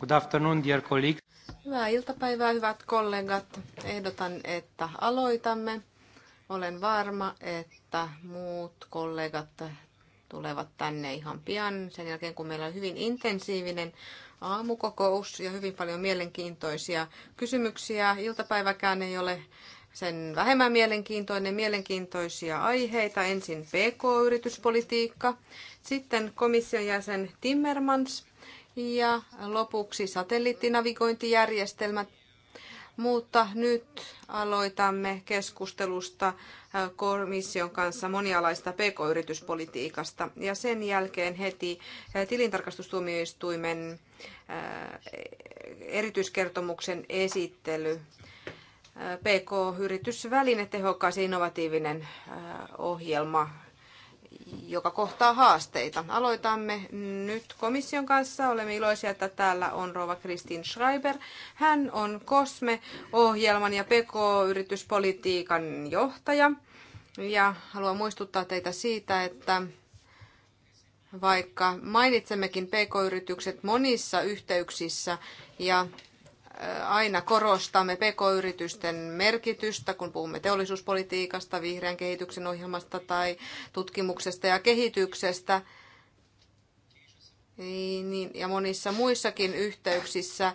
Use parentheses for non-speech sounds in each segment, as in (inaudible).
Good afternoon, dear colleagues. Hyvää iltapäivää, hyvät kollegat. Ehdotan, että aloitamme. Olen varma, että muut kollegat tulevat tänne ihan pian sen jälkeen, kun meillä on hyvin intensiivinen aamukokous ja hyvin paljon mielenkiintoisia kysymyksiä. Iltapäiväkään ei ole sen vähemmän mielenkiintoinen, mielenkiintoisia aiheita. Ensin PK-yrityspolitiikka, sitten komission jäsen Timmermans ja lopuksi satelliittinavigointijärjestelmät. Mutta nyt aloitamme keskustelusta komission kanssa monialaista pk-yrityspolitiikasta ja sen jälkeen heti tilintarkastustuomioistuimen erityiskertomuksen esittely. PK-yritysväline, tehokas ja innovatiivinen äh, ohjelma, joka kohtaa haasteita. Aloitamme nyt komission kanssa. Olemme iloisia, että täällä on rova Kristin Schreiber. Hän on COSME-ohjelman ja PK-yrityspolitiikan johtaja. Ja haluan muistuttaa teitä siitä, että vaikka mainitsemmekin PK-yritykset monissa yhteyksissä ja aina korostamme pk-yritysten merkitystä, kun puhumme teollisuuspolitiikasta, vihreän kehityksen ohjelmasta tai tutkimuksesta ja kehityksestä. Niin, ja monissa muissakin yhteyksissä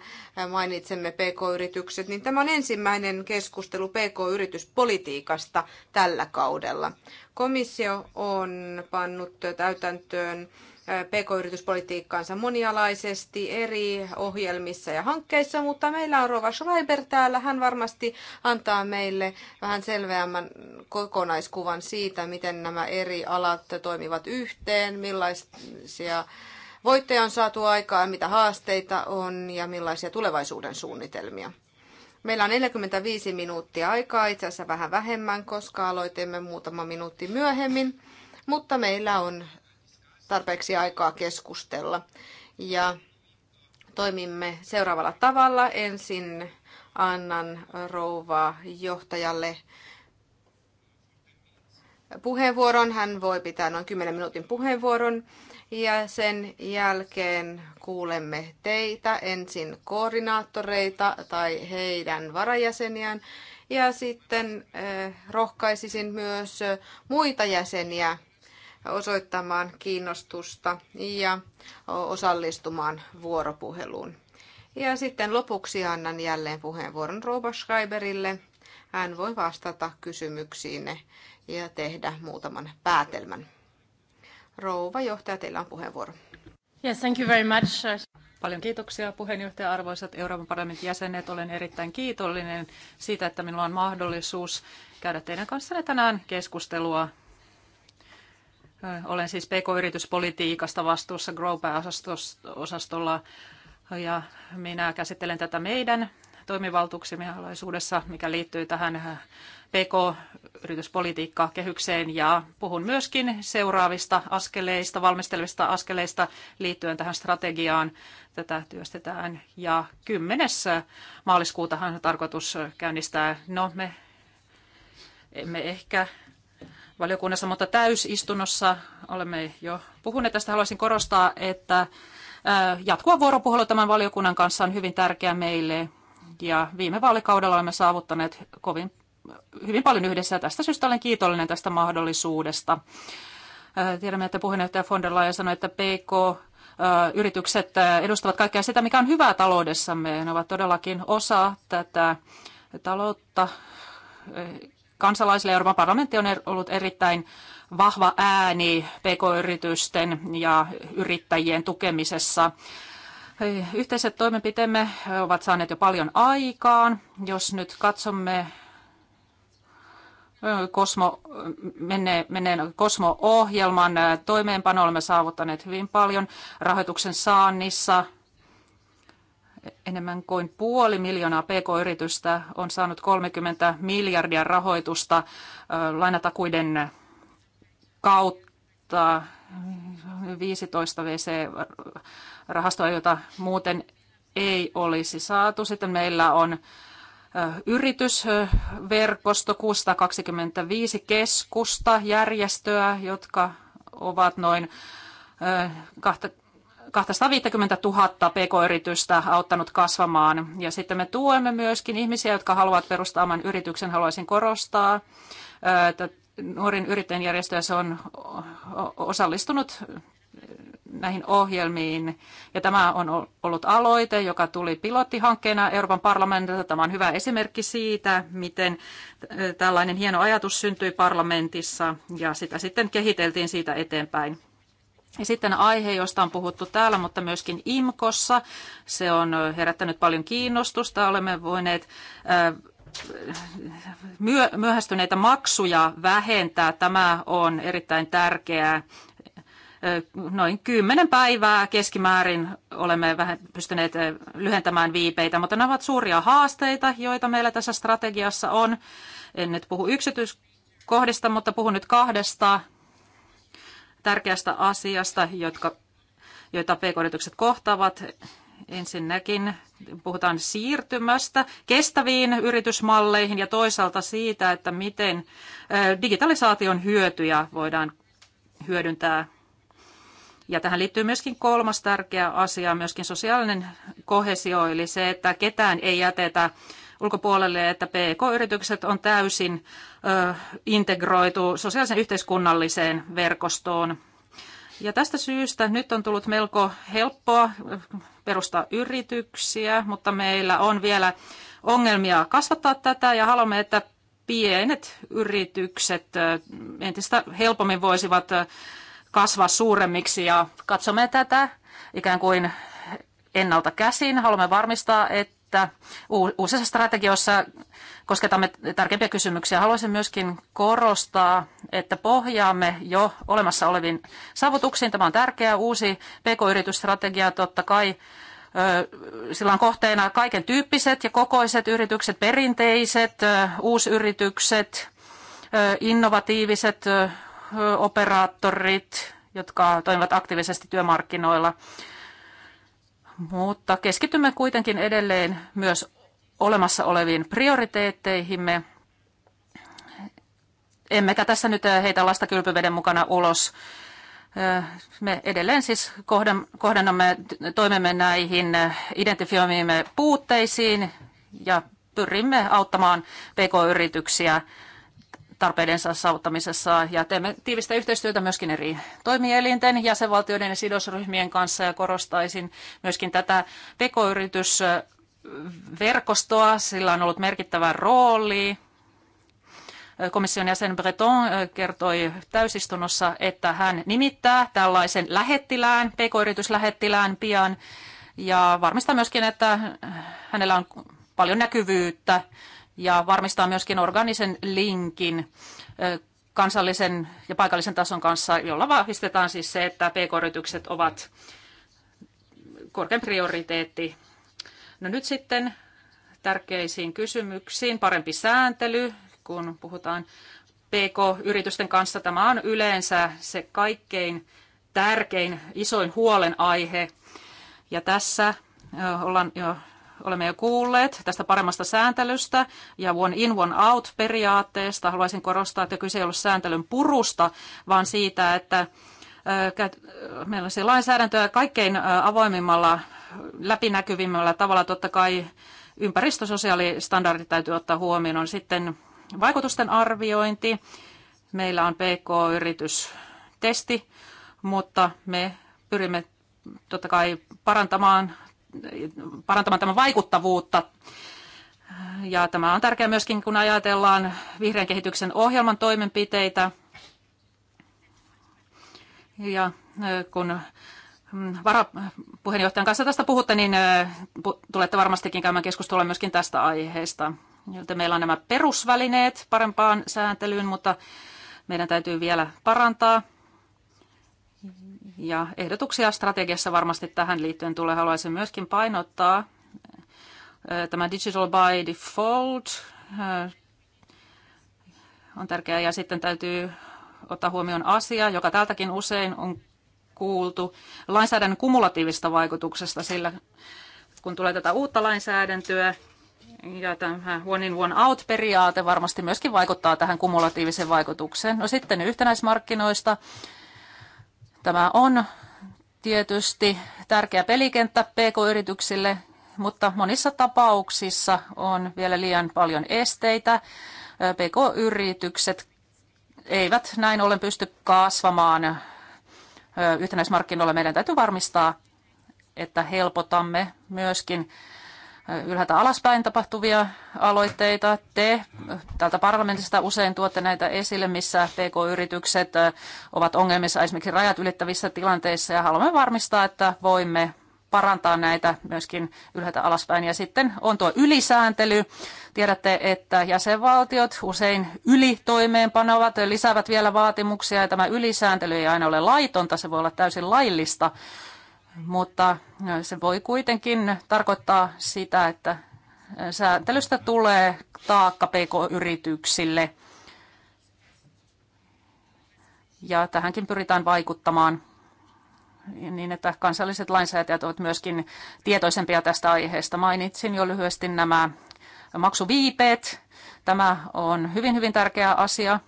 mainitsemme pk-yritykset, niin tämä on ensimmäinen keskustelu pk-yrityspolitiikasta tällä kaudella. Komissio on pannut täytäntöön pk-yrityspolitiikkaansa monialaisesti eri ohjelmissa ja hankkeissa, mutta meillä on Rova Schreiber täällä. Hän varmasti antaa meille vähän selveämmän kokonaiskuvan siitä, miten nämä eri alat toimivat yhteen, millaisia voittoja on saatu aikaan, mitä haasteita on ja millaisia tulevaisuuden suunnitelmia. Meillä on 45 minuuttia aikaa, itse asiassa vähän vähemmän, koska aloitimme muutama minuutti myöhemmin, mutta meillä on tarpeeksi aikaa keskustella. Ja toimimme seuraavalla tavalla. Ensin annan rouva johtajalle puheenvuoron. Hän voi pitää noin 10 minuutin puheenvuoron ja sen jälkeen kuulemme teitä, ensin koordinaattoreita tai heidän varajäseniään ja sitten eh, rohkaisisin myös muita jäseniä osoittamaan kiinnostusta ja osallistumaan vuoropuheluun. Ja sitten lopuksi annan jälleen puheenvuoron Rouba Schreiberille. Hän voi vastata kysymyksiinne ja tehdä muutaman päätelmän. Rouva johtaja, teillä on puheenvuoro. Yes, thank you very much. Paljon kiitoksia puheenjohtaja, arvoisat Euroopan parlamentin jäsenet. Olen erittäin kiitollinen siitä, että minulla on mahdollisuus käydä teidän kanssanne tänään keskustelua olen siis PK-yrityspolitiikasta vastuussa growback osastolla ja minä käsittelen tätä meidän toimivaltuuksimme alaisuudessa, mikä liittyy tähän PK-yrityspolitiikkakehykseen ja puhun myöskin seuraavista askeleista, valmistelevista askeleista liittyen tähän strategiaan. Tätä työstetään ja 10. maaliskuutahan on tarkoitus käynnistää. No me emme ehkä valiokunnassa, mutta täysistunnossa olemme jo puhuneet tästä. Haluaisin korostaa, että jatkuva vuoropuhelu tämän valiokunnan kanssa on hyvin tärkeä meille ja viime vaalikaudella olemme saavuttaneet kovin, hyvin paljon yhdessä ja tästä syystä olen kiitollinen tästä mahdollisuudesta. Tiedämme, että puheenjohtaja von der Leyen sanoi, että PK yritykset edustavat kaikkea sitä, mikä on hyvää taloudessamme. Ne ovat todellakin osa tätä taloutta kansalaisille. Euroopan parlamentti on er-, ollut erittäin vahva ääni pk-yritysten ja yrittäjien tukemisessa. Yhteiset toimenpiteemme ovat saaneet jo paljon aikaan. Jos nyt katsomme Kosmo, menee, menee Kosmo-ohjelman toimeenpano olemme saavuttaneet hyvin paljon rahoituksen saannissa, enemmän kuin puoli miljoonaa pk-yritystä on saanut 30 miljardia rahoitusta lainatakuiden kautta 15 VC-rahastoa, jota muuten ei olisi saatu. Sitten meillä on yritysverkosto 625 keskusta, järjestöä, jotka ovat noin 250 000 pk-yritystä auttanut kasvamaan. Ja sitten me tuemme myöskin ihmisiä, jotka haluavat perustaa oman yrityksen. Haluaisin korostaa, että nuorin yrittäjän järjestö se on osallistunut näihin ohjelmiin. Ja tämä on ollut aloite, joka tuli pilottihankkeena Euroopan parlamentilta. Tämä on hyvä esimerkki siitä, miten tällainen hieno ajatus syntyi parlamentissa ja sitä sitten kehiteltiin siitä eteenpäin. Ja sitten aihe, josta on puhuttu täällä, mutta myöskin IMKossa. Se on herättänyt paljon kiinnostusta. Olemme voineet myöhästyneitä maksuja vähentää. Tämä on erittäin tärkeää. Noin kymmenen päivää keskimäärin olemme vähän pystyneet lyhentämään viipeitä, mutta nämä ovat suuria haasteita, joita meillä tässä strategiassa on. En nyt puhu yksityiskohdista, mutta puhun nyt kahdesta tärkeästä asiasta, jotka, joita pk-yritykset kohtaavat. Ensinnäkin puhutaan siirtymästä kestäviin yritysmalleihin ja toisaalta siitä, että miten digitalisaation hyötyjä voidaan hyödyntää. Ja tähän liittyy myöskin kolmas tärkeä asia, myöskin sosiaalinen kohesio, eli se, että ketään ei jätetä ulkopuolelle, että PK-yritykset on täysin ö, integroitu sosiaalisen yhteiskunnalliseen verkostoon. Ja tästä syystä nyt on tullut melko helppoa perustaa yrityksiä, mutta meillä on vielä ongelmia kasvattaa tätä ja haluamme, että pienet yritykset entistä helpommin voisivat kasvaa suuremmiksi ja katsomme tätä ikään kuin ennalta käsin. Haluamme varmistaa, että että uusissa strategioissa kosketamme tärkeimpiä kysymyksiä. Haluaisin myöskin korostaa, että pohjaamme jo olemassa oleviin saavutuksiin. Tämä on tärkeä uusi pk-yritysstrategia totta kai. Sillä on kohteena kaiken tyyppiset ja kokoiset yritykset, perinteiset, uusyritykset, innovatiiviset operaattorit, jotka toimivat aktiivisesti työmarkkinoilla mutta keskitymme kuitenkin edelleen myös olemassa oleviin prioriteetteihimme. Emmekä tässä nyt eh, heitä lasta kylpyveden mukana ulos. Eh, me edelleen siis kohdennamme toimemme näihin eh, identifioimiimme puutteisiin ja pyrimme auttamaan pk-yrityksiä tarpeidensa saavuttamisessa ja teemme tiivistä yhteistyötä myöskin eri toimielinten, jäsenvaltioiden ja sidosryhmien kanssa ja korostaisin myöskin tätä pekoyritysverkostoa. Sillä on ollut merkittävä rooli. Komission jäsen Breton kertoi täysistunnossa, että hän nimittää tällaisen lähettilään, pk-yrityslähettilään pian ja varmistaa myöskin, että hänellä on paljon näkyvyyttä ja varmistaa myöskin organisen linkin kansallisen ja paikallisen tason kanssa, jolla vahvistetaan siis se, että pk-yritykset ovat korkein prioriteetti. No nyt sitten tärkeisiin kysymyksiin. Parempi sääntely, kun puhutaan PK-yritysten kanssa. Tämä on yleensä se kaikkein tärkein, isoin huolenaihe. Ja tässä ollaan jo Olemme jo kuulleet tästä paremmasta sääntelystä ja one in, one out periaatteesta. Haluaisin korostaa, että kyse ei ole sääntelyn purusta, vaan siitä, että meillä on siis lainsäädäntöä kaikkein avoimimmalla, läpinäkyvimmällä tavalla. Totta kai ympäristösosiaalistandardit täytyy ottaa huomioon. On sitten vaikutusten arviointi. Meillä on PK-yritystesti, mutta me pyrimme totta kai parantamaan parantamaan tämän vaikuttavuutta. Ja tämä on tärkeää myöskin, kun ajatellaan vihreän kehityksen ohjelman toimenpiteitä. Ja kun mm, varapuheenjohtajan kanssa tästä puhutte, niin tulette varmastikin käymään keskustelua myöskin tästä aiheesta. Joten meillä on nämä perusvälineet parempaan sääntelyyn, mutta meidän täytyy vielä parantaa. Ja ehdotuksia strategiassa varmasti tähän liittyen tulee. Haluaisin myöskin painottaa tämä Digital by Default on tärkeää ja sitten täytyy ottaa huomioon asia, joka täältäkin usein on kuultu lainsäädännön kumulatiivista vaikutuksesta, sillä kun tulee tätä uutta lainsäädäntöä, ja tämä one in one out periaate varmasti myöskin vaikuttaa tähän kumulatiiviseen vaikutukseen. No sitten yhtenäismarkkinoista Tämä on tietysti tärkeä pelikenttä PK-yrityksille, mutta monissa tapauksissa on vielä liian paljon esteitä. PK-yritykset eivät näin ollen pysty kasvamaan yhtenäismarkkinoilla. Meidän täytyy varmistaa, että helpotamme myöskin ylhäältä alaspäin tapahtuvia aloitteita. Te täältä parlamentista usein tuotte näitä esille, missä PK-yritykset ovat ongelmissa esimerkiksi rajat ylittävissä tilanteissa ja haluamme varmistaa, että voimme parantaa näitä myöskin ylhäältä alaspäin. Ja sitten on tuo ylisääntely. Tiedätte, että jäsenvaltiot usein ylitoimeenpanovat, lisäävät vielä vaatimuksia ja tämä ylisääntely ei aina ole laitonta, se voi olla täysin laillista, mutta se voi kuitenkin tarkoittaa sitä, että sääntelystä tulee taakka pk-yrityksille. Ja tähänkin pyritään vaikuttamaan niin, että kansalliset lainsäätäjät ovat myöskin tietoisempia tästä aiheesta. Mainitsin jo lyhyesti nämä maksuviipeet. Tämä on hyvin, hyvin tärkeä asia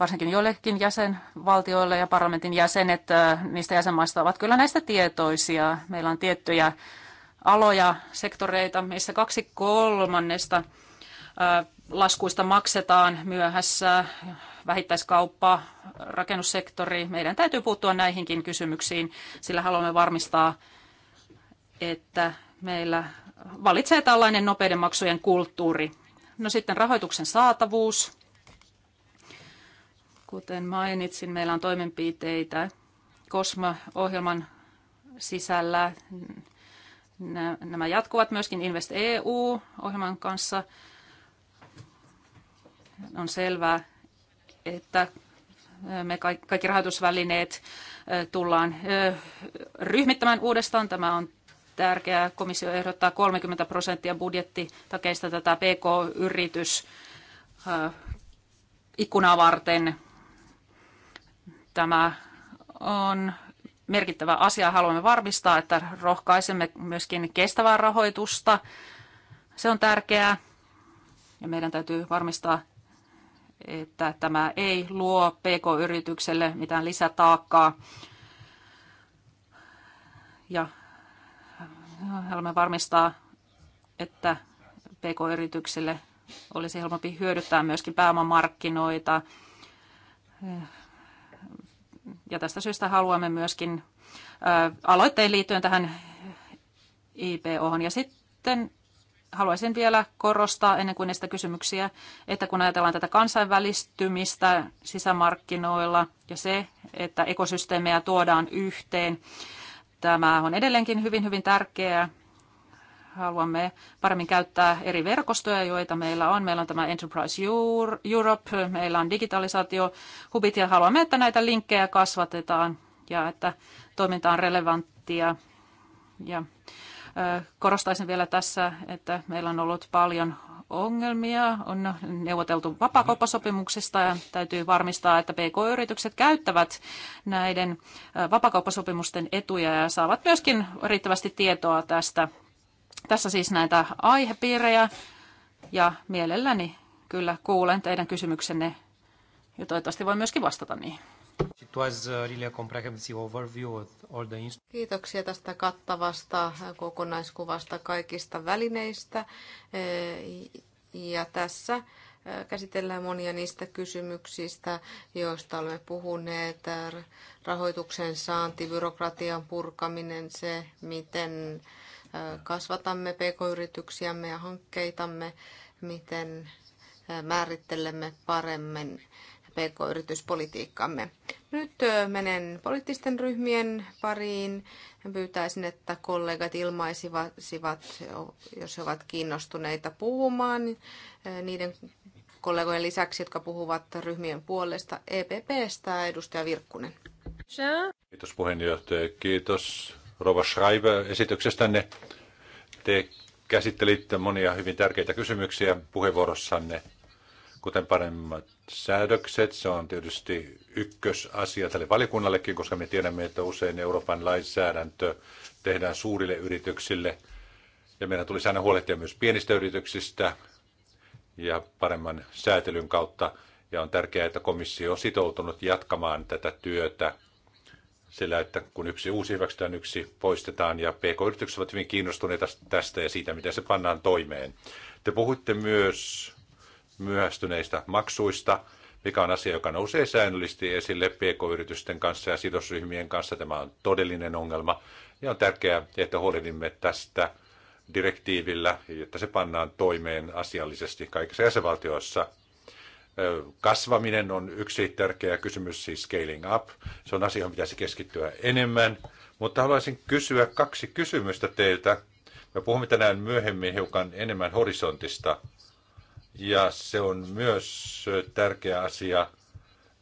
varsinkin joillekin jäsenvaltioille ja parlamentin jäsenet niistä jäsenmaista ovat kyllä näistä tietoisia. Meillä on tiettyjä aloja, sektoreita, missä kaksi kolmannesta laskuista maksetaan myöhässä, vähittäiskauppa, rakennussektori. Meidän täytyy puuttua näihinkin kysymyksiin, sillä haluamme varmistaa, että meillä valitsee tällainen nopeiden maksujen kulttuuri. No sitten rahoituksen saatavuus Kuten mainitsin, meillä on toimenpiteitä COSMA-ohjelman sisällä. Nämä jatkuvat myöskin Invest EU-ohjelman kanssa. On selvää, että me kaikki rahoitusvälineet tullaan ryhmittämään uudestaan. Tämä on tärkeää. Komissio ehdottaa 30 prosenttia budjettitakeista tätä PK-yritys ikkunaa varten. Tämä on merkittävä asia. Haluamme varmistaa, että rohkaisemme myöskin kestävää rahoitusta. Se on tärkeää ja meidän täytyy varmistaa, että tämä ei luo PK-yritykselle mitään lisätaakkaa. Ja haluamme varmistaa, että PK-yrityksille olisi helpompi hyödyttää myöskin pääomamarkkinoita ja tästä syystä haluamme myöskin aloitteen liittyen tähän IPO. Ja sitten haluaisin vielä korostaa ennen kuin näistä kysymyksiä, että kun ajatellaan tätä kansainvälistymistä sisämarkkinoilla ja se, että ekosysteemejä tuodaan yhteen, tämä on edelleenkin hyvin, hyvin tärkeää haluamme paremmin käyttää eri verkostoja, joita meillä on. Meillä on tämä Enterprise Europe, meillä on digitalisaatiohubit ja haluamme, että näitä linkkejä kasvatetaan ja että toiminta on relevanttia. Ja korostaisin vielä tässä, että meillä on ollut paljon ongelmia, on neuvoteltu vapakauppasopimuksista ja täytyy varmistaa, että PK-yritykset käyttävät näiden vapakauppasopimusten etuja ja saavat myöskin riittävästi tietoa tästä tässä siis näitä aihepiirejä ja mielelläni kyllä kuulen teidän kysymyksenne ja toivottavasti voin myöskin vastata niihin. It was really a comprehensive overview of all the Kiitoksia tästä kattavasta kokonaiskuvasta kaikista välineistä. Eh, ja tässä eh, käsitellään monia niistä kysymyksistä, joista olemme puhuneet. Eh, rahoituksen saanti, byrokratian purkaminen, se miten kasvatamme pk-yrityksiämme ja hankkeitamme, miten määrittelemme paremmin pk-yrityspolitiikkamme. Nyt menen poliittisten ryhmien pariin. Pyytäisin, että kollegat ilmaisivat, jos he ovat kiinnostuneita puhumaan, niiden kollegojen lisäksi, jotka puhuvat ryhmien puolesta EPPstä, edustaja Virkkunen. Kiitos puheenjohtaja, kiitos Rova Schreiber esityksestänne. Te käsittelitte monia hyvin tärkeitä kysymyksiä puheenvuorossanne, kuten paremmat säädökset. Se on tietysti ykkösasia tälle valikunnallekin, koska me tiedämme, että usein Euroopan lainsäädäntö tehdään suurille yrityksille. Ja meidän tulisi aina huolehtia myös pienistä yrityksistä ja paremman säätelyn kautta. Ja on tärkeää, että komissio on sitoutunut jatkamaan tätä työtä – sillä, että kun yksi uusi hyväksytään, yksi poistetaan, ja PK-yritykset ovat hyvin kiinnostuneita tästä ja siitä, miten se pannaan toimeen. Te puhuitte myös myöhästyneistä maksuista, mikä on asia, joka nousee säännöllisesti esille PK-yritysten kanssa ja sidosryhmien kanssa. Tämä on todellinen ongelma, ja on tärkeää, että huolehdimme tästä direktiivillä, että se pannaan toimeen asiallisesti kaikissa jäsenvaltioissa kasvaminen on yksi tärkeä kysymys, siis scaling up. Se on asia, johon pitäisi keskittyä enemmän. Mutta haluaisin kysyä kaksi kysymystä teiltä. Me puhumme tänään myöhemmin hiukan enemmän horisontista. Ja se on myös tärkeä asia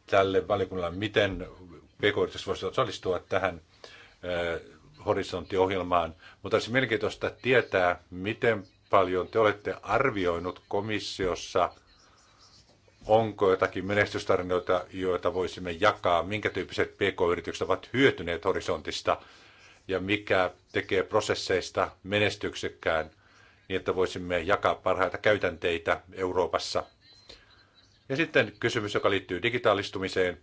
tälle valiokunnalle, miten pk voisi osallistua tähän horisonttiohjelmaan. Mutta olisi mielenkiintoista tietää, miten paljon te olette arvioinut komissiossa – Onko jotakin menestystarinoita, joita voisimme jakaa? Minkä tyyppiset pk-yritykset ovat hyötyneet horisontista? Ja mikä tekee prosesseista menestyksekkään, niin että voisimme jakaa parhaita käytänteitä Euroopassa? Ja sitten kysymys, joka liittyy digitaalistumiseen.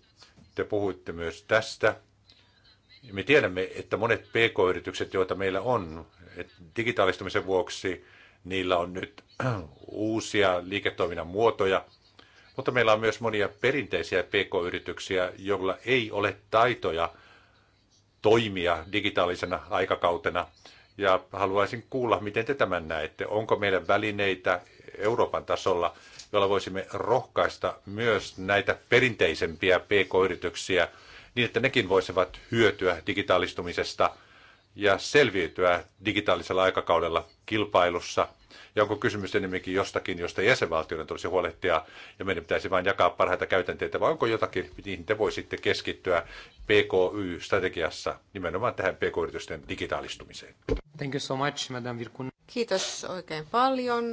Te puhuitte myös tästä. Me tiedämme, että monet pk-yritykset, joita meillä on, että digitaalistumisen vuoksi niillä on nyt (clears throat) uusia liiketoiminnan muotoja – mutta meillä on myös monia perinteisiä pk-yrityksiä, joilla ei ole taitoja toimia digitaalisena aikakautena. Ja haluaisin kuulla, miten te tämän näette. Onko meillä välineitä Euroopan tasolla, jolla voisimme rohkaista myös näitä perinteisempiä pk-yrityksiä niin, että nekin voisivat hyötyä digitaalistumisesta – ja selviytyä digitaalisella aikakaudella kilpailussa. Ja onko kysymys enemmänkin jostakin, josta jäsenvaltioiden tulisi huolehtia ja meidän pitäisi vain jakaa parhaita käytänteitä, vai onko jotakin, mihin te voisitte keskittyä PKY-strategiassa nimenomaan tähän PK-yritysten digitaalistumiseen? Thank you so much, madam virkunen. Kiitos oikein paljon,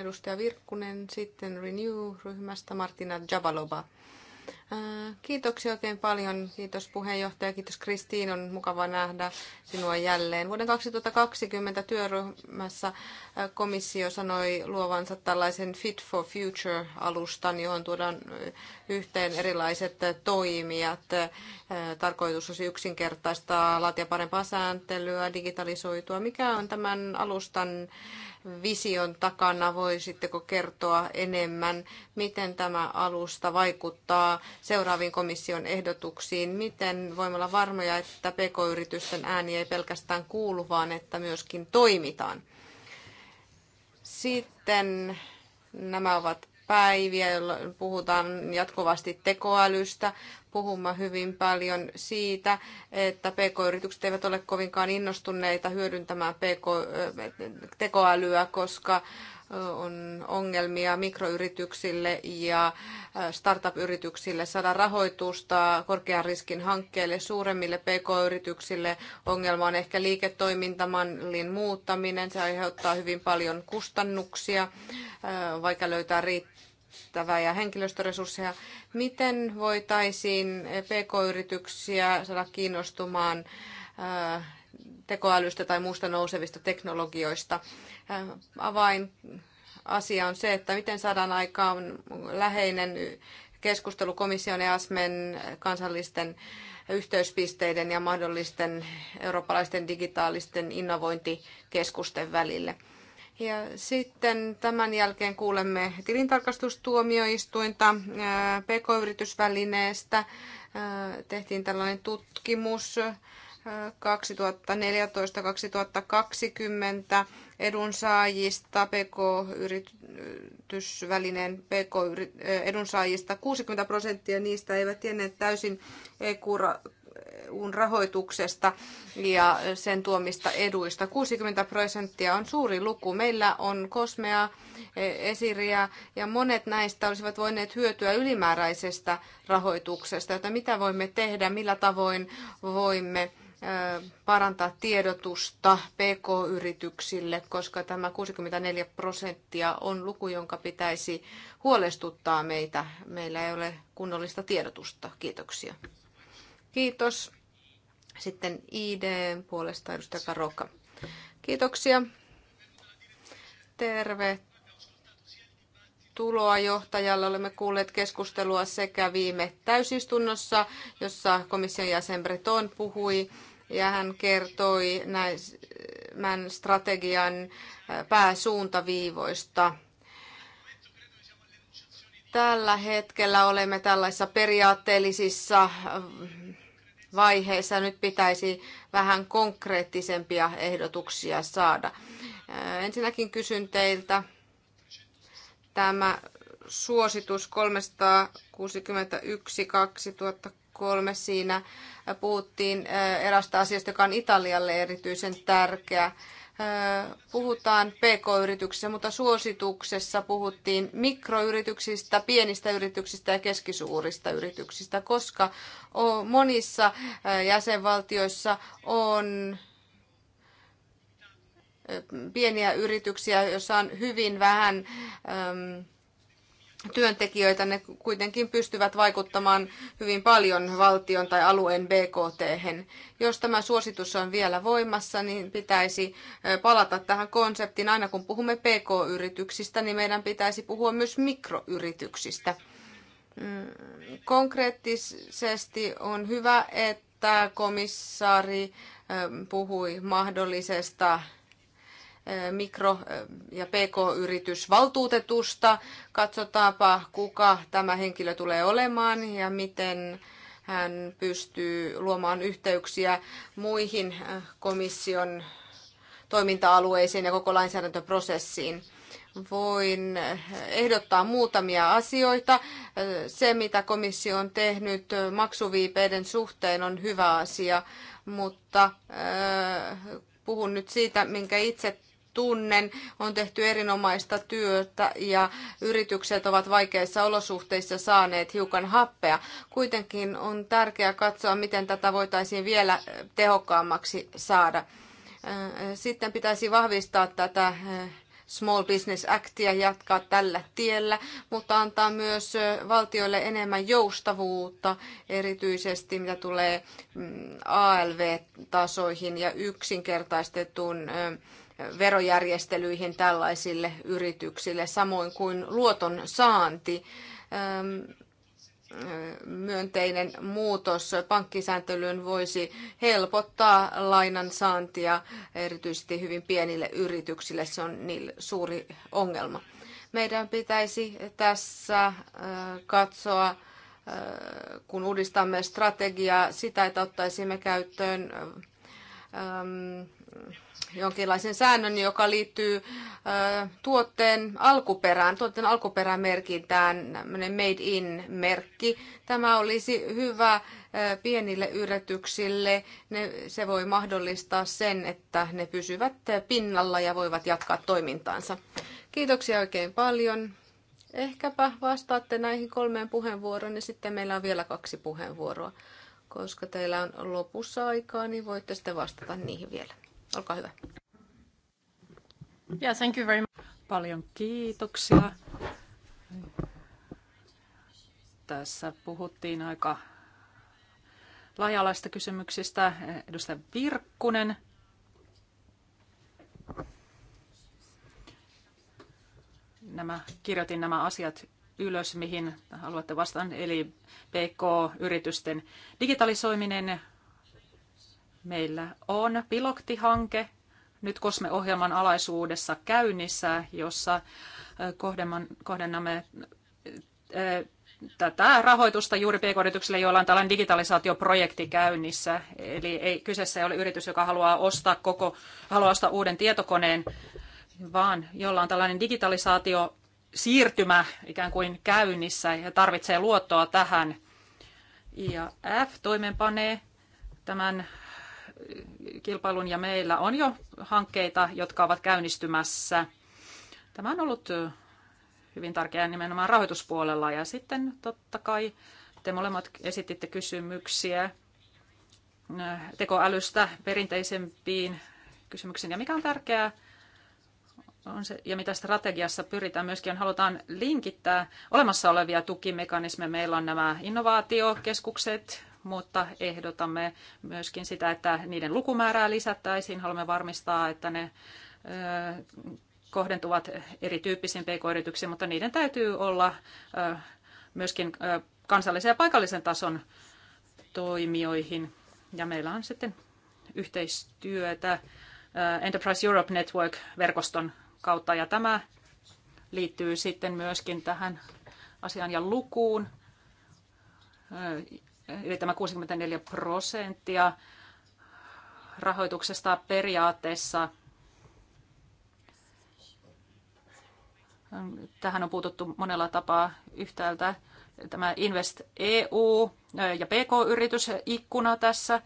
edustaja Virkkunen. Sitten Renew-ryhmästä Martina Javaloba. Äh, kiitoksia oikein paljon. Kiitos puheenjohtaja, kiitos Kristiin. On mukava nähdä sinua jälleen. Vuoden 2020 työryhmässä äh, komissio sanoi luovansa tällaisen Fit for Future-alustan, johon tuodaan äh, yhteen erilaiset toimijat. Tarkoitus olisi yksinkertaista laatia parempaa sääntelyä, digitalisoitua. Mikä on tämän alustan vision takana? Voisitteko kertoa enemmän, miten tämä alusta vaikuttaa seuraaviin komission ehdotuksiin? Miten voimme olla varmoja, että pk-yritysten ääni ei pelkästään kuulu, vaan että myöskin toimitaan? Sitten nämä ovat päiviä, jolloin puhutaan jatkuvasti tekoälystä, puhumme hyvin paljon siitä, että pk-yritykset eivät ole kovinkaan innostuneita hyödyntämään PK, tekoälyä, koska on ongelmia mikroyrityksille ja startup-yrityksille saada rahoitusta korkean riskin hankkeille. Suuremmille pk-yrityksille ongelma on ehkä liiketoimintamallin muuttaminen. Se aiheuttaa hyvin paljon kustannuksia, vaikka löytää riittävää riittävä ja henkilöstöresursseja. Miten voitaisiin PK-yrityksiä saada kiinnostumaan äh, tekoälystä tai muusta nousevista teknologioista? Äh, avain asia on se, että miten saadaan aikaan läheinen keskustelu komission ja ASMEN kansallisten yhteyspisteiden ja mahdollisten eurooppalaisten digitaalisten innovointikeskusten välille. Ja sitten tämän jälkeen kuulemme tilintarkastustuomioistuinta PK-yritysvälineestä. Tehtiin tällainen tutkimus 2014-2020 edunsaajista, PK-yritysvälineen PK-edunsaajista 60 prosenttia niistä eivät tienneet täysin EUn rahoituksesta ja sen tuomista eduista. 60 prosenttia on suuri luku. Meillä on Kosmea, e, Esiriä ja monet näistä olisivat voineet hyötyä ylimääräisestä rahoituksesta, jota mitä voimme tehdä, millä tavoin voimme e, parantaa tiedotusta PK-yrityksille, koska tämä 64 prosenttia on luku, jonka pitäisi huolestuttaa meitä. Meillä ei ole kunnollista tiedotusta. Kiitoksia. Kiitos. Sitten ID puolesta edustaja Karokka. Kiitoksia. Terve tuloa johtajalle. Olemme kuulleet keskustelua sekä viime täysistunnossa, jossa komission jäsen Breton puhui ja hän kertoi näin strategian pääsuuntaviivoista. Tällä hetkellä olemme tällaisissa periaatteellisissa vaiheessa nyt pitäisi vähän konkreettisempia ehdotuksia saada. Äh, ensinnäkin kysyn teiltä tämä suositus 361 2003. Siinä puhuttiin äh, erästä asiasta, joka on Italialle erityisen tärkeä puhutaan PK-yrityksissä, mutta suosituksessa puhuttiin mikroyrityksistä, pienistä yrityksistä ja keskisuurista yrityksistä, koska monissa jäsenvaltioissa on pieniä yrityksiä, joissa on hyvin vähän työntekijöitä, ne kuitenkin pystyvät vaikuttamaan hyvin paljon valtion tai alueen BKT. -hän. Jos tämä suositus on vielä voimassa, niin pitäisi palata tähän konseptiin. Aina kun puhumme PK-yrityksistä, niin meidän pitäisi puhua myös mikroyrityksistä. Mm, konkreettisesti on hyvä, että komissaari puhui mahdollisesta mikro- ja pk-yritysvaltuutetusta. Katsotaanpa, kuka tämä henkilö tulee olemaan ja miten hän pystyy luomaan yhteyksiä muihin komission toiminta-alueisiin ja koko lainsäädäntöprosessiin. Voin ehdottaa muutamia asioita. Se, mitä komissio on tehnyt maksuviipeiden suhteen, on hyvä asia, mutta puhun nyt siitä, minkä itse tunnen. On tehty erinomaista työtä ja yritykset ovat vaikeissa olosuhteissa saaneet hiukan happea. Kuitenkin on tärkeää katsoa, miten tätä voitaisiin vielä tehokkaammaksi saada. Äh, sitten pitäisi vahvistaa tätä äh, Small Business Actia jatkaa tällä tiellä, mutta antaa myös äh, valtioille enemmän joustavuutta, erityisesti mitä tulee mm, ALV-tasoihin ja yksinkertaistetun verojärjestelyihin tällaisille yrityksille, samoin kuin luoton saanti. Myönteinen muutos pankkisääntelyyn voisi helpottaa lainan saantia erityisesti hyvin pienille yrityksille. Se on niille suuri ongelma. Meidän pitäisi tässä katsoa kun uudistamme strategiaa, sitä, että ottaisimme käyttöön jonkinlaisen säännön, joka liittyy tuotteen alkuperään, tuotteen alkuperämerkintään, made in-merkki. Tämä olisi hyvä pienille yrityksille. Ne, se voi mahdollistaa sen, että ne pysyvät pinnalla ja voivat jatkaa toimintaansa. Kiitoksia oikein paljon. Ehkäpä vastaatte näihin kolmeen puheenvuoroon ja niin sitten meillä on vielä kaksi puheenvuoroa. Koska teillä on lopussa aikaa, niin voitte sitten vastata niihin vielä. Olkaa hyvä. Yeah, thank you very much. Paljon kiitoksia. Tässä puhuttiin aika laajalaista kysymyksistä. Edustaja Virkkunen. Nämä, kirjoitin nämä asiat ylös, mihin haluatte vastaan, eli PK-yritysten digitalisoiminen, Meillä on pilottihanke nyt Kosme-ohjelman alaisuudessa käynnissä, jossa kohdennamme tätä rahoitusta juuri pk-yrityksille, joilla on tällainen digitalisaatioprojekti käynnissä. Eli ei, kyseessä ei ole yritys, joka haluaa ostaa, koko, haluaa ostaa uuden tietokoneen, vaan jolla on tällainen digitalisaatio siirtymä ikään kuin käynnissä ja tarvitsee luottoa tähän. Ja F toimeenpanee tämän kilpailun ja meillä on jo hankkeita, jotka ovat käynnistymässä. Tämä on ollut hyvin tärkeää nimenomaan rahoituspuolella ja sitten totta kai te molemmat esititte kysymyksiä tekoälystä perinteisempiin kysymyksiin. Ja mikä on tärkeää, on se, ja mitä strategiassa pyritään myöskin, on halutaan linkittää olemassa olevia tukimekanismeja. Meillä on nämä innovaatiokeskukset, mutta ehdotamme myöskin sitä, että niiden lukumäärää lisättäisiin. Haluamme varmistaa, että ne kohdentuvat erityyppisiin pk-yrityksiin, mutta niiden täytyy olla myöskin kansallisen ja paikallisen tason toimijoihin. Ja meillä on sitten yhteistyötä Enterprise Europe Network-verkoston kautta, ja tämä liittyy sitten myöskin tähän asiaan ja lukuun yli tämä 64 prosenttia rahoituksesta periaatteessa. Tähän on puututtu monella tapaa yhtäältä. Tämä Invest EU ja PK-yritys ikkuna tässä,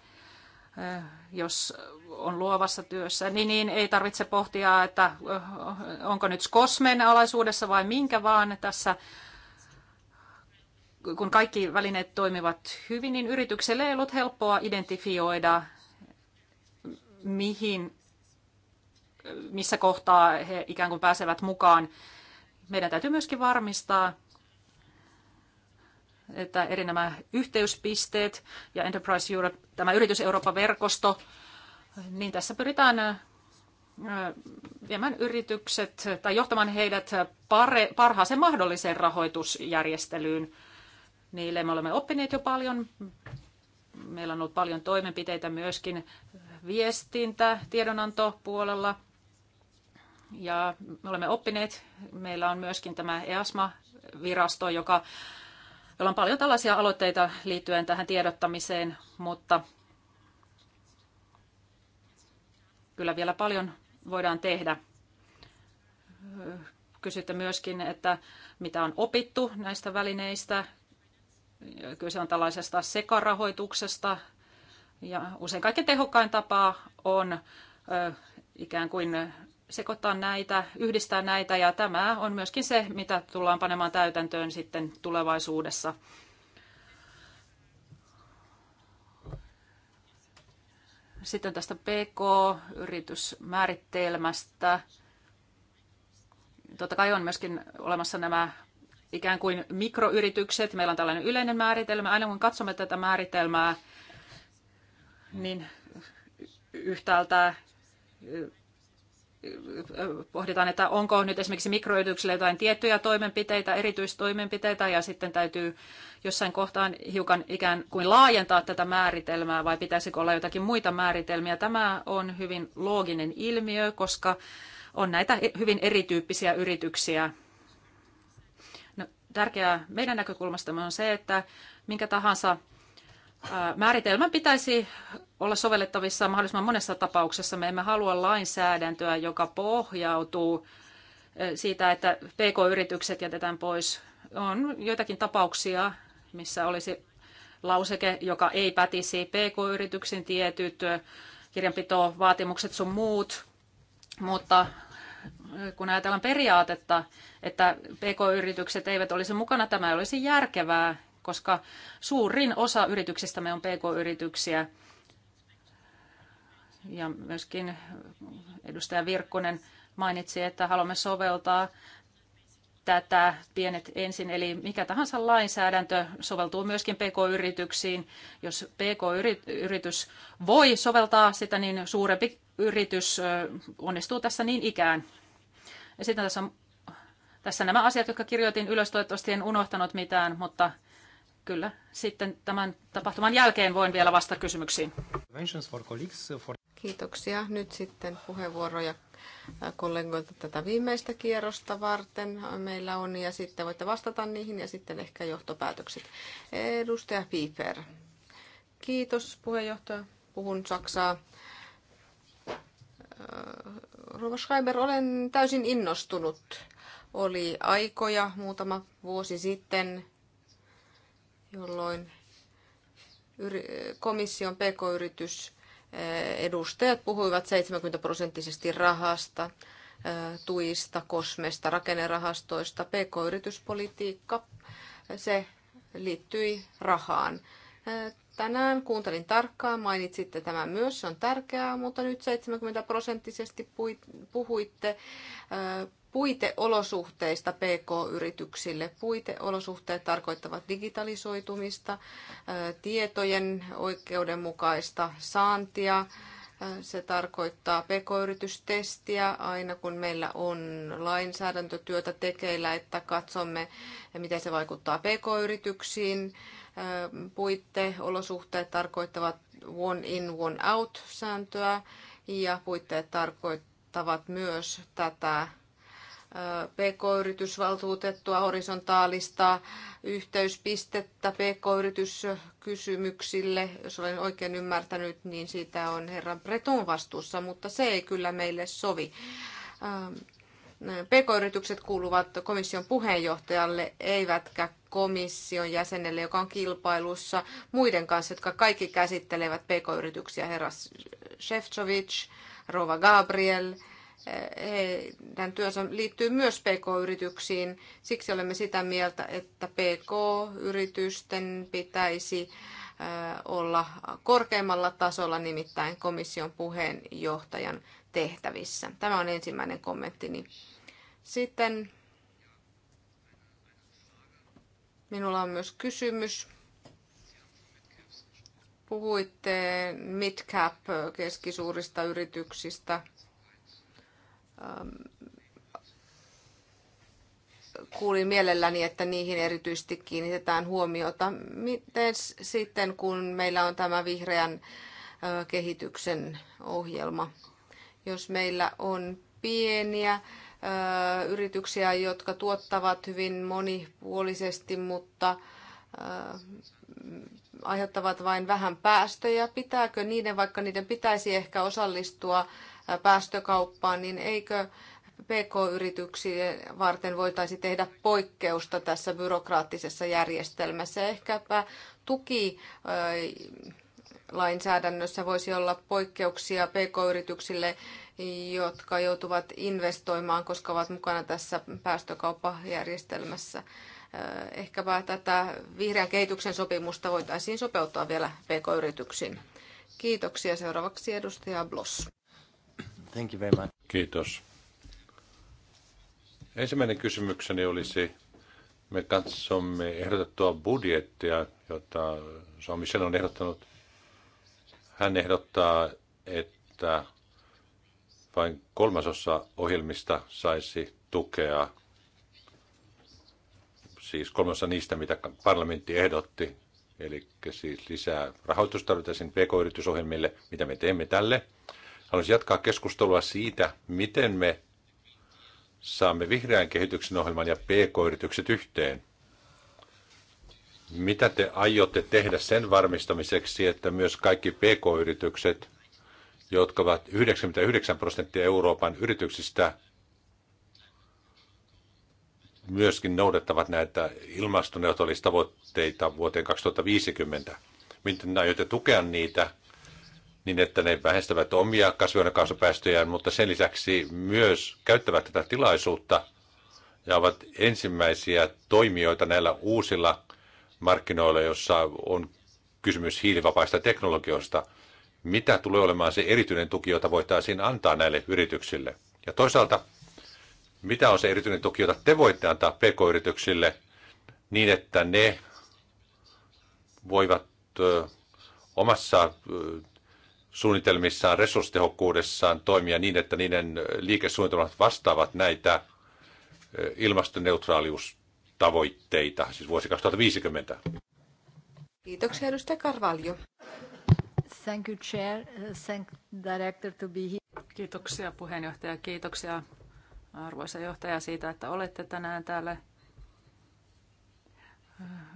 jos on luovassa työssä, niin, niin ei tarvitse pohtia, että onko nyt Skosmen alaisuudessa vai minkä vaan tässä kun kaikki välineet toimivat hyvin, niin yritykselle ei ollut helppoa identifioida, mihin, missä kohtaa he ikään kuin pääsevät mukaan. Meidän täytyy myöskin varmistaa, että eri nämä yhteyspisteet ja Enterprise Europe, tämä Yritys Eurooppa-verkosto, niin tässä pyritään viemään yritykset tai johtamaan heidät parhaaseen mahdolliseen rahoitusjärjestelyyn – niille. Me olemme oppineet jo paljon. Meillä on ollut paljon toimenpiteitä myöskin viestintä tiedonanto puolella. Ja me olemme oppineet. Meillä on myöskin tämä EASMA-virasto, joka, jolla on paljon tällaisia aloitteita liittyen tähän tiedottamiseen, mutta kyllä vielä paljon voidaan tehdä. Kysytte myöskin, että mitä on opittu näistä välineistä Kyse on tällaisesta sekarahoituksesta ja usein kaikkein tehokkain tapa on ikään kuin sekoittaa näitä, yhdistää näitä ja tämä on myöskin se, mitä tullaan panemaan täytäntöön sitten tulevaisuudessa. Sitten tästä PK-yritysmääritelmästä. Totta kai on myöskin olemassa nämä ikään kuin mikroyritykset. Meillä on tällainen yleinen määritelmä. Aina kun katsomme tätä määritelmää, niin yhtäältä äh, pohditaan, että onko nyt esimerkiksi mikroyrityksille jotain tiettyjä toimenpiteitä, erityistoimenpiteitä, ja sitten täytyy jossain kohtaan hiukan ikään kuin laajentaa tätä määritelmää, vai pitäisikö olla jotakin muita määritelmiä. Tämä on hyvin looginen ilmiö, koska on näitä hyvin erityyppisiä yrityksiä, tärkeää meidän näkökulmastamme on se, että minkä tahansa määritelmän pitäisi olla sovellettavissa mahdollisimman monessa tapauksessa. Me emme halua lainsäädäntöä, joka pohjautuu siitä, että pk-yritykset jätetään pois. On joitakin tapauksia, missä olisi lauseke, joka ei pätisi pk-yrityksen tietyt kirjanpitovaatimukset sun muut, mutta kun ajatellaan periaatetta, että PK-yritykset eivät olisi mukana, tämä ei olisi järkevää, koska suurin osa yrityksistämme on PK-yrityksiä. Ja myöskin edustaja Virkkonen mainitsi, että haluamme soveltaa tätä pienet ensin, eli mikä tahansa lainsäädäntö soveltuu myöskin PK-yrityksiin. Jos PK-yritys voi soveltaa sitä, niin suurempi yritys onnistuu tässä niin ikään. Ja sitten tässä, on, tässä nämä asiat, jotka kirjoitin ylös, toivottavasti en unohtanut mitään, mutta kyllä sitten tämän tapahtuman jälkeen voin vielä vastata kysymyksiin. Kiitoksia. Nyt sitten puheenvuoroja kollegoilta tätä viimeistä kierrosta varten meillä on, ja sitten voitte vastata niihin, ja sitten ehkä johtopäätökset. Edustaja Pieper. Kiitos puheenjohtaja. Puhun Saksaa. Rova Schreiber, olen täysin innostunut. Oli aikoja muutama vuosi sitten, jolloin komission pk-yritys eh, edustajat puhuivat 70 prosenttisesti rahasta, eh, tuista, kosmesta, rakennerahastoista. PK-yrityspolitiikka, se liittyi rahaan. Eh, tänään. Kuuntelin tarkkaan, mainitsitte tämän myös, se on tärkeää, mutta nyt 70 prosenttisesti puhuitte puiteolosuhteista PK-yrityksille. Puiteolosuhteet tarkoittavat digitalisoitumista, tietojen oikeudenmukaista saantia, se tarkoittaa pk-yritystestiä aina, kun meillä on lainsäädäntötyötä tekeillä, että katsomme, miten se vaikuttaa pk-yrityksiin puitteolosuhteet tarkoittavat one in, one out sääntöä ja puitteet tarkoittavat myös tätä PK-yritysvaltuutettua horisontaalista yhteyspistettä PK-yrityskysymyksille. Jos olen oikein ymmärtänyt, niin siitä on herran Breton vastuussa, mutta se ei kyllä meille sovi. PK-yritykset kuuluvat komission puheenjohtajalle, eivätkä komission jäsenelle, joka on kilpailussa muiden kanssa, jotka kaikki käsittelevät pk-yrityksiä, herra Shevchovic, Rova Gabriel, eh, heidän työnsä liittyy myös PK-yrityksiin. Siksi olemme sitä mieltä, että PK-yritysten pitäisi eh, olla korkeammalla tasolla, nimittäin komission puheenjohtajan tehtävissä. Tämä on ensimmäinen kommenttini. Sitten Minulla on myös kysymys. Puhuitte midcap keskisuurista yrityksistä kuulin mielelläni, että niihin erityisesti kiinnitetään huomiota. Miten sitten, kun meillä on tämä vihreän kehityksen ohjelma, jos meillä on pieniä yrityksiä, jotka tuottavat hyvin monipuolisesti, mutta aiheuttavat vain vähän päästöjä. Pitääkö niiden, vaikka niiden pitäisi ehkä osallistua päästökauppaan, niin eikö PK-yrityksien varten voitaisi tehdä poikkeusta tässä byrokraattisessa järjestelmässä. Ehkäpä tuki lainsäädännössä voisi olla poikkeuksia pk-yrityksille, jotka joutuvat investoimaan, koska ovat mukana tässä päästökauppajärjestelmässä. Äh, ehkäpä tätä vihreän kehityksen sopimusta voitaisiin sopeuttaa vielä pk-yrityksiin. Kiitoksia. Seuraavaksi edustaja Bloss. Thank you very much. Kiitos. Ensimmäinen kysymykseni olisi, me katsomme ehdotettua budjettia, jota Suomi on ehdottanut hän ehdottaa, että vain kolmasosa ohjelmista saisi tukea, siis kolmasosa niistä, mitä parlamentti ehdotti, eli siis lisää rahoitusta tarvitaan pk-yritysohjelmille, mitä me teemme tälle. Haluaisin jatkaa keskustelua siitä, miten me saamme vihreän kehityksen ohjelman ja pk-yritykset yhteen. Mitä te aiotte tehdä sen varmistamiseksi, että myös kaikki pk-yritykset, jotka ovat 99 prosenttia Euroopan yrityksistä, myöskin noudattavat näitä ilmastoneutraalistavoitteita vuoteen 2050? Miten aiotte tukea niitä niin, että ne vähentävät omia kasvihuonekaasupäästöjään, mutta sen lisäksi myös käyttävät tätä tilaisuutta ja ovat ensimmäisiä toimijoita näillä uusilla markkinoille, jossa on kysymys hiilivapaista teknologioista. Mitä tulee olemaan se erityinen tuki, jota voitaisiin antaa näille yrityksille? Ja toisaalta, mitä on se erityinen tuki, jota te voitte antaa pk-yrityksille niin, että ne voivat omassa suunnitelmissaan, resurssitehokkuudessaan toimia niin, että niiden liikesuunnitelmat vastaavat näitä ilmastoneutraalius tavoitteita, siis vuosi 2050. Kiitoksia edustaja karvalio. Thank you, Chair. Thank Director to be here. Kiitoksia puheenjohtaja. Kiitoksia arvoisa johtaja siitä, että olette tänään täällä.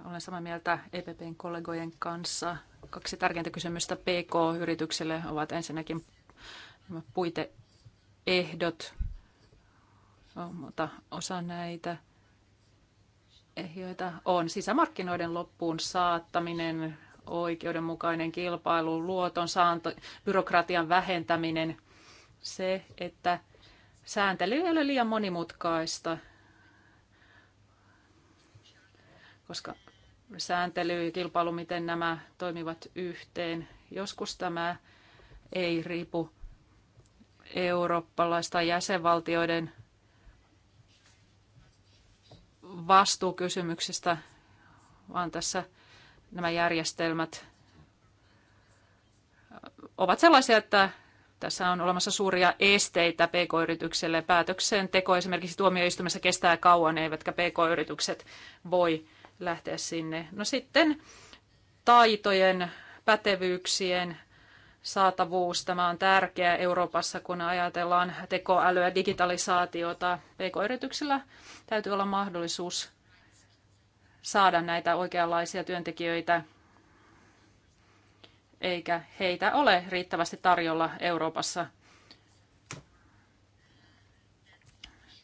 Olen samaa mieltä EPPn kollegojen kanssa. Kaksi tärkeintä kysymystä pk yrityksille ovat ensinnäkin puiteehdot, mutta osa näitä joita on sisämarkkinoiden loppuun saattaminen, oikeudenmukainen kilpailu, luoton saanto, byrokratian vähentäminen, se, että sääntely ei ole liian monimutkaista, koska sääntely ja kilpailu, miten nämä toimivat yhteen. Joskus tämä ei riipu eurooppalaista jäsenvaltioiden vastuukysymyksestä, vaan tässä nämä järjestelmät ovat sellaisia, että tässä on olemassa suuria esteitä pk-yritykselle. Päätöksenteko esimerkiksi tuomioistuimessa kestää kauan, eivätkä pk-yritykset voi lähteä sinne. No sitten taitojen, pätevyyksien saatavuus. Tämä on tärkeä Euroopassa, kun ajatellaan tekoälyä ja digitalisaatiota. PK-yrityksillä täytyy olla mahdollisuus saada näitä oikeanlaisia työntekijöitä, eikä heitä ole riittävästi tarjolla Euroopassa.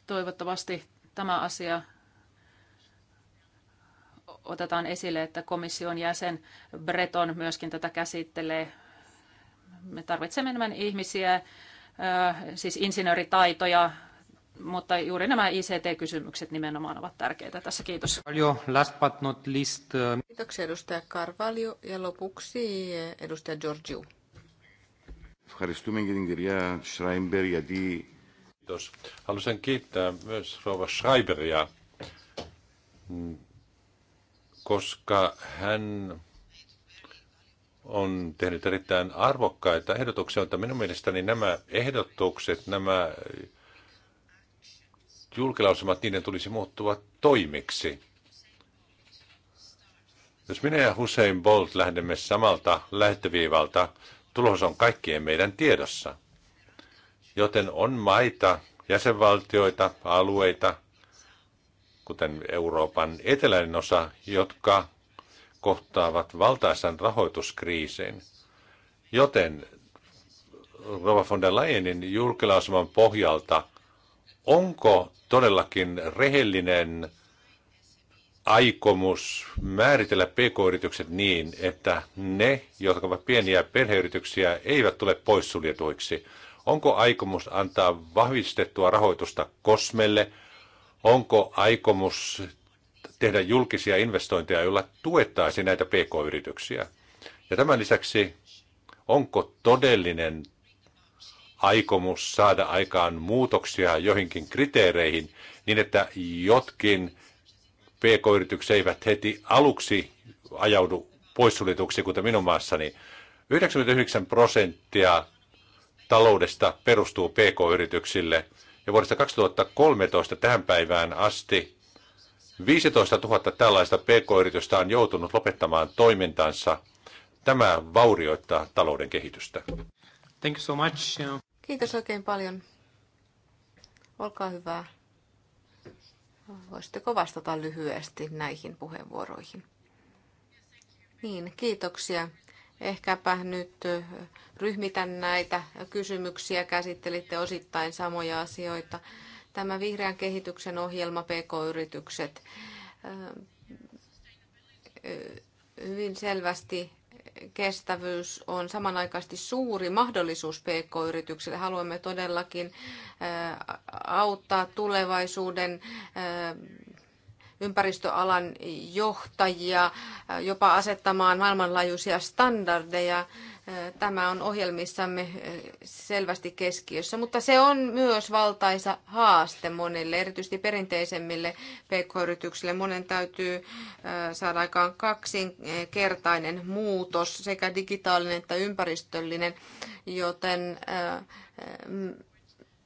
Toivottavasti tämä asia otetaan esille, että komission jäsen Breton myöskin tätä käsittelee me tarvitsemme enemmän ihmisiä, siis insinööritaitoja, mutta juuri nämä ICT-kysymykset nimenomaan ovat tärkeitä tässä. Kiitos. Last but not least. Kiitoksia edustaja Carvalho ja lopuksi eh, edustaja Georgiou. Kiitos. Haluaisin kiittää myös rouva Schreiberia, mm, koska hän on tehnyt erittäin arvokkaita ehdotuksia, mutta minun mielestäni nämä ehdotukset, nämä julkilausumat, niiden tulisi muuttua toimiksi. Jos minä ja Hussein Bolt lähdemme samalta lähtöviivalta, tulos on kaikkien meidän tiedossa. Joten on maita, jäsenvaltioita, alueita, kuten Euroopan eteläinen osa, jotka kohtaavat valtaisan rahoituskriisin. Joten Rova von der Leyenin julkilausuman pohjalta, onko todellakin rehellinen aikomus määritellä pk-yritykset niin, että ne, jotka ovat pieniä perheyrityksiä, eivät tule poissuljetuiksi? Onko aikomus antaa vahvistettua rahoitusta Kosmelle? Onko aikomus tehdä julkisia investointeja, joilla tuettaisiin näitä pk-yrityksiä. Ja tämän lisäksi, onko todellinen aikomus saada aikaan muutoksia joihinkin kriteereihin, niin että jotkin pk-yritykset eivät heti aluksi ajaudu poissulituksi, kuten minun maassani. 99 prosenttia taloudesta perustuu pk-yrityksille, ja vuodesta 2013 tähän päivään asti 15 000 tällaista pk-yritystä on joutunut lopettamaan toimintansa. Tämä vaurioittaa talouden kehitystä. Thank you so much. Kiitos oikein paljon. Olkaa hyvä. Voisitteko vastata lyhyesti näihin puheenvuoroihin? Niin, kiitoksia. Ehkäpä nyt ryhmitän näitä kysymyksiä. Käsittelitte osittain samoja asioita tämä vihreän kehityksen ohjelma PK-yritykset hyvin selvästi kestävyys on samanaikaisesti suuri mahdollisuus PK-yrityksille. Haluamme todellakin auttaa tulevaisuuden ympäristöalan johtajia jopa asettamaan maailmanlaajuisia standardeja Tämä on ohjelmissamme selvästi keskiössä, mutta se on myös valtaisa haaste monille, erityisesti perinteisemmille pk-yrityksille. Monen täytyy saada aikaan kaksinkertainen muutos, sekä digitaalinen että ympäristöllinen, joten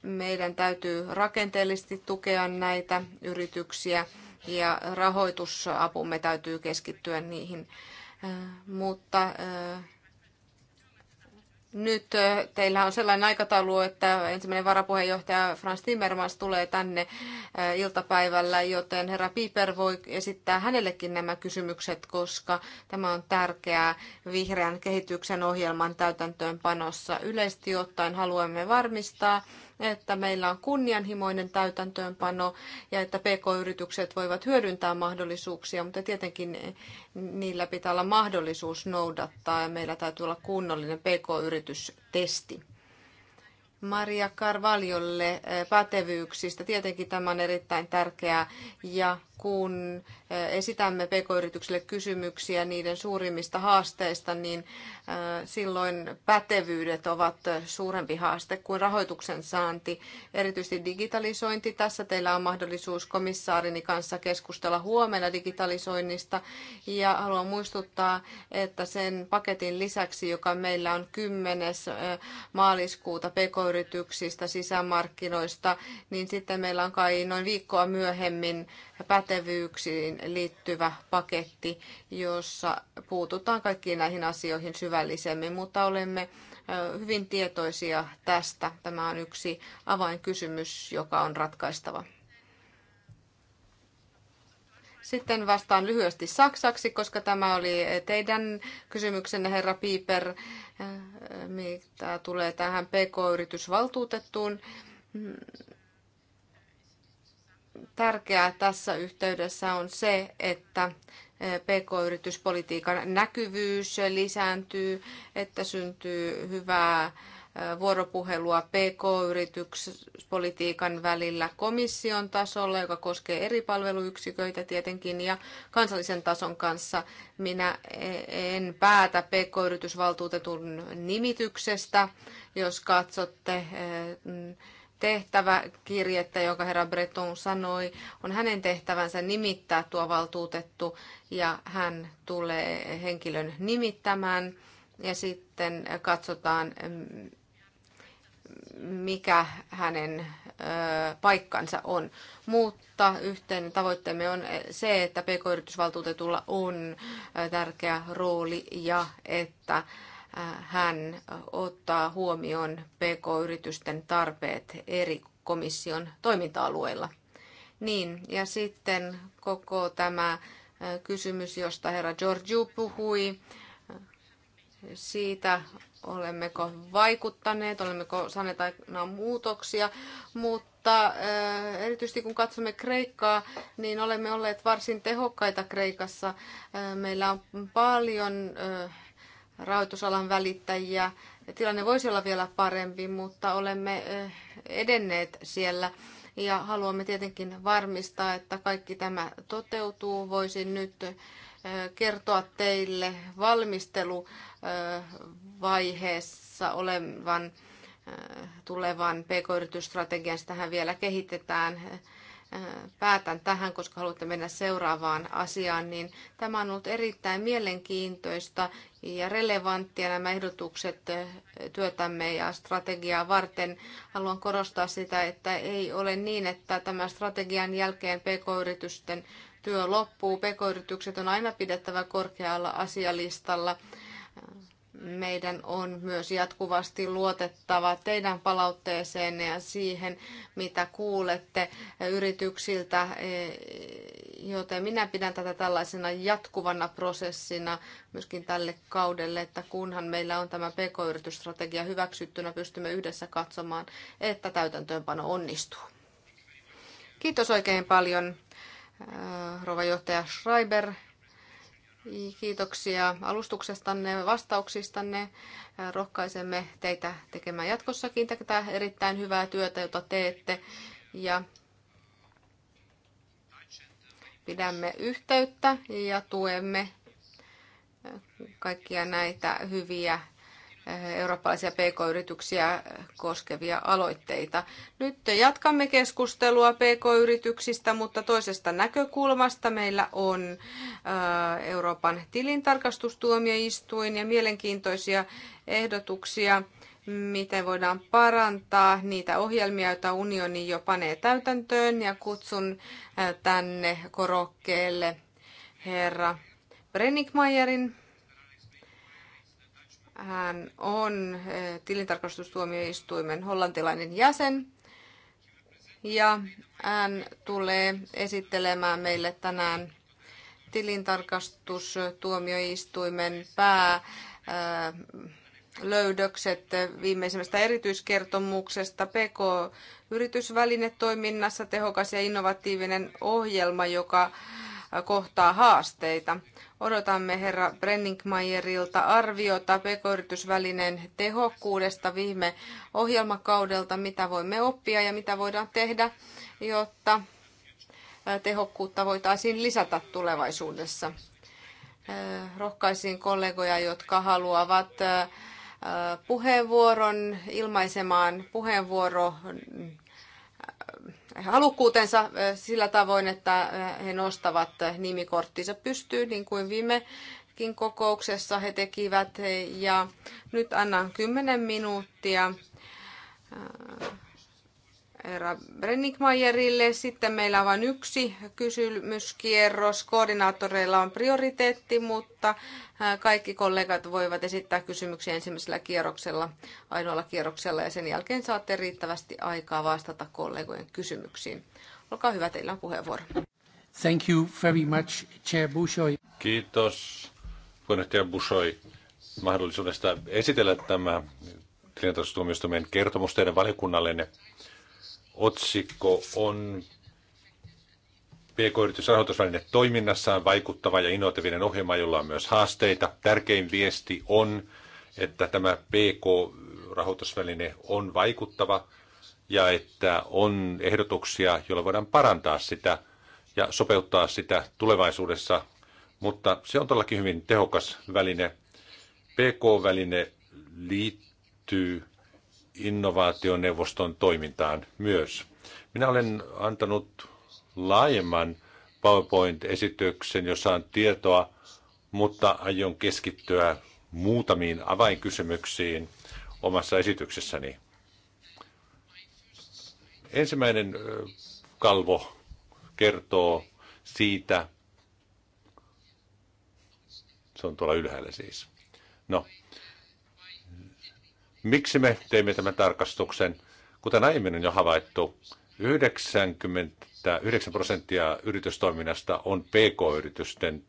meidän täytyy rakenteellisesti tukea näitä yrityksiä ja rahoitusapumme täytyy keskittyä niihin. Mutta nyt teillä on sellainen aikataulu, että ensimmäinen varapuheenjohtaja Frans Timmermans tulee tänne iltapäivällä, joten herra Piper voi esittää hänellekin nämä kysymykset, koska tämä on tärkeää vihreän kehityksen ohjelman täytäntöönpanossa. Yleisesti ottaen haluamme varmistaa, että meillä on kunnianhimoinen täytäntöönpano ja että pk-yritykset voivat hyödyntää mahdollisuuksia, mutta tietenkin niillä pitää olla mahdollisuus noudattaa ja meillä täytyy olla kunnollinen pk-yritystesti. Maria Karvaljolle eh, pätevyyksistä. Tietenkin tämä on erittäin tärkeää ja kun esitämme pk-yrityksille kysymyksiä niiden suurimmista haasteista, niin silloin pätevyydet ovat suurempi haaste kuin rahoituksen saanti. Erityisesti digitalisointi. Tässä teillä on mahdollisuus komissaarini kanssa keskustella huomenna digitalisoinnista. Ja haluan muistuttaa, että sen paketin lisäksi, joka meillä on 10. maaliskuuta pk-yrityksistä, sisämarkkinoista, niin sitten meillä on kai noin viikkoa myöhemmin pätevyyksiin liittyvä paketti, jossa puututaan kaikkiin näihin asioihin syvällisemmin, mutta olemme hyvin tietoisia tästä. Tämä on yksi avainkysymys, joka on ratkaistava. Sitten vastaan lyhyesti saksaksi, koska tämä oli teidän kysymyksenne, herra Piper, mitä tulee tähän PK-yritysvaltuutettuun tärkeää tässä yhteydessä on se, että eh, PK-yrityspolitiikan näkyvyys lisääntyy, että syntyy hyvää eh, vuoropuhelua PK-yrityspolitiikan välillä komission tasolla, joka koskee eri palveluyksiköitä tietenkin, ja kansallisen tason kanssa. Minä eh, en päätä PK-yritysvaltuutetun nimityksestä, jos katsotte tehtävä kirjettä, joka herra Breton sanoi, on hänen tehtävänsä nimittää tuo valtuutettu ja hän tulee henkilön nimittämään ja sitten katsotaan, mikä hänen paikkansa on. Mutta yhteen tavoitteemme on se, että pk-yritysvaltuutetulla on tärkeä rooli ja että hän ottaa huomioon PK-yritysten tarpeet eri komission toiminta-alueilla. Niin, ja sitten koko tämä kysymys, josta herra Giorgio puhui, siitä olemmeko vaikuttaneet, olemmeko saaneet aina muutoksia, mutta erityisesti kun katsomme Kreikkaa, niin olemme olleet varsin tehokkaita Kreikassa. Meillä on paljon rahoitusalan välittäjiä. Tilanne voisi olla vielä parempi, mutta olemme eh, edenneet siellä ja haluamme tietenkin varmistaa, että kaikki tämä toteutuu. Voisin nyt eh, kertoa teille valmisteluvaiheessa eh, olevan tulevan pk-yritysstrategian. Sitähän vielä kehitetään Äh, päätän tähän, koska haluatte mennä seuraavaan asiaan, niin tämä on ollut erittäin mielenkiintoista ja relevanttia nämä ehdotukset äh, työtämme ja strategiaa varten. Haluan korostaa sitä, että ei ole niin, että tämän strategian jälkeen pk-yritysten työ loppuu. PK-yritykset on aina pidettävä korkealla asialistalla äh, meidän on myös jatkuvasti luotettava teidän palautteeseenne ja siihen, mitä kuulette yrityksiltä, e, joten minä pidän tätä tällaisena jatkuvana prosessina myöskin tälle kaudelle, että kunhan meillä on tämä pk-yritysstrategia hyväksyttynä, pystymme yhdessä katsomaan, että täytäntöönpano onnistuu. Kiitos oikein paljon, rouva johtaja Schreiber. Kiitoksia alustuksestanne ja vastauksistanne. Rohkaisemme teitä tekemään jatkossakin tätä erittäin hyvää työtä, jota teette. Ja pidämme yhteyttä ja tuemme kaikkia näitä hyviä Eh, eurooppalaisia pk-yrityksiä koskevia aloitteita. Nyt jatkamme keskustelua pk-yrityksistä, mutta toisesta näkökulmasta meillä on eh, Euroopan tilintarkastustuomioistuin ja mielenkiintoisia ehdotuksia miten voidaan parantaa niitä ohjelmia, joita unioni jo panee täytäntöön ja kutsun eh, tänne korokkeelle herra Brenningmeierin hän on eh, tilintarkastustuomioistuimen hollantilainen jäsen ja hän tulee esittelemään meille tänään tilintarkastustuomioistuimen pää eh, löydökset viimeisimmästä erityiskertomuksesta PK-yritysvälinetoiminnassa tehokas ja innovatiivinen ohjelma, joka kohtaa haasteita. Odotamme herra Brenningmeierilta arviota pk-yritysvälineen tehokkuudesta viime ohjelmakaudelta, mitä voimme oppia ja mitä voidaan tehdä, jotta tehokkuutta voitaisiin lisätä tulevaisuudessa. Rohkaisin kollegoja, jotka haluavat puheenvuoron ilmaisemaan puheenvuoron Äh, halukkuutensa äh, sillä tavoin, että äh, he nostavat nimikorttinsa pystyyn, niin kuin viimekin kokouksessa he tekivät. Ja nyt annan 10 minuuttia herra Brenninkmajerille. Sitten meillä on vain yksi kysymyskierros. Koordinaattoreilla on prioriteetti, mutta kaikki kollegat voivat esittää kysymyksiä ensimmäisellä kierroksella, ainoalla kierroksella, ja sen jälkeen saatte riittävästi aikaa vastata kollegojen kysymyksiin. Olkaa hyvä, teillä on puheenvuoro. Thank you very much, Chair Bushoi. Kiitos, puheenjohtaja Bushoi, mahdollisuudesta esitellä tämä tilintarkastustuomioistuimen kertomus teidän valiokunnallenne otsikko on PK-yritysrahoitusväline toiminnassaan vaikuttava ja innovatiivinen ohjelma, jolla on myös haasteita. Tärkein viesti on, että tämä PK-rahoitusväline on vaikuttava ja että on ehdotuksia, joilla voidaan parantaa sitä ja sopeuttaa sitä tulevaisuudessa, mutta se on todellakin hyvin tehokas väline. PK-väline liittyy innovaationeuvoston toimintaan myös. Minä olen antanut laajemman PowerPoint-esityksen, jossa on tietoa, mutta aion keskittyä muutamiin avainkysymyksiin omassa esityksessäni. Ensimmäinen kalvo kertoo siitä, se on tuolla ylhäällä siis. No, Miksi me teimme tämän tarkastuksen? Kuten aiemmin on jo havaittu, 99 prosenttia yritystoiminnasta on pk-yritysten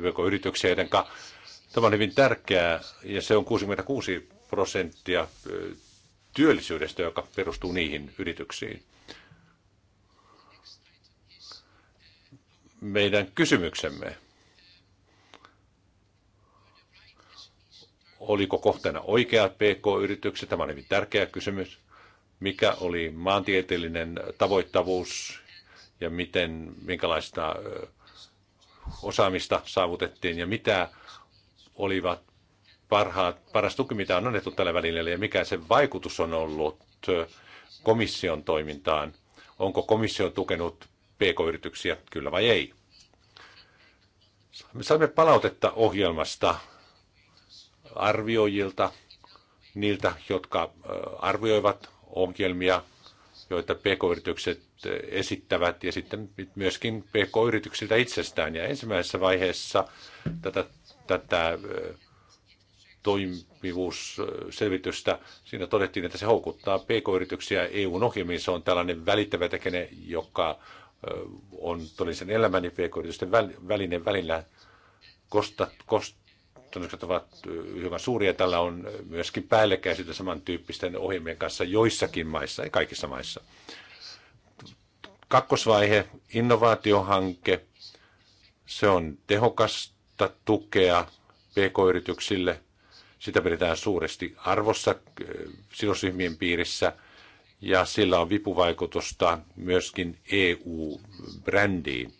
pk-yrityksiä, joten tämä on hyvin tärkeää ja se on 66 prosenttia työllisyydestä, joka perustuu niihin yrityksiin. Meidän kysymyksemme Oliko kohteena oikeat PK-yritykset? Tämä on hyvin tärkeä kysymys. Mikä oli maantieteellinen tavoittavuus ja miten, minkälaista osaamista saavutettiin ja mitä olivat parhaat, paras tuki, mitä on annettu tällä välillä ja mikä se vaikutus on ollut komission toimintaan. Onko komissio tukenut PK-yrityksiä, kyllä vai ei? Me saimme palautetta ohjelmasta arvioijilta, niiltä, jotka arvioivat ongelmia, joita pk-yritykset esittävät, ja sitten myöskin pk-yrityksiltä itsestään. Ja ensimmäisessä vaiheessa tätä, tätä toimivuusselvitystä, siinä todettiin, että se houkuttaa pk-yrityksiä EUn ohjelmiin. Se on tällainen välittävä tekene, joka on todellisen elämän ja pk-yritysten väline välillä. kostat kost, kustannukset ovat hyvin suuria. Tällä on myöskin päällekkäisyyttä samantyyppisten ohjelmien kanssa joissakin maissa, ei kaikissa maissa. Kakkosvaihe, innovaatiohanke. Se on tehokasta tukea pk-yrityksille. Sitä pidetään suuresti arvossa eh, sidosryhmien piirissä ja sillä on vipuvaikutusta myöskin EU-brändiin.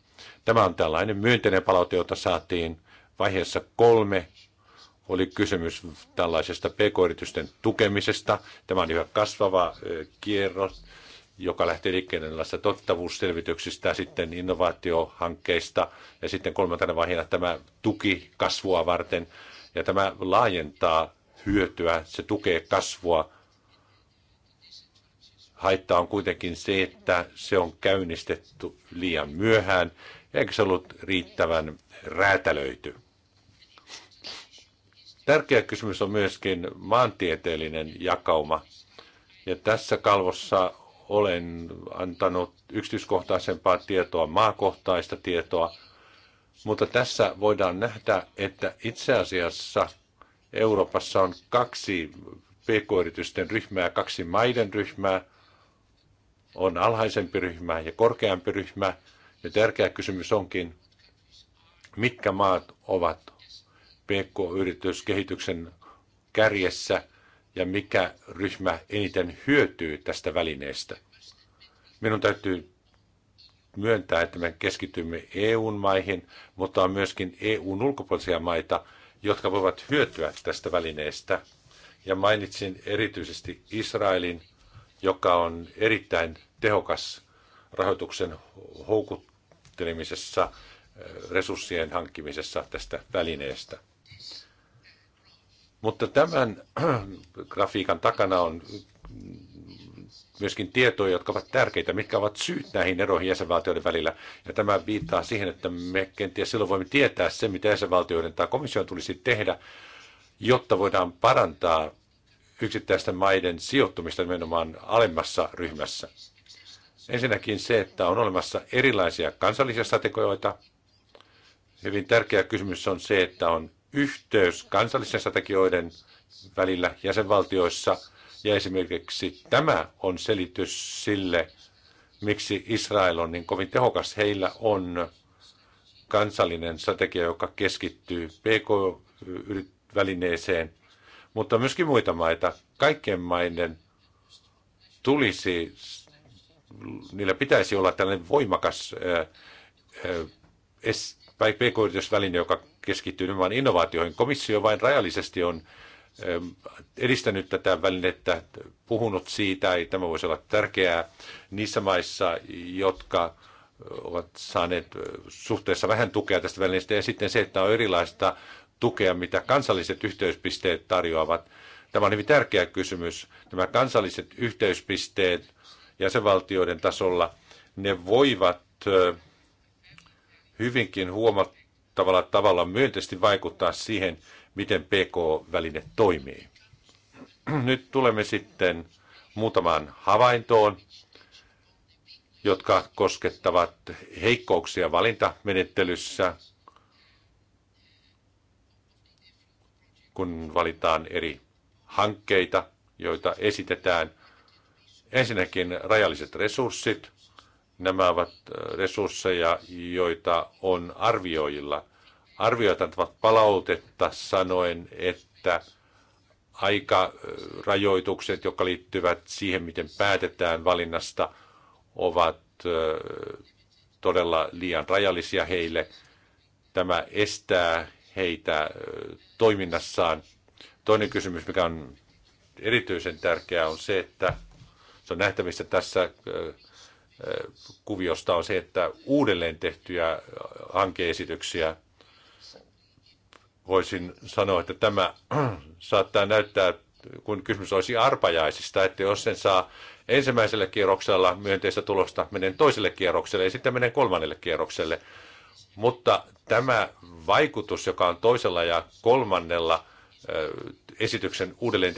Tämä on tällainen myönteinen palaute, jota saatiin vaiheessa kolme oli kysymys tällaisesta pk-yritysten tukemisesta. Tämä on yhä kasvava kierros, joka lähtee liikkeelle näistä tottavuusselvityksistä, sitten innovaatiohankkeista ja sitten kolmantena vaiheena tämä tuki kasvua varten. Ja tämä laajentaa hyötyä, se tukee kasvua. Haitta on kuitenkin se, että se on käynnistetty liian myöhään, eikä se ollut riittävän räätälöity. Tärkeä kysymys on myöskin maantieteellinen jakauma. Ja tässä kalvossa olen antanut yksityiskohtaisempaa tietoa, maakohtaista tietoa, mutta tässä voidaan nähdä, että itse asiassa Euroopassa on kaksi pk-yritysten ryhmää, kaksi maiden ryhmää, on alhaisempi ryhmä ja korkeampi ryhmä. Ja tärkeä kysymys onkin, mitkä maat ovat PK-yrityskehityksen kärjessä ja mikä ryhmä eniten hyötyy tästä välineestä. Minun täytyy myöntää, että me keskitymme eu maihin, mutta on myöskin EUn ulkopuolisia maita, jotka voivat hyötyä tästä välineestä. Ja mainitsin erityisesti Israelin, joka on erittäin tehokas rahoituksen houkuttelemisessa, resurssien hankkimisessa tästä välineestä. Mutta tämän (clears throat) grafiikan takana on myöskin tietoja, jotka ovat tärkeitä, mitkä ovat syyt näihin eroihin jäsenvaltioiden välillä. Ja tämä viittaa siihen, että me kenties silloin voimme tietää se, mitä jäsenvaltioiden tai komission tulisi tehdä, jotta voidaan parantaa yksittäisten maiden sijoittumista nimenomaan alemmassa ryhmässä. Ensinnäkin se, että on olemassa erilaisia kansallisia strategioita. Hyvin tärkeä kysymys on se, että on yhteys kansallisten strategioiden välillä jäsenvaltioissa, ja esimerkiksi tämä on selitys sille, miksi Israel on niin kovin tehokas. Heillä on kansallinen strategia, joka keskittyy PK-välineeseen, mutta myöskin muita maita. Kaikkien maiden tulisi, niillä pitäisi olla tällainen voimakas pk-yritysväline, joka keskittyy vain innovaatioihin. Komissio vain rajallisesti on ähm, edistänyt tätä välinettä, puhunut siitä, että tämä voisi olla tärkeää niissä maissa, jotka ovat saaneet äh, suhteessa vähän tukea tästä välineestä, ja sitten se, että on erilaista tukea, mitä kansalliset yhteyspisteet tarjoavat. Tämä on hyvin tärkeä kysymys. Nämä kansalliset yhteyspisteet jäsenvaltioiden tasolla, ne voivat äh, hyvinkin huomata tavalla, tavalla myönteisesti vaikuttaa siihen, miten PK-väline toimii. Nyt tulemme sitten muutamaan havaintoon, jotka koskettavat heikkouksia valintamenettelyssä, kun valitaan eri hankkeita, joita esitetään. Ensinnäkin rajalliset resurssit – Nämä ovat resursseja, joita on arvioijilla. Arvioijat antavat palautetta sanoen, että aika rajoitukset, jotka liittyvät siihen, miten päätetään valinnasta, ovat todella liian rajallisia heille. Tämä estää heitä toiminnassaan. Toinen kysymys, mikä on erityisen tärkeää, on se, että se on nähtävissä tässä kuviosta on se, että uudelleen tehtyjä hankeesityksiä voisin sanoa, että tämä (clears throat) saattaa näyttää, kun kysymys olisi arpajaisista, että jos sen saa ensimmäisellä kierroksella myönteistä tulosta, menen toiselle kierrokselle ja sitten menen kolmannelle kierrokselle. Mutta tämä vaikutus, joka on toisella ja kolmannella esityksen uudelleen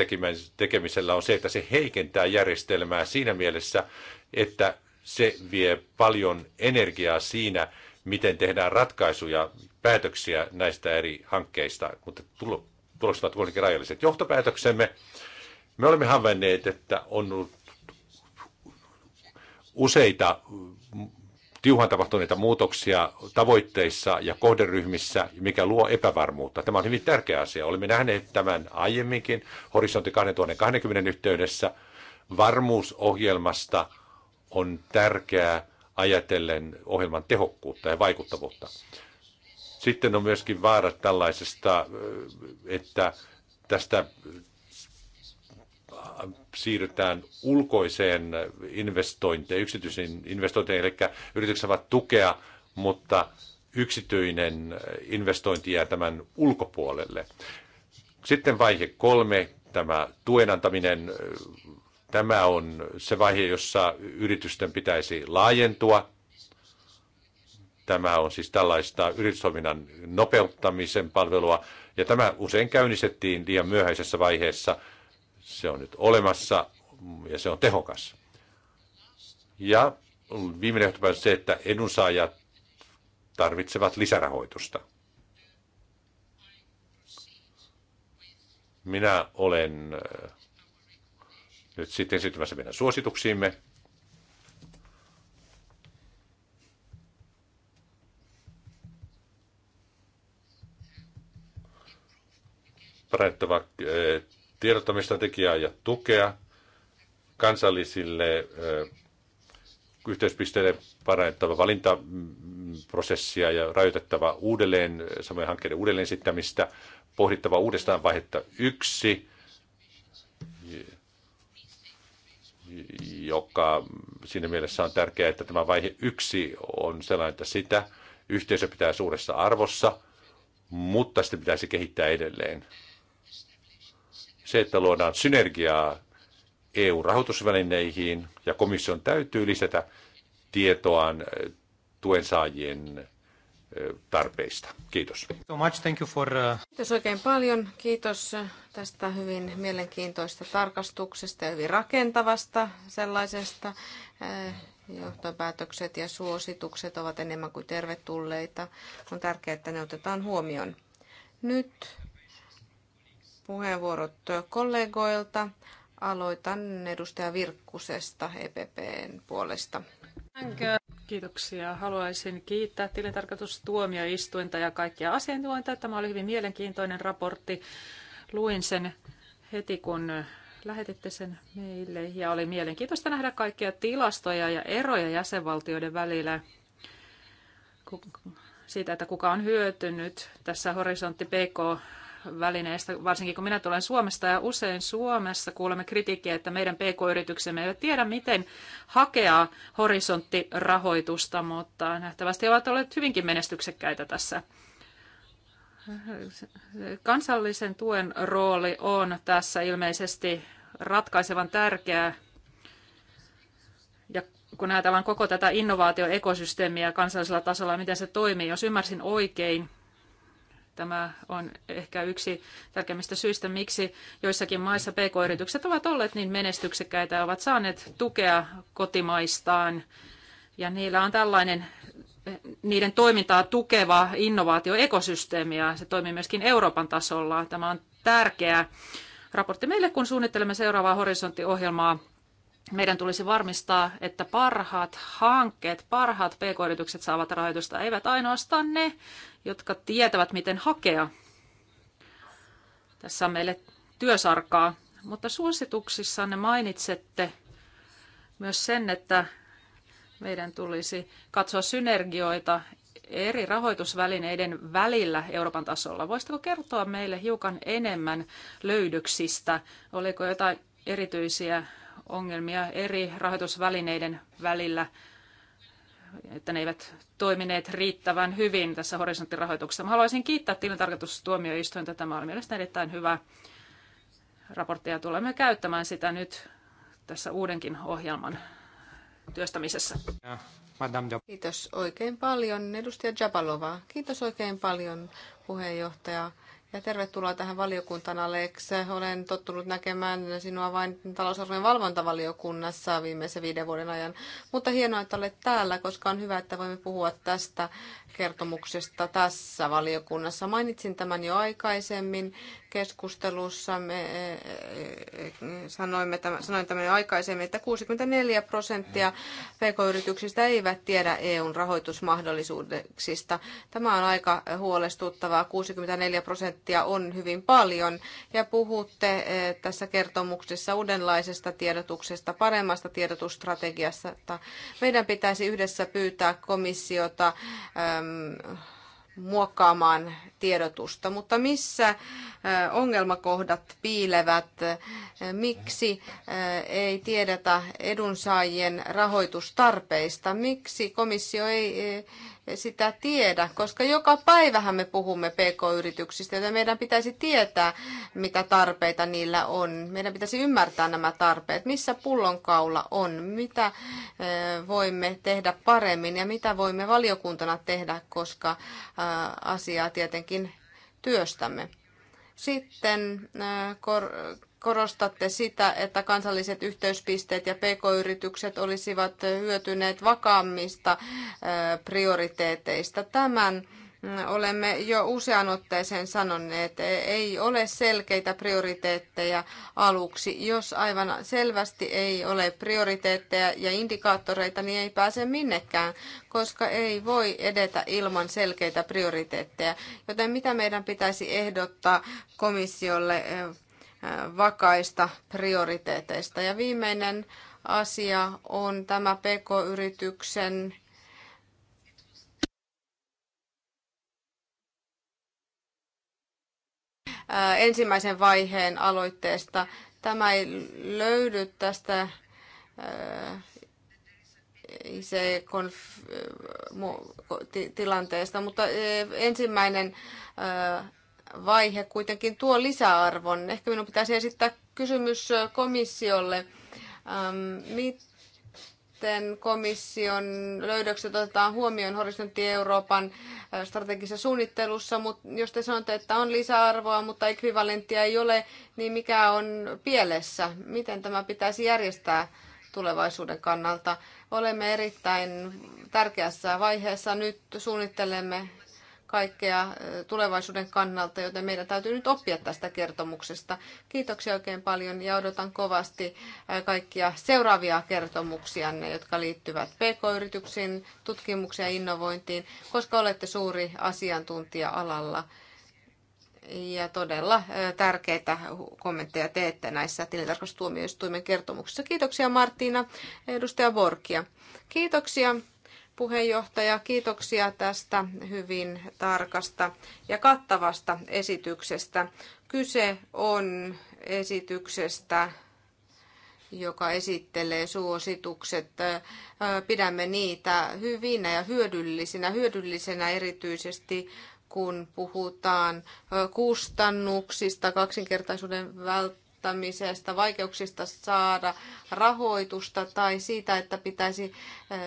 tekemisellä on se, että se heikentää järjestelmää siinä mielessä, että se vie paljon energiaa siinä, miten tehdään ratkaisuja, päätöksiä näistä eri hankkeista, mutta tulokset ovat kuitenkin rajalliset. Johtopäätöksemme, me olemme havainneet, että on ollut useita tiuhan tapahtuneita muutoksia tavoitteissa ja kohderyhmissä, mikä luo epävarmuutta. Tämä on hyvin tärkeä asia. Olemme nähneet tämän aiemminkin horisontti 2020 yhteydessä varmuusohjelmasta – on tärkeää ajatellen ohjelman tehokkuutta ja vaikuttavuutta. Sitten on myöskin vaara tällaisesta, että tästä siirrytään ulkoiseen investointeen, yksityisiin investointeihin, eli yritykset saavat tukea, mutta yksityinen investointi jää tämän ulkopuolelle. Sitten vaihe kolme, tämä tuen antaminen Tämä on se vaihe, jossa yritysten pitäisi laajentua. Tämä on siis tällaista yritystoiminnan nopeuttamisen palvelua. Ja tämä usein käynnistettiin liian myöhäisessä vaiheessa. Se on nyt olemassa ja se on tehokas. Ja viimeinen johtopäätös on se, että edunsaajat tarvitsevat lisärahoitusta. Minä olen nyt sitten siirtymässä meidän suosituksiimme. Parannettava eh, tiedottamistrategiaa ja tukea kansallisille eh, yhteyspisteille parannettava valintaprosessia ja rajoitettava uudelleen samojen hankkeiden uudelleen esittämistä, pohdittava uudestaan vaihetta yksi – joka siinä mielessä on tärkeää, että tämä vaihe yksi on sellainen, että sitä yhteisö pitää suuressa arvossa, mutta sitä pitäisi kehittää edelleen. Se, että luodaan synergiaa EU-rahoitusvälineihin ja komission täytyy lisätä tietoaan eh, tuensaajien tarpeista. Kiitos. Uh, Kiitos oikein paljon. Kiitos tästä hyvin mielenkiintoista tarkastuksesta ja hyvin rakentavasta sellaisesta. Eh, johtopäätökset ja suositukset ovat enemmän kuin tervetulleita. On tärkeää, että ne otetaan huomioon. Nyt puheenvuorot kollegoilta. Aloitan edustaja Virkkusesta EPPn puolesta. Kiitoksia. Haluaisin kiittää tilintarkastustuomioistuinta ja kaikkia asiantuntijoita. Tämä oli hyvin mielenkiintoinen raportti. Luin sen heti, kun lähetitte sen meille. Ja oli mielenkiintoista nähdä kaikkia tilastoja ja eroja jäsenvaltioiden välillä siitä, että kuka on hyötynyt tässä horisontti PK välineistä, varsinkin kun minä tulen Suomesta ja usein Suomessa kuulemme kritiikkiä, että meidän PK-yrityksemme eivät tiedä, miten hakea horisonttirahoitusta, mutta nähtävästi ovat olleet hyvinkin menestyksekkäitä tässä. Kansallisen tuen rooli on tässä ilmeisesti ratkaisevan tärkeää. Ja kun ajatellaan koko tätä innovaatioekosysteemiä kansallisella tasolla, miten se toimii, jos ymmärsin oikein, Tämä on ehkä yksi tärkeimmistä syistä, miksi joissakin maissa pk-yritykset ovat olleet niin menestyksekkäitä ja ovat saaneet tukea kotimaistaan. Ja niillä on tällainen niiden toimintaa tukeva innovaatioekosysteemi ja se toimii myöskin Euroopan tasolla. Tämä on tärkeä raportti meille, kun suunnittelemme seuraavaa horisonttiohjelmaa meidän tulisi varmistaa, että parhaat hankkeet, parhaat pk-yritykset saavat rahoitusta, eivät ainoastaan ne, jotka tietävät, miten hakea. Tässä on meille työsarkaa, mutta suosituksissanne mainitsette myös sen, että meidän tulisi katsoa synergioita eri rahoitusvälineiden välillä Euroopan tasolla. Voisitko kertoa meille hiukan enemmän löydöksistä? Oliko jotain erityisiä ongelmia eri rahoitusvälineiden välillä, että ne eivät toimineet riittävän hyvin tässä horisonttirahoituksessa. Mä haluaisin kiittää tilintarkastustuomioistuinta. Tämä oli mielestäni erittäin hyvä raporttia tulemme käyttämään sitä nyt tässä uudenkin ohjelman työstämisessä. Kiitos oikein paljon edustaja Jabalova. Kiitos oikein paljon puheenjohtaja. Ja tervetuloa tähän valiokuntaan, Alex. Olen tottunut näkemään sinua vain talousarvojen valvontavaliokunnassa viimeisen viiden vuoden ajan. Mutta hienoa, että olet täällä, koska on hyvä, että voimme puhua tästä kertomuksesta tässä valiokunnassa. Mainitsin tämän jo aikaisemmin keskustelussa me sanoimme, sanoin tämän jo aikaisemmin, että 64 prosenttia pk-yrityksistä eivät tiedä EUn rahoitusmahdollisuuksista. Tämä on aika huolestuttavaa. 64 prosenttia on hyvin paljon. Ja puhutte eh, tässä kertomuksessa uudenlaisesta tiedotuksesta, paremmasta tiedotusstrategiasta. Meidän pitäisi yhdessä pyytää komissiota ähm, muokkaamaan tiedotusta. Mutta missä ongelmakohdat piilevät? Miksi ei tiedetä edunsaajien rahoitustarpeista? Miksi komissio ei sitä tiedä, koska joka päivähän me puhumme pk-yrityksistä, joten meidän pitäisi tietää, mitä tarpeita niillä on. Meidän pitäisi ymmärtää nämä tarpeet, missä pullonkaula on, mitä voimme tehdä paremmin ja mitä voimme valiokuntana tehdä, koska asiaa tietenkin työstämme. Sitten korostatte sitä, että kansalliset yhteyspisteet ja pk-yritykset olisivat hyötyneet vakaammista prioriteeteista. Tämän mm, olemme jo usean otteeseen sanoneet, että ei ole selkeitä prioriteetteja aluksi. Jos aivan selvästi ei ole prioriteetteja ja indikaattoreita, niin ei pääse minnekään, koska ei voi edetä ilman selkeitä prioriteetteja. Joten mitä meidän pitäisi ehdottaa komissiolle Äh, vakaista prioriteeteista. Ja viimeinen asia on tämä PK-yrityksen äh, ensimmäisen vaiheen aloitteesta. Tämä ei löydy tästä äh, se tilanteesta, mutta ensimmäinen vaihe kuitenkin tuo lisäarvon. Ehkä minun pitäisi esittää kysymys komissiolle. Miten komission löydökset otetaan huomioon horisontti Euroopan strategisessa suunnittelussa, mutta jos te sanotte, että on lisäarvoa, mutta ekvivalenttia ei ole, niin mikä on pielessä? Miten tämä pitäisi järjestää tulevaisuuden kannalta? Olemme erittäin tärkeässä vaiheessa. Nyt suunnittelemme kaikkea tulevaisuuden kannalta, joten meidän täytyy nyt oppia tästä kertomuksesta. Kiitoksia oikein paljon ja odotan kovasti kaikkia seuraavia kertomuksianne, jotka liittyvät PK-yrityksiin, tutkimukseen ja innovointiin, koska olette suuri asiantuntija alalla. Ja todella tärkeitä kommentteja teette näissä tilintarkastustuomioistuimen kertomuksissa. Kiitoksia Martina ja edustaja Borkia. Kiitoksia puheenjohtaja, kiitoksia tästä hyvin tarkasta ja kattavasta esityksestä. Kyse on esityksestä, joka esittelee suositukset. Pidämme niitä hyvinä ja hyödyllisinä, hyödyllisenä erityisesti kun puhutaan kustannuksista, kaksinkertaisuuden vält- toteuttamisesta, vaikeuksista saada rahoitusta tai siitä, että pitäisi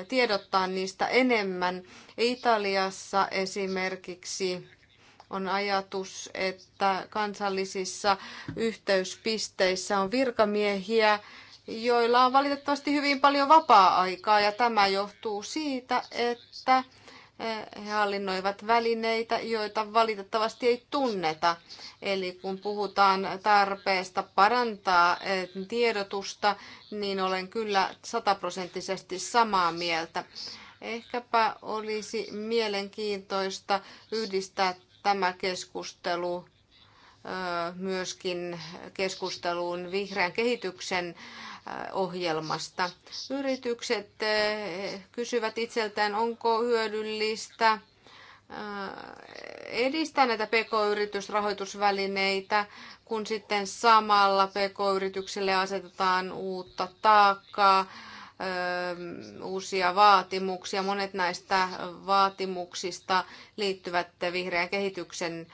tiedottaa niistä enemmän. Italiassa esimerkiksi on ajatus, että kansallisissa yhteyspisteissä on virkamiehiä, joilla on valitettavasti hyvin paljon vapaa-aikaa ja tämä johtuu siitä, että he hallinnoivat välineitä, joita valitettavasti ei tunneta. Eli kun puhutaan tarpeesta parantaa eh, tiedotusta, niin olen kyllä sataprosenttisesti samaa mieltä. Ehkäpä olisi mielenkiintoista yhdistää tämä keskustelu eh, myöskin keskusteluun vihreän kehityksen Äh, ohjelmasta. Yritykset äh, kysyvät itseltään, onko hyödyllistä äh, edistää näitä pk-yritysrahoitusvälineitä, kun sitten samalla pk-yritykselle asetetaan uutta taakkaa, ähm, uusia vaatimuksia. Monet näistä vaatimuksista liittyvät vihreän kehityksen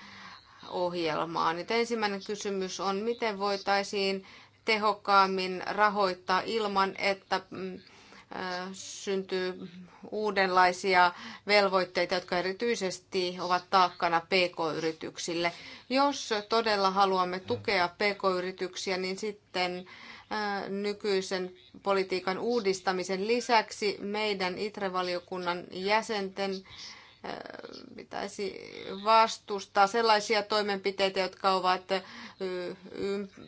ohjelmaan. Nyt ensimmäinen kysymys on, miten voitaisiin tehokkaammin rahoittaa ilman, että mm, syntyy uudenlaisia velvoitteita, jotka erityisesti ovat taakkana pk-yrityksille. Jos todella haluamme tukea pk-yrityksiä, niin sitten nykyisen politiikan uudistamisen lisäksi meidän itrevaliokunnan jäsenten pitäisi vastustaa sellaisia toimenpiteitä, jotka ovat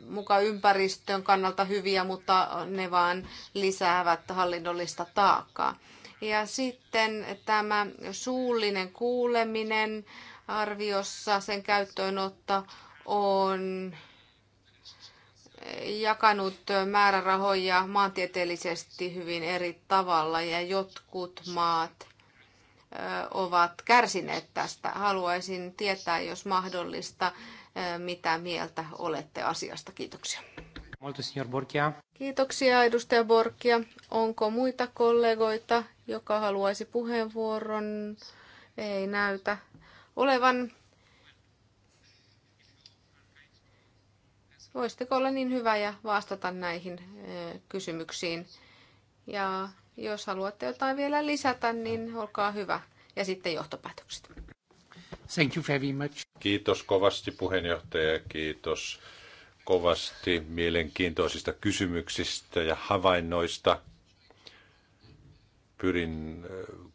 muka ympäristön kannalta hyviä, mutta ne vaan lisäävät hallinnollista taakkaa. Ja sitten tämä suullinen kuuleminen arviossa, sen käyttöönotto on jakanut määrärahoja maantieteellisesti hyvin eri tavalla ja jotkut maat ovat kärsineet tästä. Haluaisin tietää, jos mahdollista, mitä mieltä olette asiasta. Kiitoksia. Kiitoksia edustaja Borkia. Onko muita kollegoita, joka haluaisi puheenvuoron? Ei näytä olevan. Voisitteko olla niin hyvä ja vastata näihin kysymyksiin? Ja jos haluatte jotain vielä lisätä, niin olkaa hyvä. Ja sitten johtopäätökset. Thank you very much. Kiitos kovasti puheenjohtaja, kiitos kovasti mielenkiintoisista kysymyksistä ja havainnoista. Pyrin eh,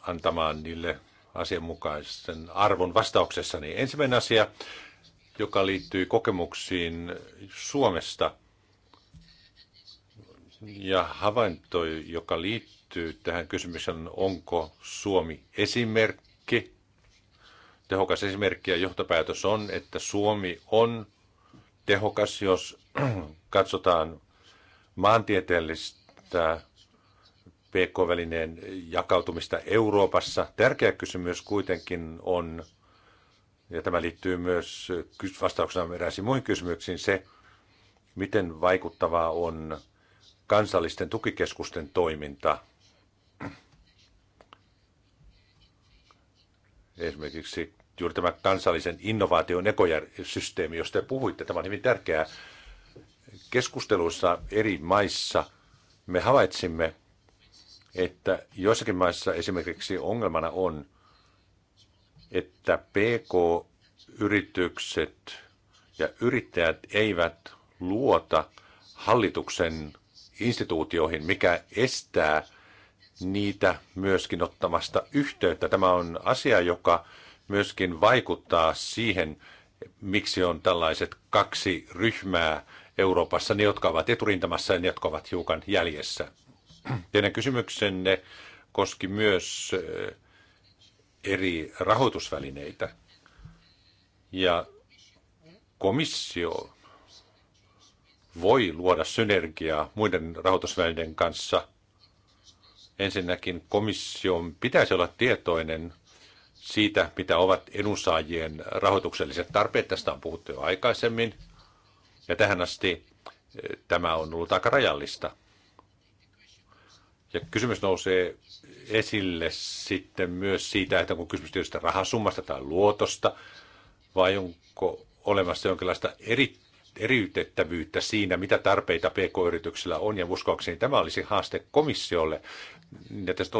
antamaan niille asianmukaisen arvon vastauksessani. Ensimmäinen asia, joka liittyy kokemuksiin Suomesta – ja havainto, joka liittyy tähän kysymykseen, onko Suomi esimerkki. Tehokas esimerkki ja johtopäätös on, että Suomi on tehokas, jos (clears throat) katsotaan maantieteellistä PK-välineen jakautumista Euroopassa. Tärkeä kysymys kuitenkin on, ja tämä liittyy myös vastauksena eräisiin muihin kysymyksiin, se, miten vaikuttavaa on kansallisten tukikeskusten toiminta. Esimerkiksi juuri tämä kansallisen innovaation ekosysteemi, josta te puhuitte, tämä on hyvin tärkeää. Keskusteluissa eri maissa me havaitsimme, että joissakin maissa esimerkiksi ongelmana on, että PK-yritykset ja yrittäjät eivät luota hallituksen instituutioihin, mikä estää niitä myöskin ottamasta yhteyttä. Tämä on asia, joka myöskin vaikuttaa siihen, miksi on tällaiset kaksi ryhmää Euroopassa, ne jotka ovat eturintamassa ja ne jotka ovat hiukan jäljessä. Teidän kysymyksenne koski myös eh, eri rahoitusvälineitä. Ja komissio voi luoda synergiaa muiden rahoitusvälineiden kanssa. Ensinnäkin komission pitäisi olla tietoinen siitä, mitä ovat edunsaajien rahoitukselliset tarpeet. Tästä on puhuttu jo aikaisemmin. Ja tähän asti eh, tämä on ollut aika rajallista. Ja kysymys nousee esille sitten myös siitä, että onko kysymys tietystä rahasummasta tai luotosta, vai onko olemassa jonkinlaista eri eriytettävyyttä siinä, mitä tarpeita PK-yrityksillä on, ja uskoakseni tämä olisi haaste komissiolle, että se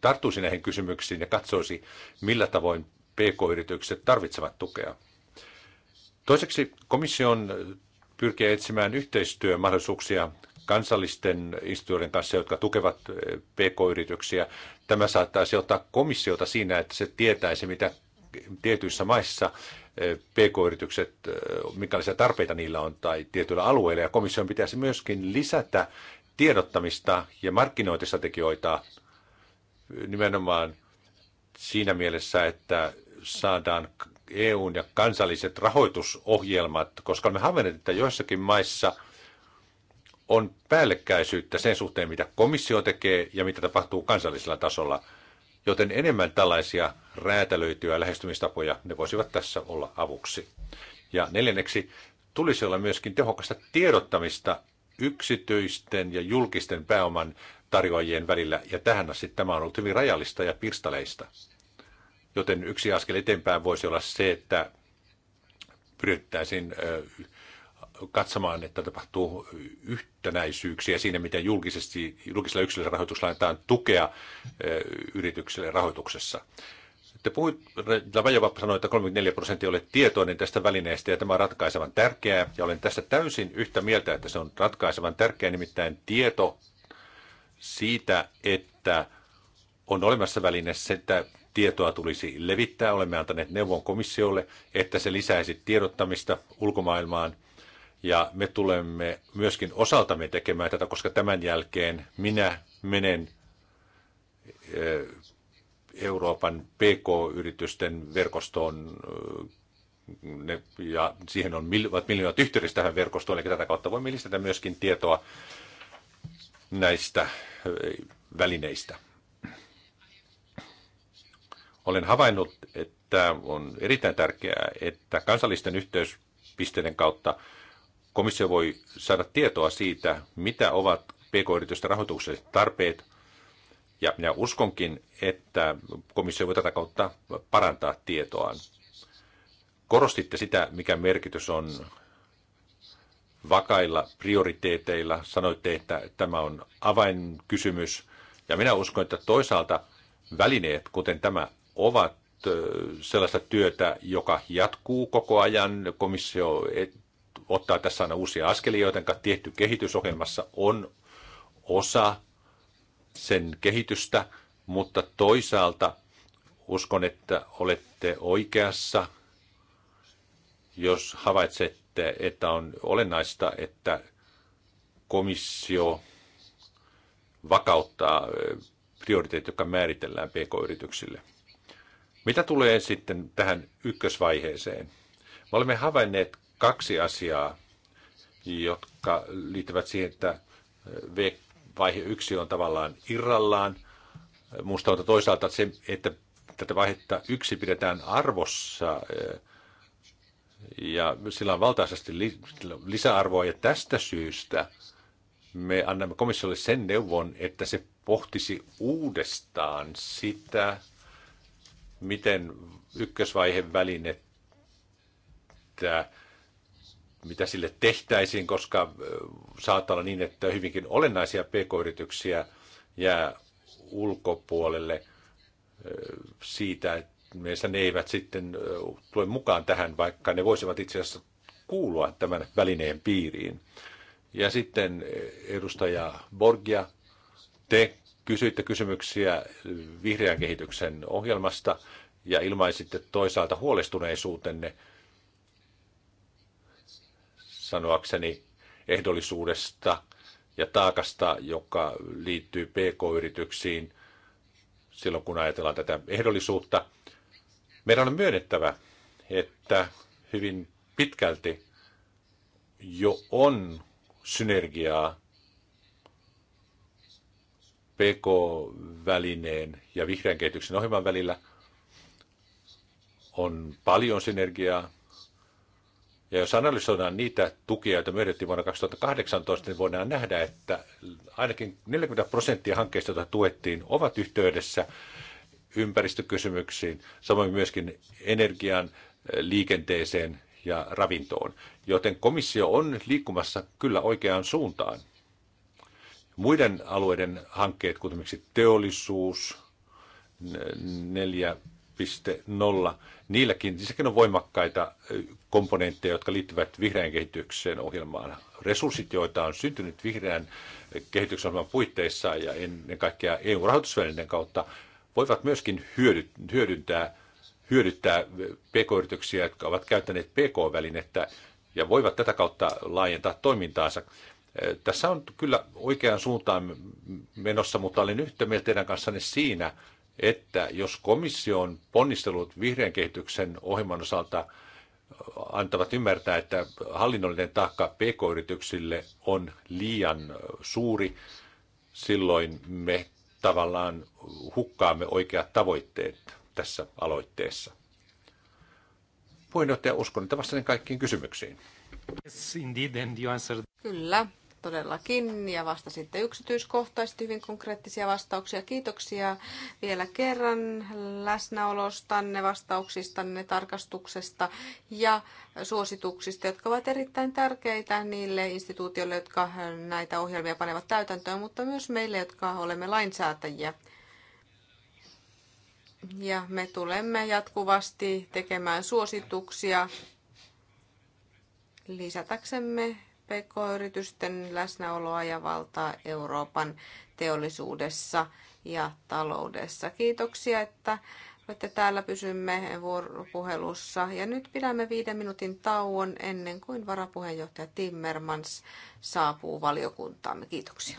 tarttuisi näihin kysymyksiin ja katsoisi, millä tavoin PK-yritykset tarvitsevat tukea. Toiseksi komission pyrkiä etsimään yhteistyömahdollisuuksia kansallisten instituutioiden kanssa, jotka tukevat eh, PK-yrityksiä. Tämä saattaisi ottaa komissiota siinä, että se tietäisi, mitä tietyissä maissa PK-yritykset, minkälaisia tarpeita niillä on tai tietyillä alueilla. Ja komission pitäisi myöskin lisätä tiedottamista ja markkinointistrategioita nimenomaan siinä mielessä, että saadaan EUn ja kansalliset rahoitusohjelmat, koska me havainneet, että joissakin maissa on päällekkäisyyttä sen suhteen, mitä komissio tekee ja mitä tapahtuu kansallisella tasolla. Joten enemmän tällaisia räätälöityjä lähestymistapoja, ne voisivat tässä olla avuksi. Ja neljänneksi tulisi olla myöskin tehokasta tiedottamista yksityisten ja julkisten pääoman tarjoajien välillä, ja tähän asti tämä on ollut hyvin rajallista ja pirstaleista. Joten yksi askel eteenpäin voisi olla se, että pyrittäisiin katsomaan, että tapahtuu yhtenäisyyksiä siinä, miten julkisesti, julkisella yksilöllä rahoituksella annetaan tukea yritykselle rahoituksessa. Te puhuit, Lavajova sanoi, että 34 prosenttia olet tietoinen tästä välineestä ja tämä on ratkaisevan tärkeää. Ja olen tässä täysin yhtä mieltä, että se on ratkaisevan tärkeää, nimittäin tieto siitä, että on olemassa väline, että tietoa tulisi levittää. Olemme antaneet neuvon komissiolle, että se lisäisi tiedottamista ulkomaailmaan. Ja me tulemme myöskin osaltamme tekemään tätä, koska tämän jälkeen minä menen eh, Euroopan PK-yritysten verkostoon ne, ja siihen on mil, miljoonat yhteydessä tähän verkostoon, eli tätä kautta voimme lisätä myöskin tietoa näistä välineistä. Olen havainnut, että on erittäin tärkeää, että kansallisten yhteyspisteiden kautta komissio voi saada tietoa siitä, mitä ovat pk-yritysten rahoitukselliset tarpeet – ja minä uskonkin, että komissio voi tätä kautta parantaa tietoaan. Korostitte sitä, mikä merkitys on vakailla prioriteeteilla. Sanoitte, että tämä on avainkysymys. Ja minä uskon, että toisaalta välineet, kuten tämä, ovat sellaista työtä, joka jatkuu koko ajan. Komissio ottaa tässä aina uusia askelia, joten tietty kehitysohjelmassa on osa sen kehitystä, mutta toisaalta uskon, että olette oikeassa, jos havaitsette, että on olennaista, että komissio vakauttaa prioriteetit, jotka määritellään pk-yrityksille. Mitä tulee sitten tähän ykkösvaiheeseen? Me olemme havainneet kaksi asiaa, jotka liittyvät siihen, että vaihe yksi on tavallaan irrallaan. Minusta on toisaalta se, että tätä vaihetta yksi pidetään arvossa eh, ja sillä on valtaisesti lisäarvoa ja tästä syystä me annamme komissiolle sen neuvon, että se pohtisi uudestaan sitä, miten ykkösvaiheen välinettä mitä sille tehtäisiin, koska saattaa olla niin, että hyvinkin olennaisia pk-yrityksiä jää ulkopuolelle siitä, että meistä ne eivät sitten tule mukaan tähän, vaikka ne voisivat itse asiassa kuulua tämän välineen piiriin. Ja sitten edustaja Borgia, te kysyitte kysymyksiä vihreän kehityksen ohjelmasta ja ilmaisitte toisaalta huolestuneisuutenne – sanoakseni ehdollisuudesta ja taakasta, joka liittyy pk-yrityksiin silloin, kun ajatellaan tätä ehdollisuutta. Meidän on myönnettävä, että hyvin pitkälti jo on synergiaa PK-välineen ja vihreän kehityksen ohjelman välillä on paljon synergiaa ja jos analysoidaan niitä tukia, joita myönnettiin vuonna 2018, niin voidaan nähdä, että ainakin 40 prosenttia hankkeista, joita tuettiin, ovat yhteydessä ympäristökysymyksiin, samoin myöskin energian, liikenteeseen ja ravintoon. Joten komissio on liikkumassa kyllä oikeaan suuntaan. Muiden alueiden hankkeet, kuten teollisuus, neljä 2.0, niilläkin, niissäkin on voimakkaita komponentteja, jotka liittyvät vihreän kehityksen ohjelmaan. Resurssit, joita on syntynyt vihreän kehityksen ohjelman puitteissa ja ennen kaikkea EU-rahoitusvälineiden kautta, voivat myöskin hyödyntää, hyödyttää pk-yrityksiä, jotka ovat käyttäneet pk-välinettä ja voivat tätä kautta laajentaa toimintaansa. Tässä on kyllä oikeaan suuntaan menossa, mutta olen yhtä mieltä teidän kanssanne siinä, että jos komission ponnistelut vihreän kehityksen ohjelman osalta antavat ymmärtää, että hallinnollinen taakka pk-yrityksille on liian suuri, silloin me tavallaan hukkaamme oikeat tavoitteet tässä aloitteessa. Puheenjohtaja, uskon, että vastasin kaikkiin kysymyksiin. Yes, indeed, and you answered. Kyllä, todellakin ja vasta sitten yksityiskohtaisesti hyvin konkreettisia vastauksia. Kiitoksia vielä kerran läsnäolostanne, vastauksistanne, tarkastuksesta ja suosituksista, jotka ovat erittäin tärkeitä niille instituutioille, jotka näitä ohjelmia panevat täytäntöön, mutta myös meille, jotka olemme lainsäätäjiä. Ja me tulemme jatkuvasti tekemään suosituksia lisätäksemme PK-yritysten läsnäoloa ja valtaa Euroopan teollisuudessa ja taloudessa. Kiitoksia, että olette täällä, pysymme vuoropuhelussa. Ja nyt pidämme viiden minuutin tauon ennen kuin varapuheenjohtaja Timmermans saapuu valiokuntaamme. Kiitoksia.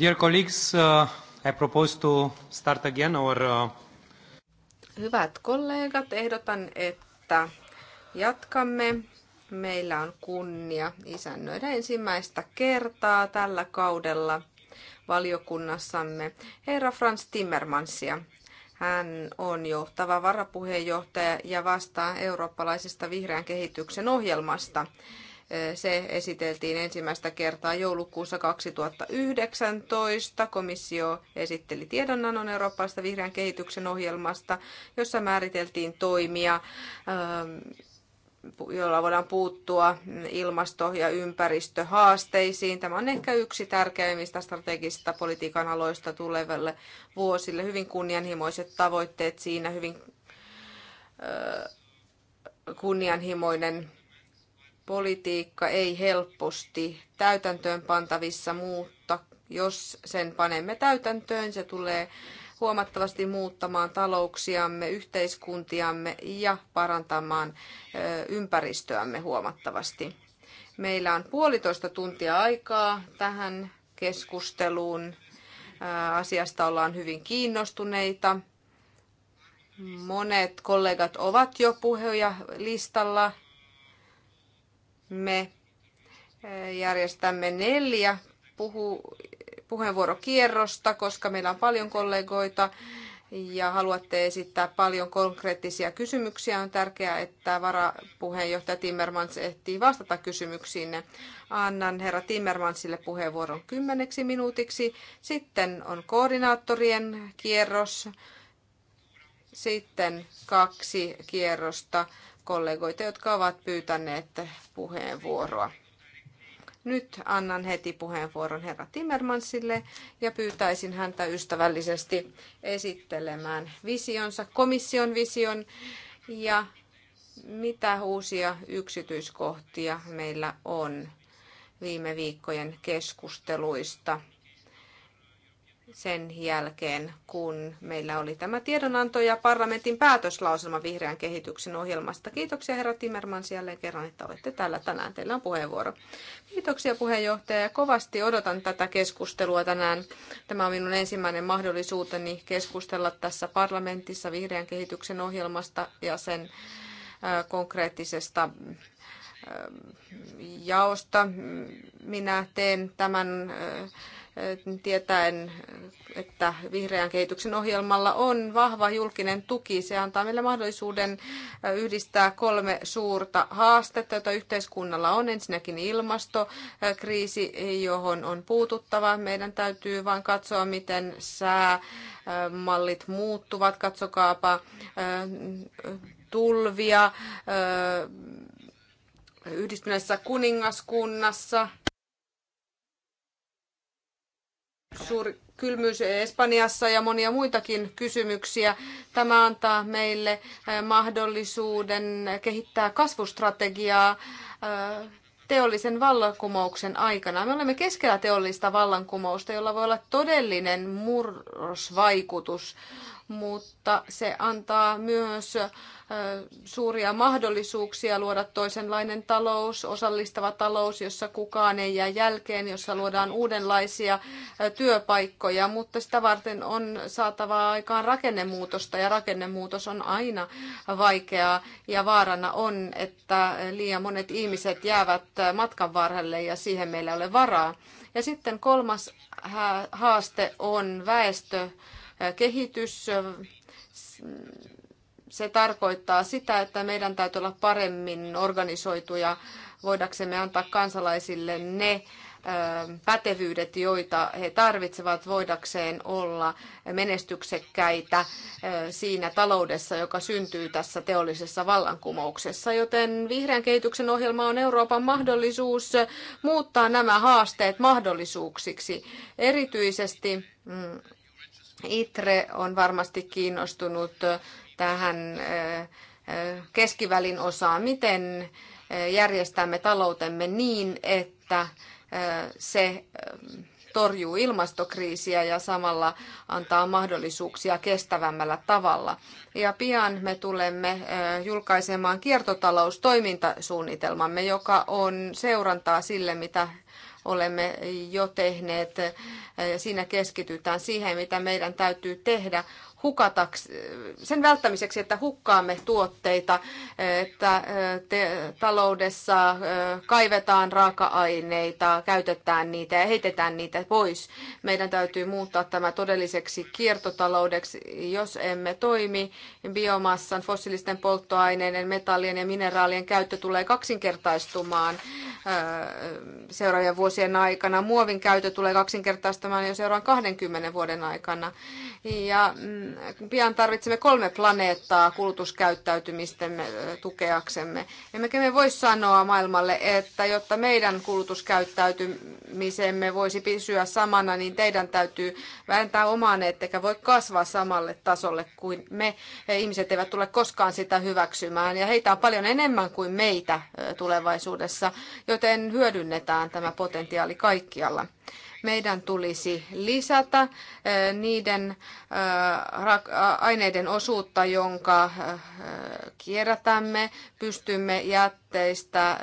Dear colleagues, uh, I propose to start again uh, Hyvät kollegat, ehdotan, että jatkamme. Meillä on kunnia isännöidä ensimmäistä kertaa tällä kaudella valiokunnassamme herra Franz Timmermansia. Hän on johtava varapuheenjohtaja ja vastaa eurooppalaisesta vihreän kehityksen ohjelmasta. Se esiteltiin ensimmäistä kertaa joulukuussa 2019. Komissio esitteli tiedonannon Euroopasta vihreän kehityksen ohjelmasta, jossa määriteltiin toimia ähm, joilla voidaan puuttua ilmasto- ja ympäristöhaasteisiin. Tämä on ehkä yksi tärkeimmistä strategista politiikan aloista tuleville vuosille. Hyvin kunnianhimoiset tavoitteet siinä, hyvin äh, kunnianhimoinen politiikka ei helposti täytäntöön pantavissa, mutta jos sen panemme täytäntöön, se tulee huomattavasti muuttamaan talouksiamme, yhteiskuntiamme ja parantamaan ympäristöämme huomattavasti. Meillä on puolitoista tuntia aikaa tähän keskusteluun. Asiasta ollaan hyvin kiinnostuneita. Monet kollegat ovat jo puheja listalla me eh, järjestämme neljä puhu, puheenvuorokierrosta, koska meillä on paljon kollegoita ja haluatte esittää paljon konkreettisia kysymyksiä. On tärkeää, että varapuheenjohtaja Timmermans ehtii vastata kysymyksiin. Annan herra Timmermansille puheenvuoron kymmeneksi minuutiksi. Sitten on koordinaattorien kierros. Sitten kaksi kierrosta kollegoita, jotka ovat pyytäneet puheenvuoroa. Nyt annan heti puheenvuoron herra Timmermansille ja pyytäisin häntä ystävällisesti esittelemään visionsa, komission vision ja mitä uusia yksityiskohtia meillä on viime viikkojen keskusteluista sen jälkeen, kun meillä oli tämä tiedonanto ja parlamentin päätöslauselma vihreän kehityksen ohjelmasta. Kiitoksia herra Timmermans jälleen kerran, että olette täällä tänään. Teillä on puheenvuoro. Kiitoksia puheenjohtaja. Kovasti odotan tätä keskustelua tänään. Tämä on minun ensimmäinen mahdollisuuteni keskustella tässä parlamentissa vihreän kehityksen ohjelmasta ja sen konkreettisesta jaosta. Minä teen tämän tietäen, että vihreän kehityksen ohjelmalla on vahva julkinen tuki. Se antaa meille mahdollisuuden yhdistää kolme suurta haastetta, joita yhteiskunnalla on. Ensinnäkin ilmastokriisi, johon on puututtava. Meidän täytyy vain katsoa, miten mallit muuttuvat. Katsokaapa tulvia yhdistyneessä kuningaskunnassa – suuri kylmyys Espanjassa ja monia muitakin kysymyksiä. Tämä antaa meille äh, mahdollisuuden kehittää kasvustrategiaa äh, teollisen vallankumouksen aikana. Me olemme keskellä teollista vallankumousta, jolla voi olla todellinen murrosvaikutus mutta se antaa myös suuria mahdollisuuksia luoda toisenlainen talous, osallistava talous, jossa kukaan ei jää jälkeen, jossa luodaan uudenlaisia työpaikkoja, mutta sitä varten on saatava aikaan rakennemuutosta ja rakennemuutos on aina vaikeaa ja vaarana on, että liian monet ihmiset jäävät matkan varrelle ja siihen meillä ei ole varaa. Ja sitten kolmas haaste on väestö kehitys. Se tarkoittaa sitä, että meidän täytyy olla paremmin organisoituja voidaksemme antaa kansalaisille ne pätevyydet, joita he tarvitsevat voidakseen olla menestyksekkäitä siinä taloudessa, joka syntyy tässä teollisessa vallankumouksessa. Joten vihreän kehityksen ohjelma on Euroopan mahdollisuus muuttaa nämä haasteet mahdollisuuksiksi. Erityisesti mm, ITRE on varmasti kiinnostunut tähän keskivälin osaan, miten järjestämme taloutemme niin, että se torjuu ilmastokriisiä ja samalla antaa mahdollisuuksia kestävämmällä tavalla. Ja pian me tulemme julkaisemaan kiertotaloustoimintasuunnitelmamme, joka on seurantaa sille, mitä olemme jo tehneet. Siinä keskitytään siihen, mitä meidän täytyy tehdä hukataks, sen välttämiseksi, että hukkaamme tuotteita, että äh, te, taloudessa äh, kaivetaan raaka-aineita, käytetään niitä ja heitetään niitä pois. Meidän täytyy muuttaa tämä todelliseksi kiertotaloudeksi, jos emme toimi. Biomassan, fossiilisten polttoaineiden, metallien ja mineraalien käyttö tulee kaksinkertaistumaan äh, seuraavien vuosien aikana. Muovin käyttö tulee kaksinkertaistumaan jo seuraavan 20 vuoden aikana. Ja mm, pian tarvitsemme kolme planeettaa kulutuskäyttäytymistemme tukeaksemme. Emmekä me voi sanoa maailmalle, että jotta meidän kulutuskäyttäytymisemme voisi pysyä samana, niin teidän täytyy vähentää omaan, ettekä voi kasvaa samalle tasolle kuin me. Ihmiset eivät tule koskaan sitä hyväksymään ja heitä on paljon enemmän kuin meitä tulevaisuudessa, joten hyödynnetään tämä potentiaali kaikkialla meidän tulisi lisätä niiden aineiden osuutta, jonka kierrätämme. Pystymme jätteistä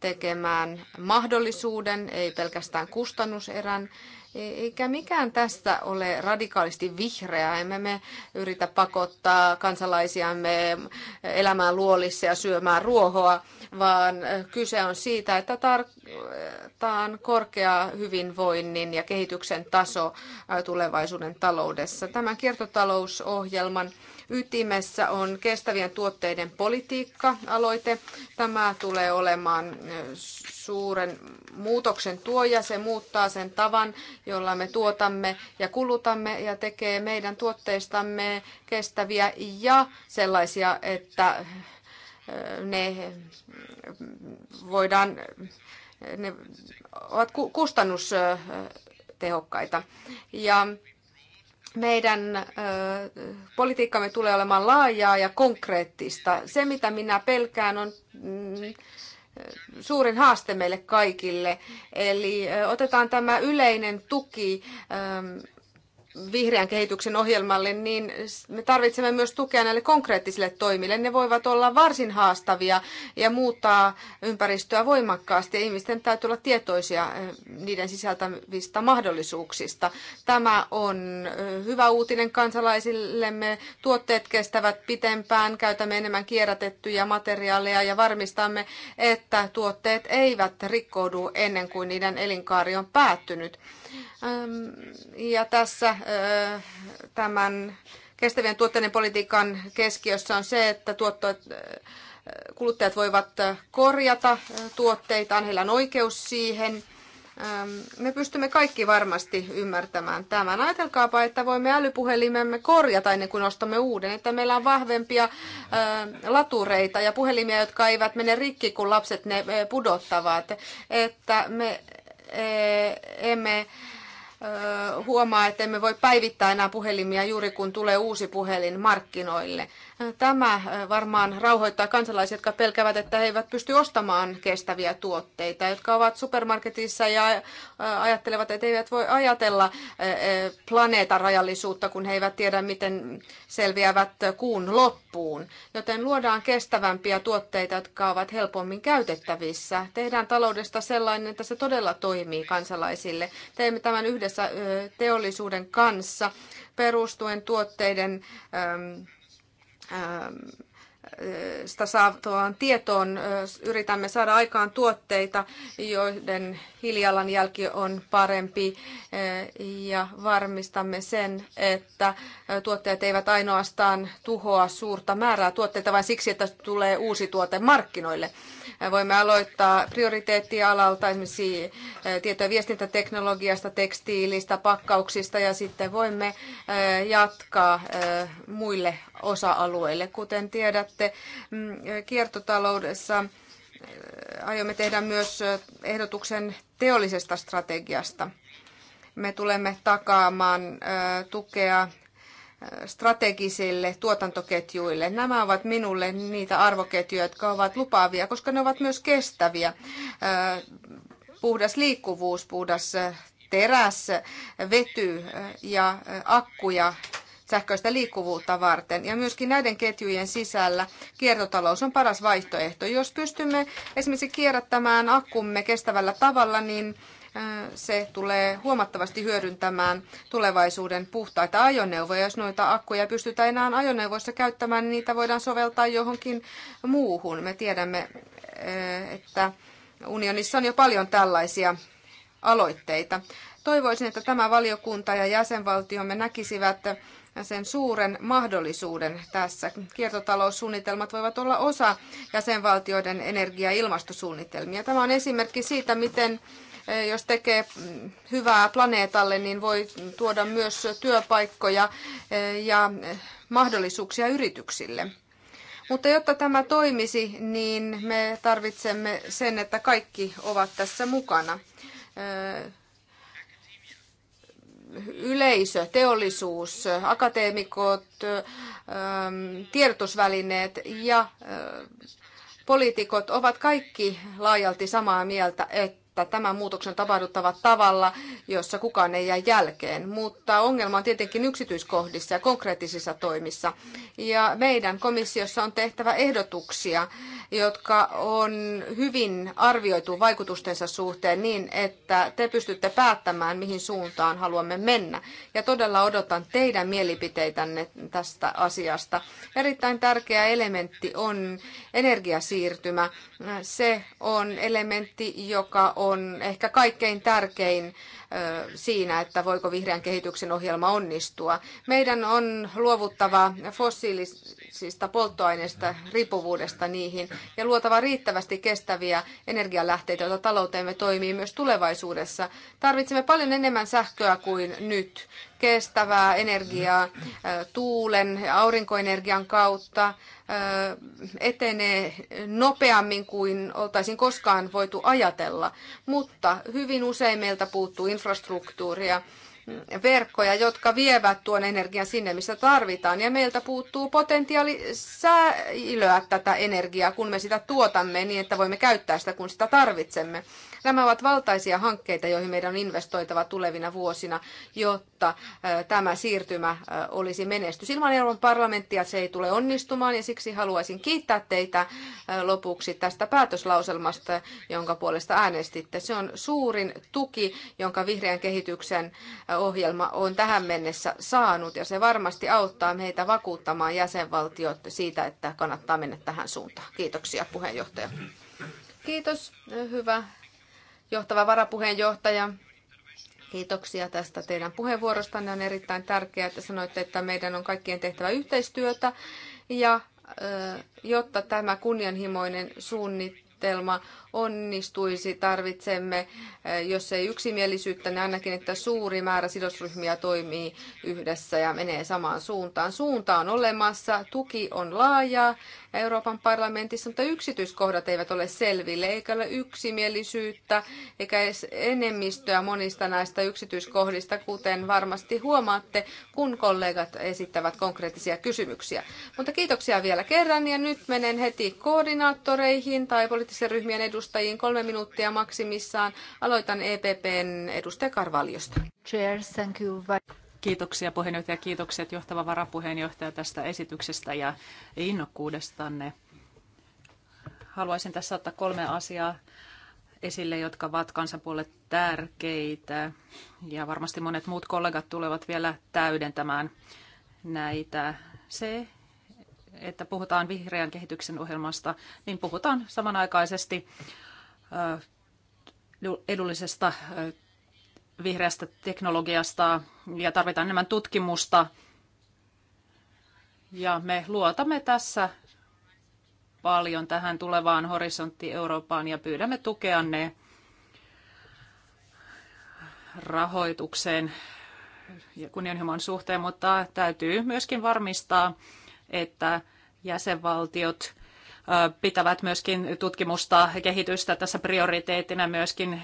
tekemään mahdollisuuden, ei pelkästään kustannuserän. E, eikä mikään tästä ole radikaalisti vihreää. Emme me yritä pakottaa kansalaisiamme elämään luolissa ja syömään ruohoa, vaan kyse on siitä, että tarkoitetaan korkea hyvinvoinnin ja kehityksen taso tulevaisuuden taloudessa. Tämän kiertotalousohjelman ytimessä on kestävien tuotteiden politiikka-aloite. Tämä tulee olemaan suuren muutoksen tuoja. Se muuttaa sen tavan, jolla me tuotamme ja kulutamme ja tekee meidän tuotteistamme kestäviä ja sellaisia, että ne voidaan, ne ovat kustannustehokkaita. Ja meidän politiikkamme tulee olemaan laajaa ja konkreettista. Se, mitä minä pelkään, on mm, suurin haaste meille kaikille. Eli otetaan tämä yleinen tuki vihreän kehityksen ohjelmalle, niin me tarvitsemme myös tukea näille konkreettisille toimille. Ne voivat olla varsin haastavia ja muuttaa ympäristöä voimakkaasti ja ihmisten täytyy olla tietoisia eh, niiden sisältävistä mahdollisuuksista. Tämä on eh, hyvä uutinen kansalaisillemme. Tuotteet kestävät pitempään, käytämme enemmän kierrätettyjä materiaaleja ja varmistamme, että tuotteet eivät rikkoudu ennen kuin niiden elinkaari on päättynyt. Ähm, ja tässä äh, tämän kestävien tuotteiden politiikan keskiössä on se, että tuottajat, äh, kuluttajat voivat äh, korjata on heillä on oikeus siihen. Ähm, me pystymme kaikki varmasti ymmärtämään tämän. Ajatelkaapa, että voimme älypuhelimemme korjata ennen kuin ostamme uuden, että meillä on vahvempia latureita ja puhelimia, jotka eivät mene rikki, kun lapset ne pudottavat, että me emme huomaa, että emme voi päivittää enää puhelimia juuri kun tulee uusi puhelin markkinoille. Tämä varmaan rauhoittaa kansalaisia, jotka pelkävät, että he eivät pysty ostamaan kestäviä tuotteita, jotka ovat supermarketissa ja ajattelevat, että eivät voi ajatella planeetan rajallisuutta, kun he eivät tiedä, miten selviävät kuun loppuun. Joten luodaan kestävämpiä tuotteita, jotka ovat helpommin käytettävissä. Tehdään taloudesta sellainen, että se todella toimii kansalaisille. Teemme tämän yhdessä teollisuuden kanssa perustuen tuotteiden ähm, Ähm, äh, sitä saatuaan tietoon äh, yritämme saada aikaan tuotteita, joiden hiilijalanjälki on parempi äh, ja varmistamme sen, että tuottajat eivät ainoastaan tuhoa suurta määrää tuotteita, vaan siksi, että tulee uusi tuote markkinoille. Voimme aloittaa prioriteettialalta, esimerkiksi tieto- ja viestintäteknologiasta, tekstiilistä, pakkauksista ja sitten voimme jatkaa muille osa-alueille. Kuten tiedätte, mm, kiertotaloudessa aiomme tehdä myös ehdotuksen teollisesta strategiasta. Me tulemme takaamaan tukea strategisille tuotantoketjuille. Nämä ovat minulle niitä arvoketjuja, jotka ovat lupaavia, koska ne ovat myös kestäviä. Puhdas liikkuvuus, puhdas teräs, vety ja akkuja sähköistä liikkuvuutta varten. Ja myöskin näiden ketjujen sisällä kiertotalous on paras vaihtoehto. Jos pystymme esimerkiksi kierrättämään akkumme kestävällä tavalla, niin Äh, se tulee huomattavasti hyödyntämään tulevaisuuden puhtaita ajoneuvoja. Jos noita akkuja pystytään enää ajoneuvoissa käyttämään, niin niitä voidaan soveltaa johonkin muuhun. Me tiedämme, äh, että unionissa on jo paljon tällaisia aloitteita. Toivoisin, että tämä valiokunta ja jäsenvaltiomme näkisivät sen suuren mahdollisuuden tässä. Kiertotaloussuunnitelmat voivat olla osa jäsenvaltioiden energia- ja ilmastosuunnitelmia. Tämä on esimerkki siitä, miten Äh, jos tekee mm, hyvää planeetalle, niin voi tuoda myös työpaikkoja äh, ja äh, mahdollisuuksia yrityksille. Mutta jotta tämä toimisi, niin me tarvitsemme sen, että kaikki ovat tässä mukana. Yleisö, teollisuus, akateemikot, ähm, tiedotusvälineet ja poliitikot ovat kaikki laajalti samaa mieltä, että että tämän muutoksen tapahduttava tavalla, jossa kukaan ei jää jälkeen. Mutta ongelma on tietenkin yksityiskohdissa ja konkreettisissa toimissa. Ja meidän komissiossa on tehtävä ehdotuksia, jotka on hyvin arvioitu vaikutustensa suhteen niin, että te pystytte päättämään, mihin suuntaan haluamme mennä. Ja todella odotan teidän mielipiteitänne tästä asiasta. Erittäin tärkeä elementti on energiasiirtymä. Se on elementti, joka on on ehkä kaikkein tärkein siinä, että voiko vihreän kehityksen ohjelma onnistua. Meidän on luovuttava fossiilis siis polttoaineista, riippuvuudesta niihin ja luotava riittävästi kestäviä energialähteitä, joita talouteemme toimii myös tulevaisuudessa. Tarvitsemme paljon enemmän sähköä kuin nyt. Kestävää energiaa tuulen ja aurinkoenergian kautta etenee nopeammin kuin oltaisiin koskaan voitu ajatella, mutta hyvin usein meiltä puuttuu infrastruktuuria verkkoja, jotka vievät tuon energian sinne, missä tarvitaan. Ja meiltä puuttuu potentiaali säilöä tätä energiaa, kun me sitä tuotamme, niin että voimme käyttää sitä, kun sitä tarvitsemme. Nämä ovat valtaisia hankkeita, joihin meidän on investoitava tulevina vuosina, jotta tämä siirtymä olisi menestys. Ilman Euroopan parlamenttia se ei tule onnistumaan ja siksi haluaisin kiittää teitä lopuksi tästä päätöslauselmasta, jonka puolesta äänestitte. Se on suurin tuki, jonka vihreän kehityksen ohjelma on tähän mennessä saanut, ja se varmasti auttaa meitä vakuuttamaan jäsenvaltiot siitä, että kannattaa mennä tähän suuntaan. Kiitoksia puheenjohtaja. Kiitos, hyvä johtava varapuheenjohtaja. Kiitoksia tästä teidän puheenvuorostanne. On erittäin tärkeää, että sanoitte, että meidän on kaikkien tehtävä yhteistyötä, ja jotta tämä kunnianhimoinen suunnitelma onnistuisi, tarvitsemme, jos ei yksimielisyyttä, niin ainakin, että suuri määrä sidosryhmiä toimii yhdessä ja menee samaan suuntaan. Suunta on olemassa, tuki on laajaa Euroopan parlamentissa, mutta yksityiskohdat eivät ole selville, eikä ole yksimielisyyttä, eikä edes enemmistöä monista näistä yksityiskohdista, kuten varmasti huomaatte, kun kollegat esittävät konkreettisia kysymyksiä. Mutta kiitoksia vielä kerran, ja nyt menen heti koordinaattoreihin tai poliittisen ryhmien edustajille edustajiin. Kolme minuuttia maksimissaan. Aloitan EPPn edustaja Karvaljosta. Cheers, thank you. Kiitoksia puheenjohtaja, kiitokset johtava varapuheenjohtaja tästä esityksestä ja innokkuudestanne. Haluaisin tässä ottaa kolme asiaa esille, jotka ovat kansanpuolelle tärkeitä. Ja varmasti monet muut kollegat tulevat vielä täydentämään näitä. Se, että puhutaan vihreän kehityksen ohjelmasta, niin puhutaan samanaikaisesti edullisesta vihreästä teknologiasta ja tarvitaan enemmän tutkimusta. Ja me luotamme tässä paljon tähän tulevaan horisontti Eurooppaan ja pyydämme tukeanne rahoitukseen ja kunnianhimon suhteen, mutta täytyy myöskin varmistaa, että jäsenvaltiot pitävät myöskin tutkimusta ja kehitystä tässä prioriteettina myöskin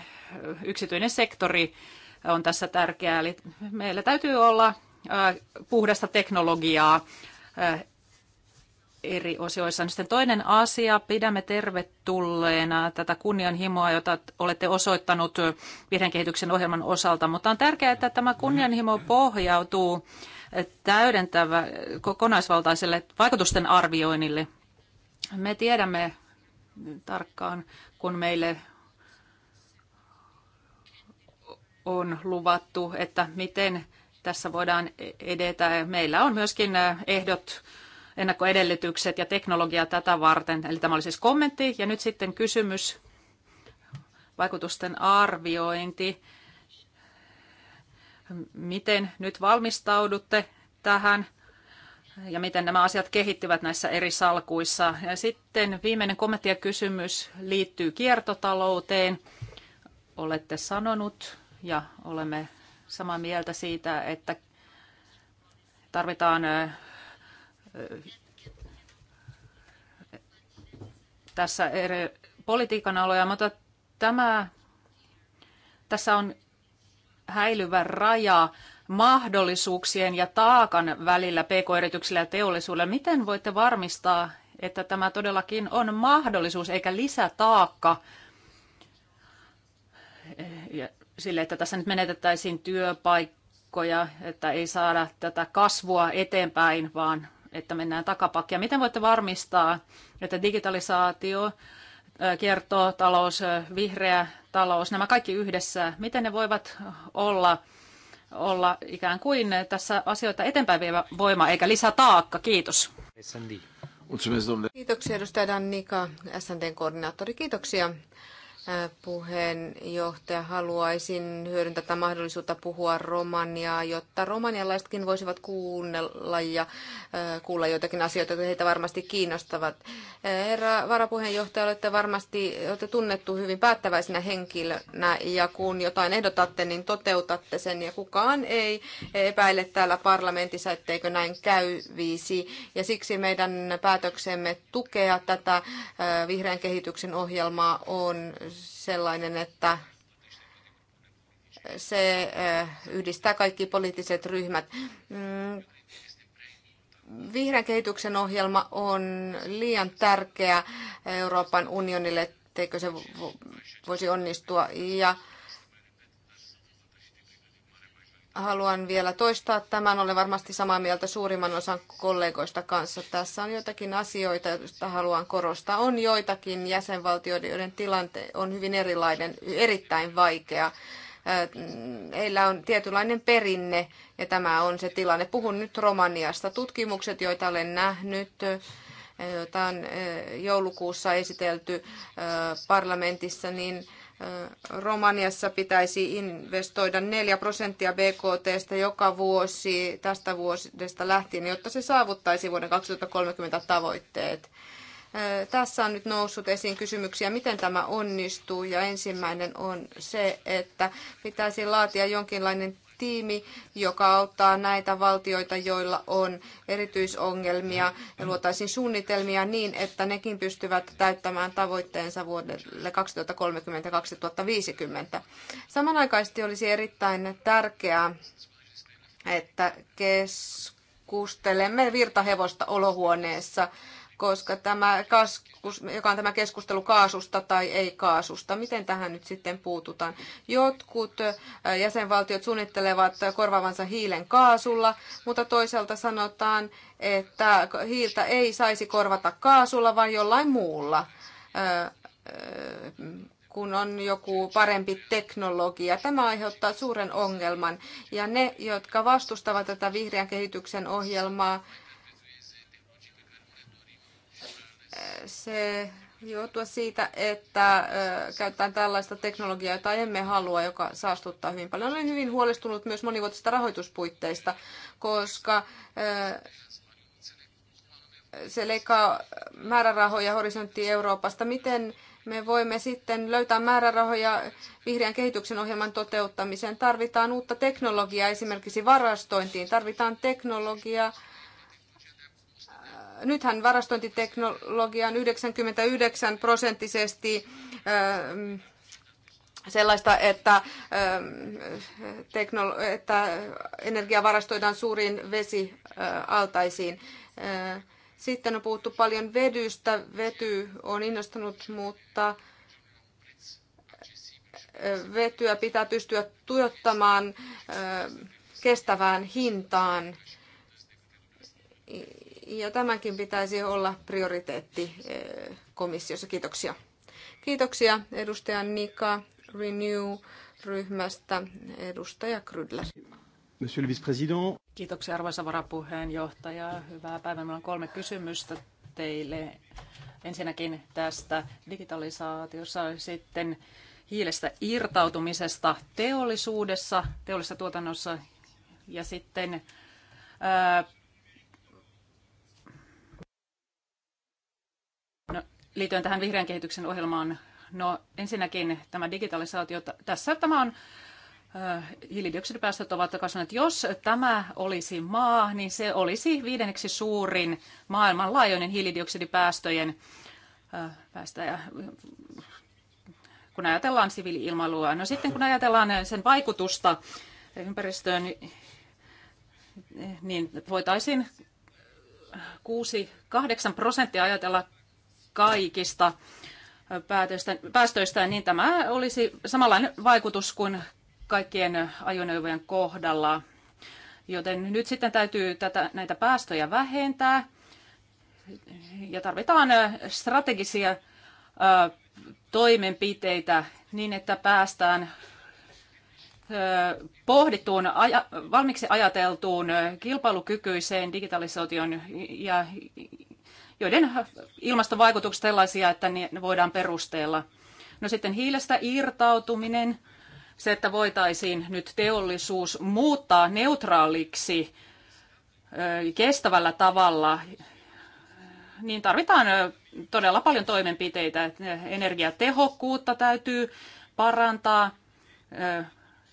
yksityinen sektori on tässä tärkeää. Eli meillä täytyy olla puhdasta teknologiaa eri osioissa. Sitten toinen asia, pidämme tervetulleena tätä kunnianhimoa, jota olette osoittanut vihreän kehityksen ohjelman osalta, mutta on tärkeää, että tämä kunnianhimo pohjautuu täydentävä kokonaisvaltaiselle vaikutusten arvioinnille. Me tiedämme tarkkaan, kun meille on luvattu, että miten tässä voidaan edetä. Meillä on myöskin ehdot, ennakkoedellytykset ja teknologia tätä varten. Eli tämä oli siis kommentti. Ja nyt sitten kysymys, vaikutusten arviointi miten nyt valmistaudutte tähän ja miten nämä asiat kehittyvät näissä eri salkuissa. Ja sitten viimeinen kommentti ja kysymys liittyy kiertotalouteen. Olette sanonut ja olemme samaa mieltä siitä, että tarvitaan äh, tässä eri politiikan aloja, mutta tämä, tässä on häilyvä raja mahdollisuuksien ja taakan välillä pk-yrityksillä ja teollisuudella. Miten voitte varmistaa, että tämä todellakin on mahdollisuus eikä lisätaakka eh, sille, että tässä nyt menetettäisiin työpaikkoja, että ei saada tätä kasvua eteenpäin, vaan että mennään takapakkia. Miten voitte varmistaa, että digitalisaatio kiertotalous, vihreä talous, nämä kaikki yhdessä, miten ne voivat olla olla ikään kuin tässä asioita eteenpäin vievä voima eikä lisätaakka. Kiitos. Kiitoksia edustaja Dannika, SNDn koordinaattori. Kiitoksia puheenjohtaja. Haluaisin hyödyntää tätä mahdollisuutta puhua romaniaa, jotta romanialaisetkin voisivat kuunnella ja kuulla joitakin asioita, jotka heitä varmasti kiinnostavat. Herra varapuheenjohtaja, olette varmasti olette tunnettu hyvin päättäväisenä henkilönä ja kun jotain ehdotatte, niin toteutatte sen ja kukaan ei epäile täällä parlamentissa, etteikö näin käyvisi. Ja siksi meidän päätöksemme tukea tätä vihreän kehityksen ohjelmaa on sellainen, että se eh, yhdistää kaikki poliittiset ryhmät. Mm. Vihreän kehityksen ohjelma on liian tärkeä Euroopan unionille, etteikö se voisi onnistua. Ja haluan vielä toistaa tämän. Olen varmasti samaa mieltä suurimman osan kollegoista kanssa. Tässä on joitakin asioita, joista haluan korostaa. On joitakin jäsenvaltioiden, joiden tilante on hyvin erilainen, erittäin vaikea. Heillä on tietynlainen perinne ja tämä on se tilanne. Puhun nyt Romaniasta. Tutkimukset, joita olen nähnyt, joita on joulukuussa esitelty parlamentissa, niin – Romaniassa pitäisi investoida 4 prosenttia BKTstä joka vuosi tästä vuodesta lähtien, jotta se saavuttaisi vuoden 2030 tavoitteet. Äh, tässä on nyt noussut esiin kysymyksiä, miten tämä onnistuu, ja ensimmäinen on se, että pitäisi laatia jonkinlainen tiimi, joka auttaa näitä valtioita, joilla on erityisongelmia ja luotaisiin suunnitelmia niin, että nekin pystyvät täyttämään tavoitteensa vuodelle 2030-2050. Samanaikaisesti olisi erittäin tärkeää, että keskustelemme virtahevosta olohuoneessa koska tämä, kaskus, joka on tämä keskustelu kaasusta tai ei kaasusta, miten tähän nyt sitten puututaan. Jotkut jäsenvaltiot suunnittelevat korvaavansa hiilen kaasulla, mutta toisaalta sanotaan, että hiiltä ei saisi korvata kaasulla, vaan jollain muulla kun on joku parempi teknologia. Tämä aiheuttaa suuren ongelman. Ja ne, jotka vastustavat tätä vihreän kehityksen ohjelmaa, se joutua siitä, että käytetään tällaista teknologiaa, jota emme halua, joka saastuttaa hyvin paljon. Olen hyvin huolestunut myös monivuotisista rahoituspuitteista, koska se leikkaa määrärahoja horisontti Euroopasta. Miten me voimme sitten löytää määrärahoja vihreän kehityksen ohjelman toteuttamiseen? Tarvitaan uutta teknologiaa esimerkiksi varastointiin, tarvitaan teknologiaa nythän varastointiteknologia on 99 prosenttisesti ähm, sellaista, että, ähm, että energia varastoidaan suuriin vesialtaisiin. Äh, sitten on puhuttu paljon vedystä. Vety on innostunut, mutta äh, vetyä pitää pystyä tuottamaan äh, kestävään hintaan ja tämänkin pitäisi olla prioriteetti eh, komissiossa. Kiitoksia. Kiitoksia edustaja Nika Renew-ryhmästä, edustaja Grydler. Monsieur le vice-président. Kiitoksia arvoisa varapuheenjohtaja. Hyvää päivää. Meillä on kolme kysymystä teille. Ensinnäkin tästä digitalisaatiossa sitten hiilestä irtautumisesta teollisuudessa, teollisessa tuotannossa ja sitten No, liittyen tähän vihreän kehityksen ohjelmaan, no ensinnäkin tämä digitalisaatio, tässä tämä on hiilidioksidipäästöt ovat kasvaneet. Jos tämä olisi maa, niin se olisi viidenneksi suurin maailmanlaajuinen hiilidioksidipäästöjen päästäjä, kun ajatellaan siviiliilmailua. No sitten kun ajatellaan sen vaikutusta ympäristöön, niin voitaisiin 6-8 prosenttia ajatella kaikista päästöistä niin tämä olisi samanlainen vaikutus kuin kaikkien ajoneuvojen kohdalla. Joten nyt sitten täytyy tätä, näitä päästöjä vähentää ja tarvitaan strategisia toimenpiteitä niin, että päästään pohdittuun, valmiiksi ajateltuun kilpailukykyiseen digitalisaation ja joiden ilmastovaikutukset sellaisia, että ne voidaan perusteella. No sitten hiilestä irtautuminen, se, että voitaisiin nyt teollisuus muuttaa neutraaliksi kestävällä tavalla, niin tarvitaan todella paljon toimenpiteitä. Energiatehokkuutta täytyy parantaa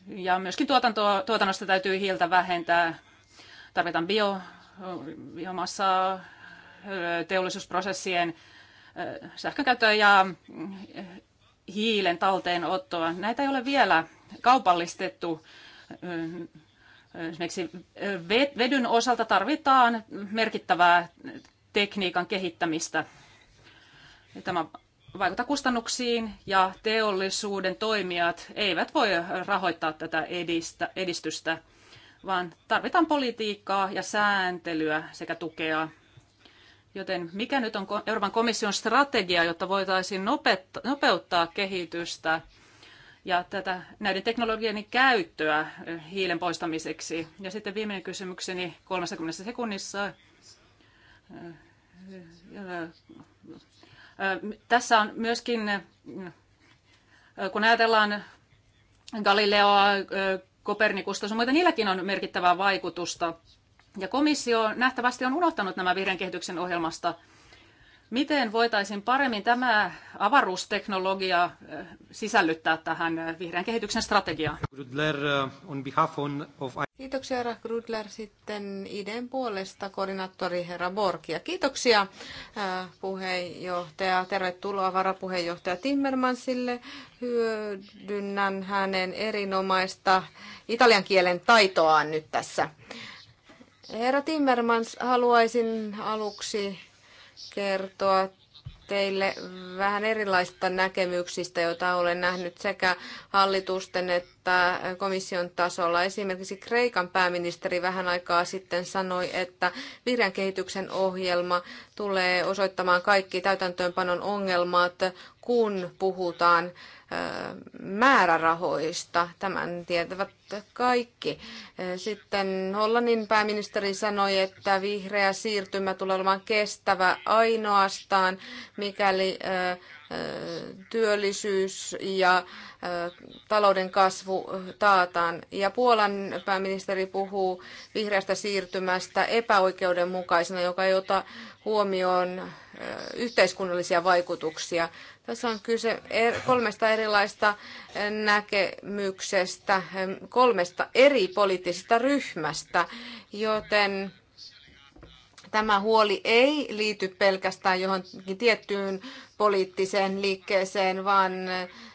ja myöskin tuotantoa, tuotannosta täytyy hiiltä vähentää. Tarvitaan bio, biomassaa, teollisuusprosessien sähkökäyttöä ja mm, hiilen talteenottoa. Näitä ei ole vielä kaupallistettu. Esimerkiksi vedyn osalta tarvitaan merkittävää tekniikan kehittämistä. Tämä vaikuttaa kustannuksiin ja teollisuuden toimijat eivät voi rahoittaa tätä edistä, edistystä, vaan tarvitaan politiikkaa ja sääntelyä sekä tukea Joten mikä nyt on Euroopan komission strategia, jotta voitaisiin nopeuttaa kehitystä ja tätä, näiden teknologien käyttöä eh, hiilen poistamiseksi? Ja sitten viimeinen kysymykseni 30 sekunnissa. Eh, eh, tässä on myöskin, kun ajatellaan Galileoa, Kopernikusta, mutta niilläkin on merkittävää vaikutusta ja komissio nähtävästi on unohtanut nämä vihreän kehityksen ohjelmasta. Miten voitaisiin paremmin tämä avaruusteknologia eh, sisällyttää tähän eh, vihreän kehityksen strategiaan? Eh, on behalf of... Kiitoksia, herra Grudler. Sitten IDEn puolesta koordinaattori herra Borkia. Kiitoksia, puheenjohtaja. Tervetuloa varapuheenjohtaja Timmermansille. Hyödynnän hänen erinomaista italian kielen taitoaan nyt tässä. Herra Timmermans, haluaisin aluksi kertoa teille vähän erilaista näkemyksistä, joita olen nähnyt sekä hallitusten että että komission tasolla. Esimerkiksi Kreikan pääministeri vähän aikaa sitten sanoi, että vihreän kehityksen ohjelma tulee osoittamaan kaikki täytäntöönpanon ongelmat, kun puhutaan määrärahoista. Tämän tietävät kaikki. Sitten Hollannin pääministeri sanoi, että vihreä siirtymä tulee olemaan kestävä ainoastaan, mikäli työllisyys ja talouden kasvu taataan. Ja Puolan pääministeri puhuu vihreästä siirtymästä epäoikeudenmukaisena, joka ei ota huomioon yhteiskunnallisia vaikutuksia. Tässä on kyse er, kolmesta erilaista näkemyksestä, kolmesta eri poliittisesta ryhmästä, joten Tämä huoli ei liity pelkästään johonkin tiettyyn poliittiseen liikkeeseen, vaan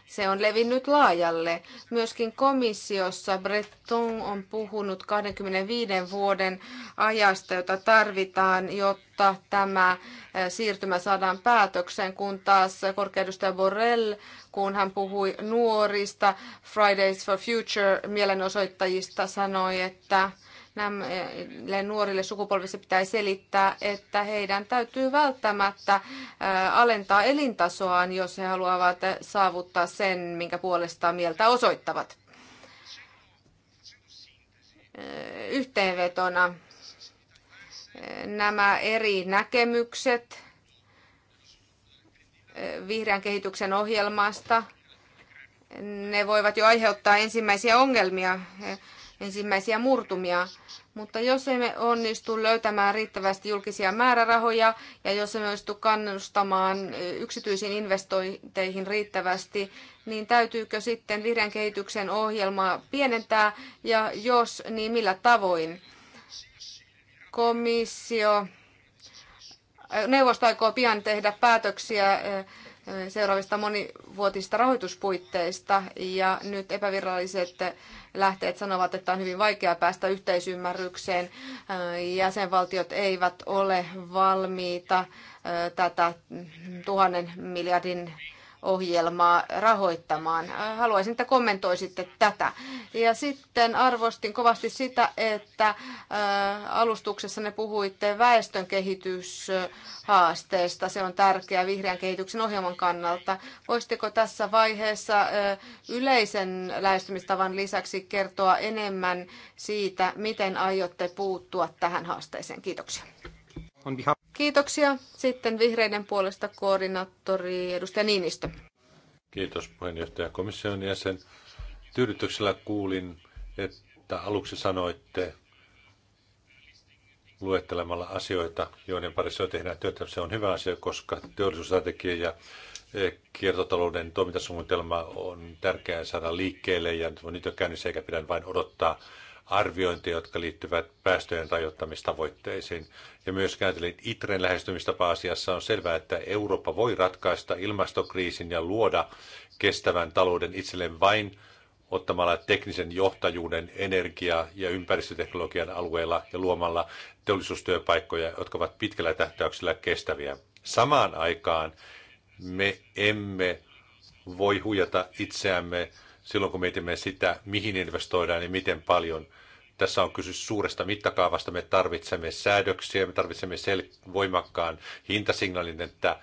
se on levinnyt laajalle. Myöskin komissiossa Breton on puhunut 25 vuoden ajasta, jota tarvitaan, jotta tämä siirtymä saadaan päätökseen, kun taas korkeudustaja Borrell, kun hän puhui nuorista Fridays for Future mielenosoittajista, sanoi, että näille nuorille sukupolville pitää selittää, että heidän täytyy välttämättä alentaa elintasoaan, jos he haluavat saavuttaa sen, minkä puolestaan mieltä osoittavat. Yhteenvetona nämä eri näkemykset vihreän kehityksen ohjelmasta, ne voivat jo aiheuttaa ensimmäisiä ongelmia ensimmäisiä murtumia. Mutta jos emme onnistu löytämään riittävästi julkisia määrärahoja ja jos emme onnistu kannustamaan yksityisiin investointeihin riittävästi, niin täytyykö sitten vihreän kehityksen ohjelmaa pienentää ja jos, niin millä tavoin? Komissio, äh, neuvosto aikoo pian tehdä päätöksiä äh, seuraavista monivuotisista rahoituspuitteista ja nyt epäviralliset lähteet sanovat, että on hyvin vaikea päästä yhteisymmärrykseen. Jäsenvaltiot eivät ole valmiita tätä tuhannen miljardin ohjelmaa rahoittamaan. Haluaisin, että kommentoisitte tätä. Ja sitten arvostin kovasti sitä, että äh, alustuksessa ne puhuitte väestön kehityshaasteesta. Se on tärkeä vihreän kehityksen ohjelman kannalta. Voisitteko tässä vaiheessa äh, yleisen lähestymistavan lisäksi kertoa enemmän siitä, miten aiotte puuttua tähän haasteeseen? Kiitoksia. Kiitoksia. Sitten vihreiden puolesta koordinaattori edustaja Niinistö. Kiitos puheenjohtaja komission jäsen. Tyydytyksellä kuulin, että aluksi sanoitte luettelemalla asioita, joiden parissa tehdään työtä. Se on hyvä asia, koska teollisuusstrategia ja eh, kiertotalouden toimintasuunnitelma on tärkeää saada liikkeelle ja nyt on käynnissä eikä pidä vain odottaa arviointeja, jotka liittyvät päästöjen rajoittamistavoitteisiin. Ja myös kääntelin ITREn lähestymistapa asiassa on selvää, että Eurooppa voi ratkaista ilmastokriisin ja luoda kestävän talouden itselleen vain ottamalla teknisen johtajuuden energia- ja ympäristöteknologian alueella ja luomalla teollisuustyöpaikkoja, jotka ovat pitkällä tähtäyksellä kestäviä. Samaan aikaan me emme voi huijata itseämme silloin kun mietimme sitä, mihin investoidaan ja niin miten paljon – tässä on kysymys suuresta mittakaavasta. Me tarvitsemme säädöksiä, me tarvitsemme sel- voimakkaan hintasignaalin, että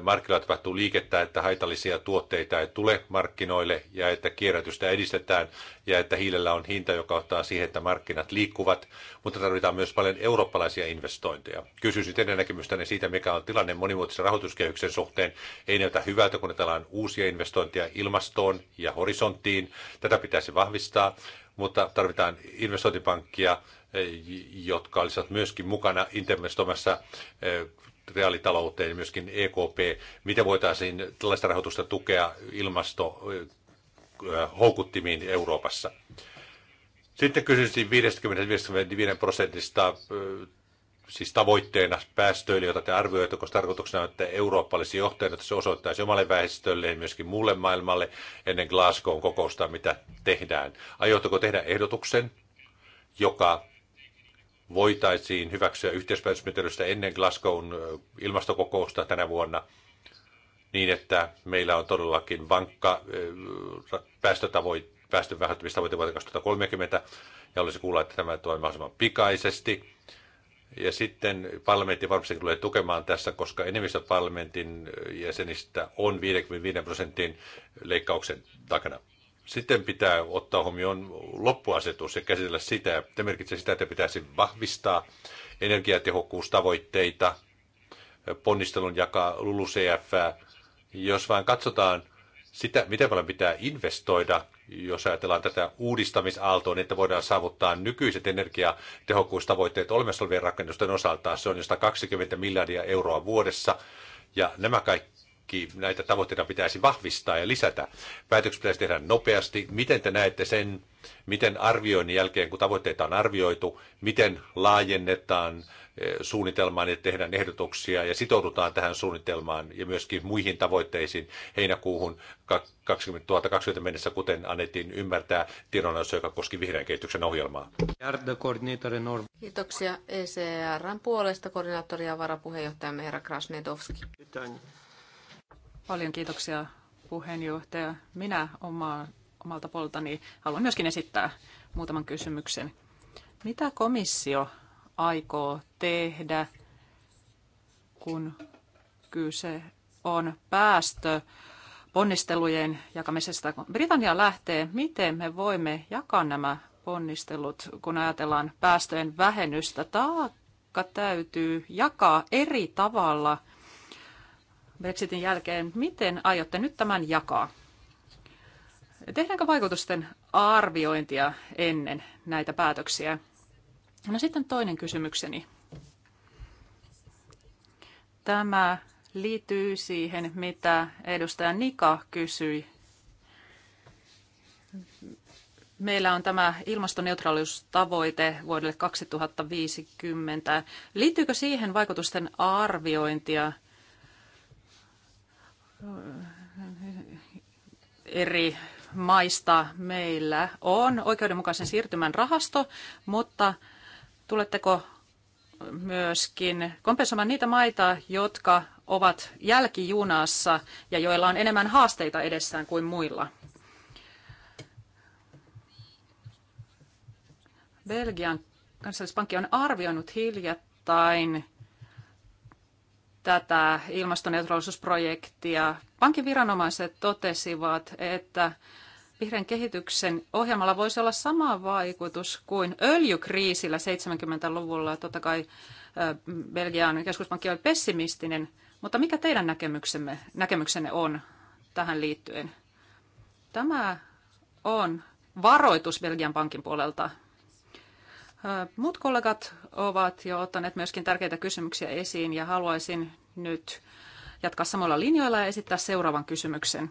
markkinoilla tapahtuu liikettä, että haitallisia tuotteita ei tule markkinoille ja että kierrätystä edistetään ja että hiilellä on hinta, joka ottaa siihen, että markkinat liikkuvat, mutta tarvitaan myös paljon eurooppalaisia investointeja. Kysyisin teidän näkemystäni siitä, mikä on tilanne monimuotoisen rahoituskehyksen suhteen. Ei näytä hyvältä, kun otetaan uusia investointeja ilmastoon ja horisonttiin. Tätä pitäisi vahvistaa mutta tarvitaan investointipankkia, eh, jotka olisivat myöskin mukana investoimassa eh, reaalitalouteen myöskin EKP. Miten voitaisiin tällaista rahoitusta tukea ilmasto eh, houkuttimiin Euroopassa? Sitten kysyisin 50-55 prosentista siis tavoitteena päästöille, jota te arvioitte, koska tarkoituksena on, että Eurooppa olisi johtajana, että se osoittaisi omalle väestölle ja myöskin muulle maailmalle ennen Glasgown kokousta, mitä tehdään. Aiotteko tehdä ehdotuksen, joka voitaisiin hyväksyä yhteispäätösmetelystä ennen Glasgown ilmastokokousta tänä vuonna, niin että meillä on todellakin vankka päästötavoite, päästön vähentämistavoite vuoteen 2030, ja olisi kuulla, että tämä toimii mahdollisimman pikaisesti – ja sitten parlamentti varmasti tulee tukemaan tässä, koska enemmistö parlamentin jäsenistä on 55 prosentin leikkauksen takana. Sitten pitää ottaa huomioon loppuasetus ja käsitellä sitä. Se merkitsee sitä, että pitäisi vahvistaa energiatehokkuustavoitteita, ponnistelun jakaa LULUCF. Jos vain katsotaan sitä, miten paljon pitää investoida jos ajatellaan tätä uudistamisaaltoa, niin että voidaan saavuttaa nykyiset energiatehokkuustavoitteet olemassa olevien rakennusten osalta. Se on josta 20 miljardia euroa vuodessa. Ja nämä kaikki kaikki näitä tavoitteita pitäisi vahvistaa ja lisätä. Päätökset pitäisi tehdä nopeasti. Miten te näette sen, miten arvioinnin jälkeen, kun tavoitteita on arvioitu, miten laajennetaan eh, suunnitelmaan ja tehdään ehdotuksia ja sitoudutaan tähän suunnitelmaan ja myöskin muihin tavoitteisiin heinäkuuhun 2020 mennessä, kuten annettiin ymmärtää tiedonannossa, joka koski vihreän kehityksen ohjelmaa. Kiitoksia ECRn puolesta koordinaattori ja varapuheenjohtajamme herra Krasnedowski. Paljon kiitoksia puheenjohtaja. Minä oma, omalta poltani haluan myöskin esittää muutaman kysymyksen. Mitä komissio aikoo tehdä, kun kyse on päästö ponnistelujen jakamisesta. Kun Britannia lähtee, miten me voimme jakaa nämä ponnistelut, kun ajatellaan päästöjen vähennystä? Taakka täytyy jakaa eri tavalla – Brexitin jälkeen. Miten aiotte nyt tämän jakaa? Tehdäänkö vaikutusten arviointia ennen näitä päätöksiä? No sitten toinen kysymykseni. Tämä liittyy siihen, mitä edustaja Nika kysyi. Meillä on tämä ilmastoneutraaliustavoite vuodelle 2050. Liittyykö siihen vaikutusten arviointia? eri maista meillä on oikeudenmukaisen siirtymän rahasto, mutta tuletteko myöskin kompensoimaan niitä maita, jotka ovat jälkijunassa ja joilla on enemmän haasteita edessään kuin muilla? Belgian kansallispankki on arvioinut hiljattain tätä ilmastoneutraalisuusprojektia. Pankin viranomaiset totesivat, että vihreän kehityksen ohjelmalla voisi olla sama vaikutus kuin öljykriisillä 70-luvulla. Totta kai Belgian keskuspankki oli pessimistinen, mutta mikä teidän näkemyksenne, näkemyksenne on tähän liittyen? Tämä on varoitus Belgian pankin puolelta Muut kollegat ovat jo ottaneet myöskin tärkeitä kysymyksiä esiin ja haluaisin nyt jatkaa samalla linjoilla ja esittää seuraavan kysymyksen.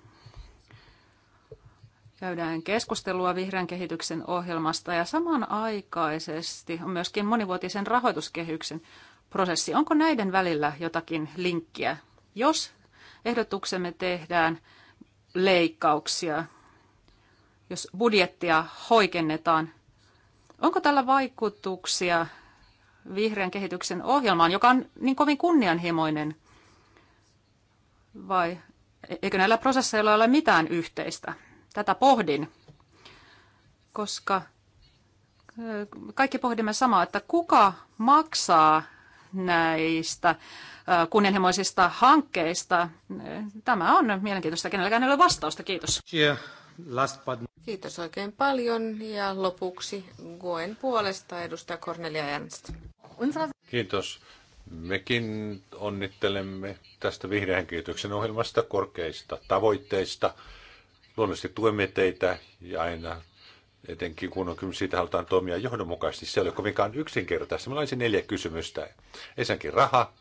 Käydään keskustelua vihreän kehityksen ohjelmasta ja samanaikaisesti on myöskin monivuotisen rahoituskehyksen prosessi. Onko näiden välillä jotakin linkkiä? Jos ehdotuksemme tehdään leikkauksia, jos budjettia hoikennetaan – Onko tällä vaikutuksia vihreän kehityksen ohjelmaan, joka on niin kovin kunnianhimoinen? Vai eikö näillä prosesseilla ole mitään yhteistä? Tätä pohdin, koska kaikki pohdimme samaa, että kuka maksaa näistä kunnianhimoisista hankkeista. Tämä on mielenkiintoista. Kenelläkään ei ole vastausta. Kiitos. Yeah last but... Kiitos oikein paljon ja lopuksi Goen puolesta edustaja Cornelia Ernst. Kiitos. Mekin onnittelemme tästä vihreän kehityksen ohjelmasta korkeista tavoitteista. Luonnollisesti tuemme teitä ja aina etenkin kun on kyllä siitä halutaan toimia johdonmukaisesti. Se ei ole kovinkaan yksinkertaista. Meillä olisi neljä kysymystä. Ensinnäkin raha.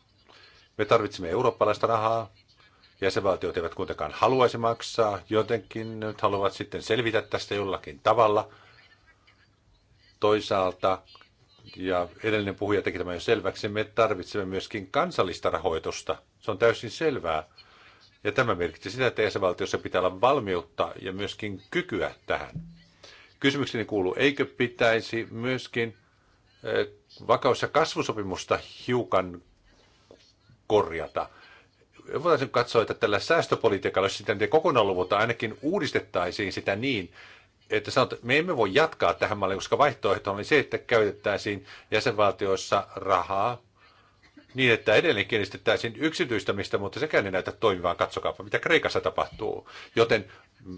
Me tarvitsemme eurooppalaista rahaa jäsenvaltiot eivät kuitenkaan haluaisi maksaa, jotenkin nyt haluavat sitten selvitä tästä jollakin tavalla. Toisaalta, ja edellinen puhuja teki tämän jo selväksi, me tarvitsemme myöskin kansallista rahoitusta. Se on täysin selvää. Ja tämä merkitsee sitä, että jäsenvaltiossa pitää olla valmiutta ja myöskin kykyä tähän. Kysymykseni kuuluu, eikö pitäisi myöskin eh, vakaus- ja kasvusopimusta hiukan korjata – voitaisiin katsoa, että tällä säästöpolitiikalla, jos sitä kokonaan luvulta ainakin uudistettaisiin sitä niin, että sanotaan, me emme voi jatkaa tähän malliin, koska vaihtoehto oli se, että käytettäisiin jäsenvaltioissa rahaa niin, että edelleen kiinnistettäisiin yksityistämistä, mutta sekään ei näytä toimivaan. Katsokaapa, mitä Kreikassa tapahtuu. Joten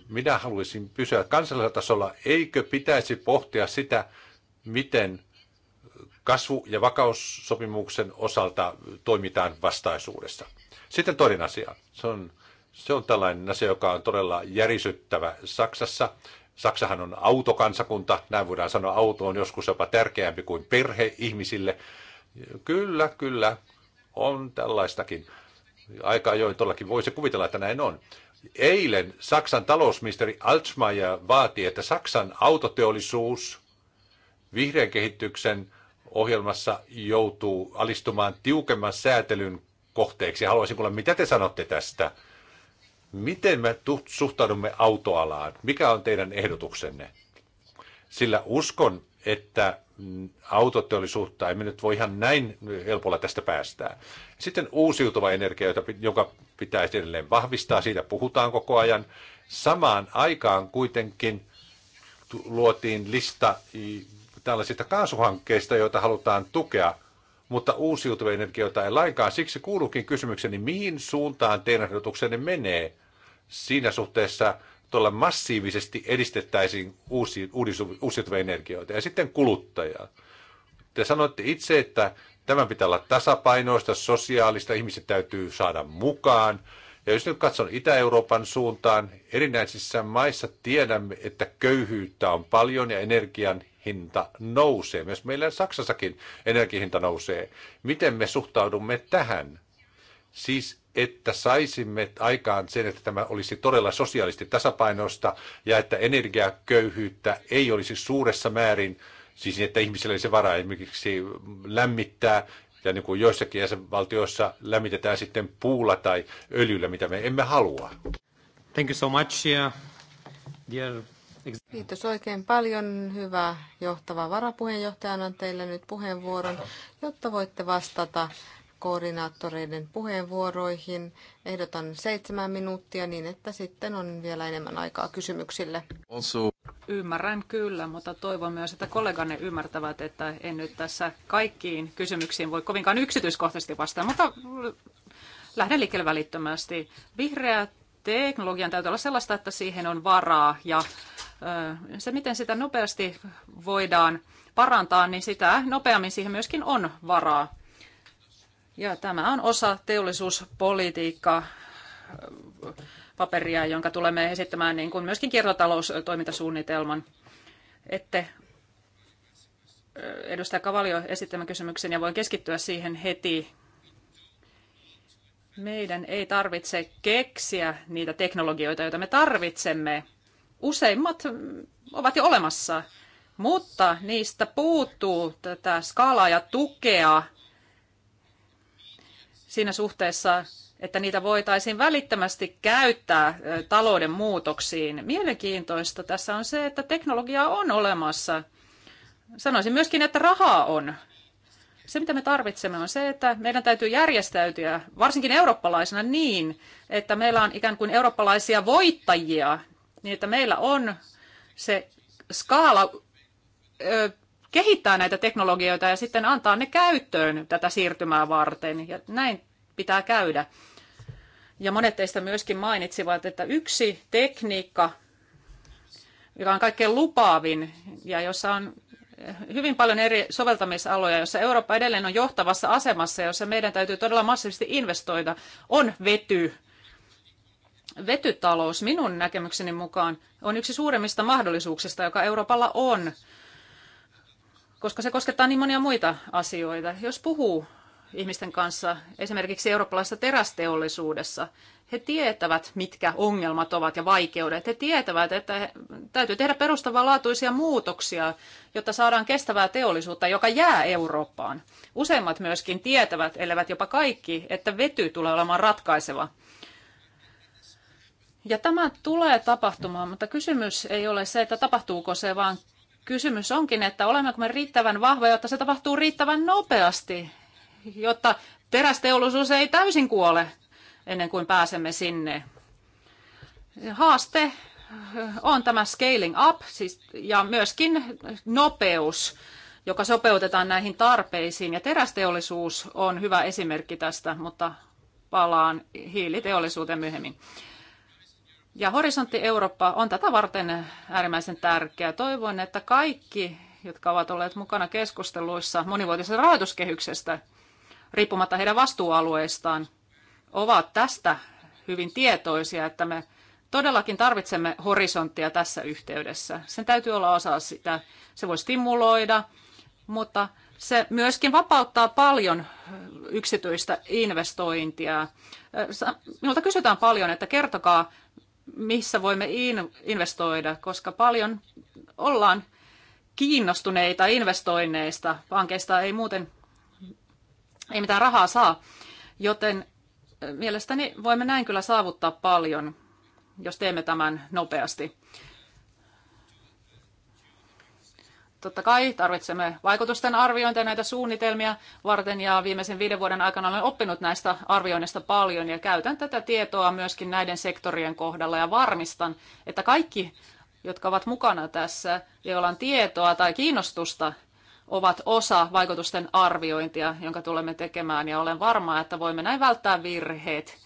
minä haluaisin pysyä kansallisella tasolla. Eikö pitäisi pohtia sitä, miten kasvu- ja vakaussopimuksen osalta toimitaan vastaisuudessa? Sitten toinen asia. Se on, se on tällainen asia, joka on todella järisyttävä Saksassa. Saksahan on autokansakunta, näin voidaan sanoa, auto on joskus jopa tärkeämpi kuin perhe ihmisille. Kyllä, kyllä, on tällaistakin. Aika ajoin todellakin voisi kuvitella, että näin on. Eilen Saksan talousministeri Altmaier vaati, että Saksan autoteollisuus vihreän kehityksen ohjelmassa joutuu alistumaan tiukemman säätelyn kohteeksi. Haluaisin kuulla, mitä te sanotte tästä. Miten me suhtaudumme autoalaan? Mikä on teidän ehdotuksenne? Sillä uskon, että autoteollisuutta emme nyt voi ihan näin helpolla tästä päästää. Sitten uusiutuva energia, joka pitäisi edelleen vahvistaa, siitä puhutaan koko ajan. Samaan aikaan kuitenkin luotiin lista tällaisista kaasuhankkeista, joita halutaan tukea – mutta uusiutuvia energioita ei lainkaan. Siksi kuuluukin kysymykseni, mihin suuntaan teidän ehdotuksenne menee siinä suhteessa, tuolla massiivisesti edistettäisiin uusi, uusiutuvia energioita ja sitten kuluttajaa. Te sanoitte itse, että tämän pitää olla tasapainoista, sosiaalista, ihmiset täytyy saada mukaan. Ja jos nyt katson Itä-Euroopan suuntaan, erinäisissä maissa tiedämme, että köyhyyttä on paljon ja energian hinta nousee. Myös meillä Saksassakin energiahinta nousee. Miten me suhtaudumme tähän? Siis että saisimme aikaan sen, että tämä olisi todella sosiaalisesti tasapainosta ja että energiaköyhyyttä ei olisi suuressa määrin, siis että ihmisillä olisi varaa esimerkiksi lämmittää ja niin kuin joissakin jäsenvaltioissa lämmitetään sitten puulla tai öljyllä, mitä me emme halua. Thank you so much, dear Kiitos oikein paljon. Hyvä johtava varapuheenjohtaja. Annan teille nyt puheenvuoron, jotta voitte vastata koordinaattoreiden puheenvuoroihin. Ehdotan seitsemän minuuttia niin, että sitten on vielä enemmän aikaa kysymyksille. Also. Ymmärrän kyllä, mutta toivon myös, että kolleganne ymmärtävät, että en nyt tässä kaikkiin kysymyksiin voi kovinkaan yksityiskohtaisesti vastata, mutta lähden liikkeelle välittömästi. Vihreä teknologian täytyy olla sellaista, että siihen on varaa ja se miten sitä nopeasti voidaan parantaa, niin sitä nopeammin siihen myöskin on varaa. Ja tämä on osa teollisuuspolitiikkaa paperia, jonka tulemme esittämään niin kuin myöskin kiertotaloustoimintasuunnitelman. Ette edustaja Kavalio esittämä kysymyksen ja voin keskittyä siihen heti. Meidän ei tarvitse keksiä niitä teknologioita, joita me tarvitsemme useimmat ovat jo olemassa, mutta niistä puuttuu tätä skaalaa ja tukea siinä suhteessa, että niitä voitaisiin välittömästi käyttää talouden muutoksiin. Mielenkiintoista tässä on se, että teknologia on olemassa. Sanoisin myöskin, että rahaa on. Se, mitä me tarvitsemme, on se, että meidän täytyy järjestäytyä, varsinkin eurooppalaisena, niin, että meillä on ikään kuin eurooppalaisia voittajia, niin että meillä on se skaala kehittää näitä teknologioita ja sitten antaa ne käyttöön tätä siirtymää varten. Ja näin pitää käydä. Ja monet teistä myöskin mainitsivat, että yksi tekniikka, joka on kaikkein lupaavin ja jossa on hyvin paljon eri soveltamisaloja, jossa Eurooppa edelleen on johtavassa asemassa ja jossa meidän täytyy todella massiivisesti investoida, on vety vetytalous minun näkemykseni mukaan on yksi suuremmista mahdollisuuksista, joka Euroopalla on, koska se koskettaa niin monia muita asioita. Jos puhuu ihmisten kanssa esimerkiksi eurooppalaisessa terästeollisuudessa, he tietävät, mitkä ongelmat ovat ja vaikeudet. He tietävät, että täytyy tehdä perustavanlaatuisia muutoksia, jotta saadaan kestävää teollisuutta, joka jää Eurooppaan. Useimmat myöskin tietävät, elävät jopa kaikki, että vety tulee olemaan ratkaiseva ja tämä tulee tapahtumaan, mutta kysymys ei ole se, että tapahtuuko se, vaan kysymys onkin, että olemmeko me riittävän vahvoja, jotta se tapahtuu riittävän nopeasti, jotta terästeollisuus ei täysin kuole ennen kuin pääsemme sinne. Haaste on tämä scaling up siis, ja myöskin nopeus, joka sopeutetaan näihin tarpeisiin. Ja terästeollisuus on hyvä esimerkki tästä, mutta palaan hiiliteollisuuteen myöhemmin. Ja Horisontti Eurooppa on tätä varten äärimmäisen tärkeä. Toivon, että kaikki, jotka ovat olleet mukana keskusteluissa monivuotisesta rahoituskehyksestä, riippumatta heidän vastuualueistaan, ovat tästä hyvin tietoisia, että me todellakin tarvitsemme horisonttia tässä yhteydessä. Sen täytyy olla osa sitä. Se voi stimuloida, mutta se myöskin vapauttaa paljon yksityistä investointia. Minulta kysytään paljon, että kertokaa, missä voimme investoida, koska paljon ollaan kiinnostuneita investoinneista. Pankeista ei muuten ei mitään rahaa saa, joten eh, mielestäni voimme näin kyllä saavuttaa paljon, jos teemme tämän nopeasti. Totta kai tarvitsemme vaikutusten arviointia näitä suunnitelmia varten ja viimeisen viiden vuoden aikana olen oppinut näistä arvioinnista paljon ja käytän tätä tietoa myöskin näiden sektorien kohdalla ja varmistan, että kaikki, jotka ovat mukana tässä, joilla on tietoa tai kiinnostusta ovat osa vaikutusten arviointia, jonka tulemme tekemään, ja olen varma, että voimme näin välttää virheet.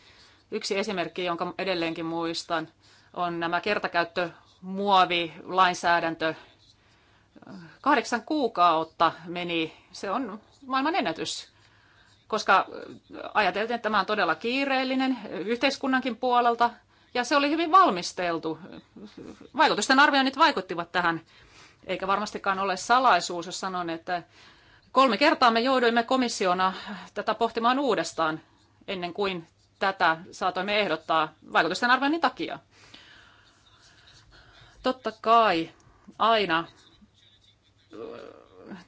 Yksi esimerkki, jonka edelleenkin muistan, on nämä kertakäyttö muovi-lainsäädäntö. Kahdeksan kuukautta meni, se on maailman ennätys, koska äh, ajateltiin, että tämä on todella kiireellinen yhteiskunnankin puolelta, ja se oli hyvin valmisteltu. Vaikutusten arvioinnit vaikuttivat tähän, eikä varmastikaan ole salaisuus, jos sanon, että kolme kertaa me jouduimme komissiona tätä pohtimaan uudestaan, ennen kuin tätä saatoimme ehdottaa vaikutusten arvioinnin takia. Totta kai aina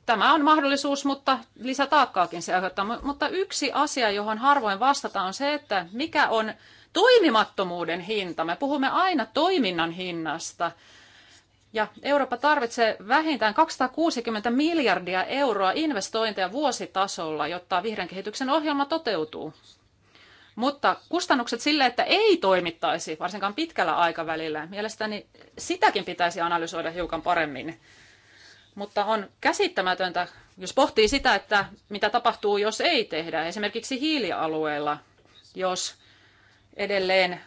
tämä on mahdollisuus, mutta lisätaakkaakin se aiheuttaa. Mutta yksi asia, johon harvoin vastataan, on se, että mikä on toimimattomuuden hinta. Me puhumme aina toiminnan hinnasta. Ja Eurooppa tarvitsee vähintään 260 miljardia euroa investointeja vuositasolla, jotta vihreän kehityksen ohjelma toteutuu. Mutta kustannukset sille, että ei toimittaisi, varsinkaan pitkällä aikavälillä, mielestäni sitäkin pitäisi analysoida hiukan paremmin. Mutta on käsittämätöntä, jos pohtii sitä, että mitä tapahtuu, jos ei tehdä. Esimerkiksi hiilialueella, jos edelleen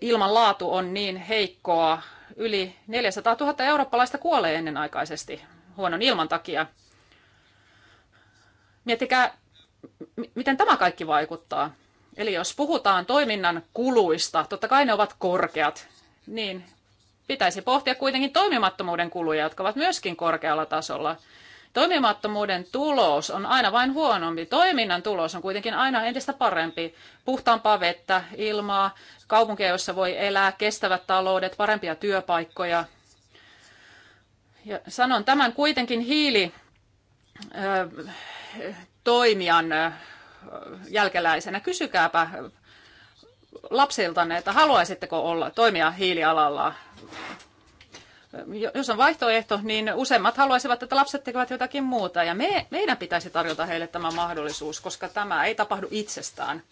ilmanlaatu on niin heikkoa, yli 400 000 eurooppalaista kuolee ennenaikaisesti huonon ilman takia. Mietikää, miten tämä kaikki vaikuttaa. Eli jos puhutaan toiminnan kuluista, totta kai ne ovat korkeat, niin pitäisi pohtia kuitenkin toimimattomuuden kuluja, jotka ovat myöskin korkealla tasolla. Toimimattomuuden tulos on aina vain huonompi. Toiminnan tulos on kuitenkin aina entistä parempi. Puhtaampaa vettä, ilmaa, kaupunkeja, joissa voi elää, kestävät taloudet, parempia työpaikkoja. Ja sanon tämän kuitenkin hiili toimijan jälkeläisenä. Kysykääpä lapsiltanne, että haluaisitteko olla, toimia hiilialalla? Jos on vaihtoehto, niin useimmat haluaisivat, että lapset tekevät jotakin muuta. Ja me, meidän pitäisi tarjota heille tämä mahdollisuus, koska tämä ei tapahdu itsestään.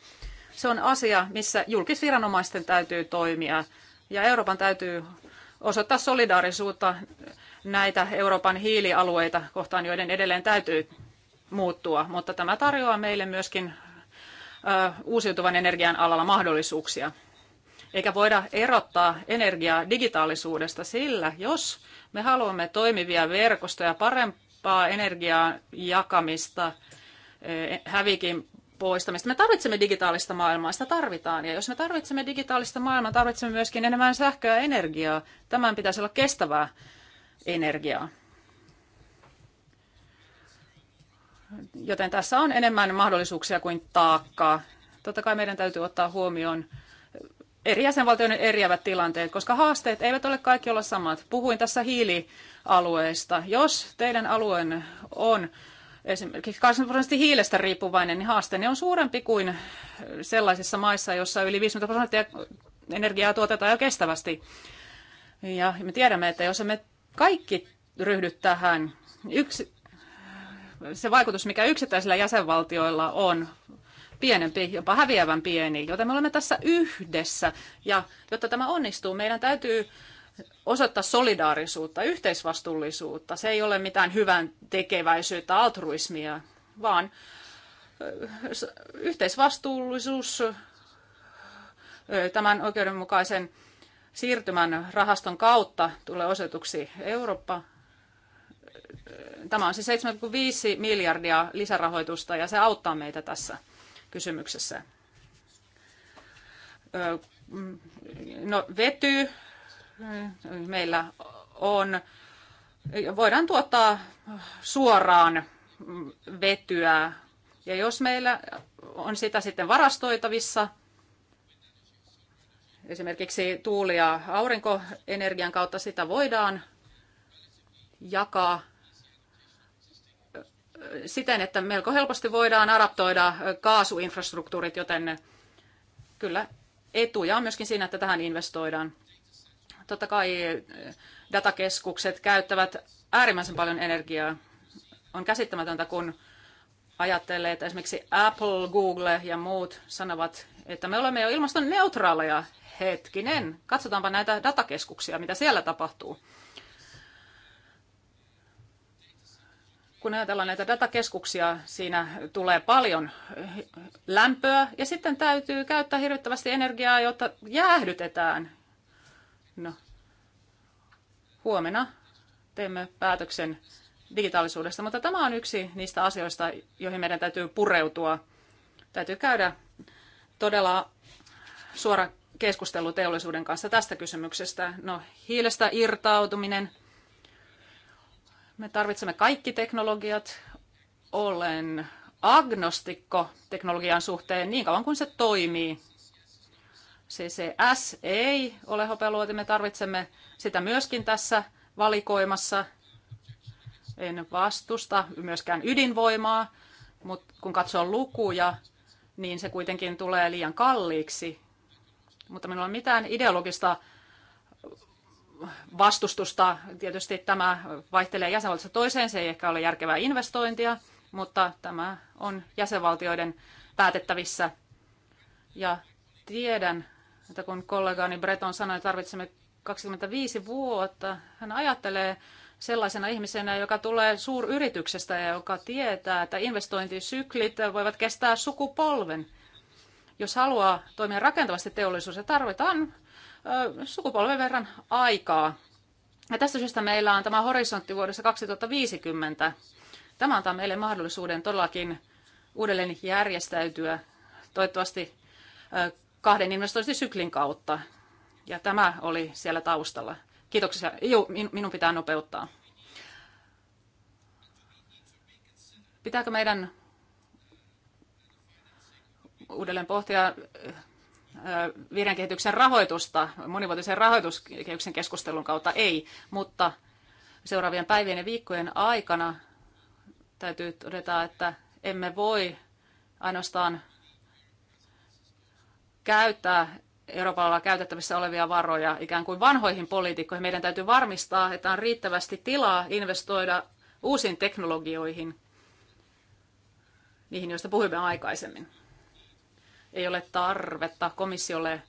Se on asia, missä julkisviranomaisten täytyy toimia ja Euroopan täytyy osoittaa solidaarisuutta näitä Euroopan hiilialueita kohtaan, joiden edelleen täytyy muuttua, mutta tämä tarjoaa meille myöskin uusiutuvan energian alalla mahdollisuuksia. Eikä voida erottaa energiaa digitaalisuudesta sillä, jos me haluamme toimivia verkostoja, parempaa energian jakamista, hävikin poistamista. Me tarvitsemme digitaalista maailmaa, sitä tarvitaan. Ja jos me tarvitsemme digitaalista maailmaa, tarvitsemme myöskin enemmän sähköä ja energiaa. Tämän pitäisi olla kestävää energiaa. Joten tässä on enemmän mahdollisuuksia kuin taakkaa. Totta kai meidän täytyy ottaa huomioon eri jäsenvaltioiden eriävät tilanteet, koska haasteet eivät ole kaikki olla samat. Puhuin tässä hiilialueesta. Jos teidän alueen on esimerkiksi 80 prosenttia hiilestä riippuvainen, niin haasteeni on suurempi kuin sellaisissa maissa, joissa yli 50 prosenttia energiaa tuotetaan jo kestävästi. Ja me tiedämme, että jos me kaikki ryhdy tähän, yksi, se vaikutus, mikä yksittäisillä jäsenvaltioilla on, pienempi, jopa häviävän pieni, joten me olemme tässä yhdessä. Ja jotta tämä onnistuu, meidän täytyy osoittaa solidaarisuutta, yhteisvastuullisuutta. Se ei ole mitään hyvän tekeväisyyttä, altruismia, vaan yhteisvastuullisuus tämän oikeudenmukaisen siirtymän rahaston kautta tulee osoituksi Eurooppa tämä on siis 7,5 miljardia lisärahoitusta ja se auttaa meitä tässä kysymyksessä. Mm, no, vety mm, meillä on, voidaan tuottaa suoraan vetyä ja jos meillä on sitä sitten varastoitavissa, esimerkiksi tuuli- ja aurinkoenergian kautta sitä voidaan jakaa siten, että melko helposti voidaan adaptoida äh, kaasuinfrastruktuurit, joten äh, kyllä etuja on myöskin siinä, että tähän investoidaan. Totta kai äh, datakeskukset käyttävät äärimmäisen paljon energiaa. On käsittämätöntä, kun ajattelee, että esimerkiksi Apple, Google ja muut sanovat, että me olemme jo ilmaston neutraaleja. Hetkinen, katsotaanpa näitä datakeskuksia, mitä siellä tapahtuu. kun ajatellaan näitä datakeskuksia, siinä tulee paljon lämpöä ja sitten täytyy käyttää hirvittävästi energiaa, jotta jäähdytetään. No, huomenna teemme päätöksen digitaalisuudesta, mutta tämä on yksi niistä asioista, joihin meidän täytyy pureutua. Täytyy käydä todella suora keskustelu teollisuuden kanssa tästä kysymyksestä. No, hiilestä irtautuminen – me tarvitsemme kaikki teknologiat. Olen agnostikko teknologian suhteen niin kauan kuin se toimii. CCS ei ole hopealuoti, me tarvitsemme sitä myöskin tässä valikoimassa. En vastusta myöskään ydinvoimaa, mutta kun katsoo lukuja, niin se kuitenkin tulee liian kalliiksi. Mutta minulla on mitään ideologista vastustusta. Tietysti tämä vaihtelee jäsenvaltiosta toiseen, se ei ehkä ole järkevää investointia, mutta tämä on jäsenvaltioiden päätettävissä. Ja tiedän, että kun kollegaani Breton sanoi, että tarvitsemme 25 vuotta, hän ajattelee sellaisena ihmisenä, joka tulee suuryrityksestä ja joka tietää, että investointisyklit voivat kestää sukupolven. Jos haluaa toimia rakentavasti teollisuudessa, tarvitaan sukupolven verran aikaa. Ja tästä syystä meillä on tämä horisontti vuodessa 2050. Tämä antaa meille mahdollisuuden todellakin uudelleen järjestäytyä toivottavasti kahden investointisyklin kautta. Ja tämä oli siellä taustalla. Kiitoksia. Juu, minun pitää nopeuttaa. Pitääkö meidän uudelleen pohtia vihreän kehityksen rahoitusta monivuotisen rahoituskehyksen keskustelun kautta ei, mutta seuraavien päivien ja viikkojen aikana täytyy todeta, että emme voi ainoastaan käyttää Euroopalla käytettävissä olevia varoja ikään kuin vanhoihin poliitikkoihin. Meidän täytyy varmistaa, että on riittävästi tilaa investoida uusiin teknologioihin, niihin joista puhuimme aikaisemmin ei ole tarvetta komissiolle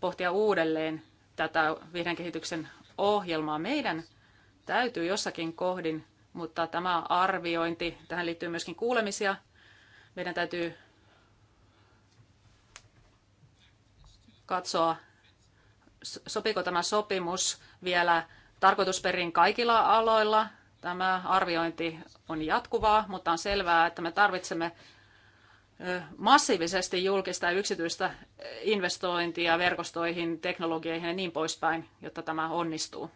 pohtia uudelleen tätä vihreän kehityksen ohjelmaa. Meidän täytyy jossakin kohdin, mutta tämä arviointi, tähän liittyy myöskin kuulemisia. Meidän täytyy katsoa, sopiko tämä sopimus vielä tarkoitusperin kaikilla aloilla. Tämä arviointi on jatkuvaa, mutta on selvää, että me tarvitsemme massiivisesti julkista ja yksityistä investointia verkostoihin, teknologioihin ja niin poispäin, jotta tämä onnistuu.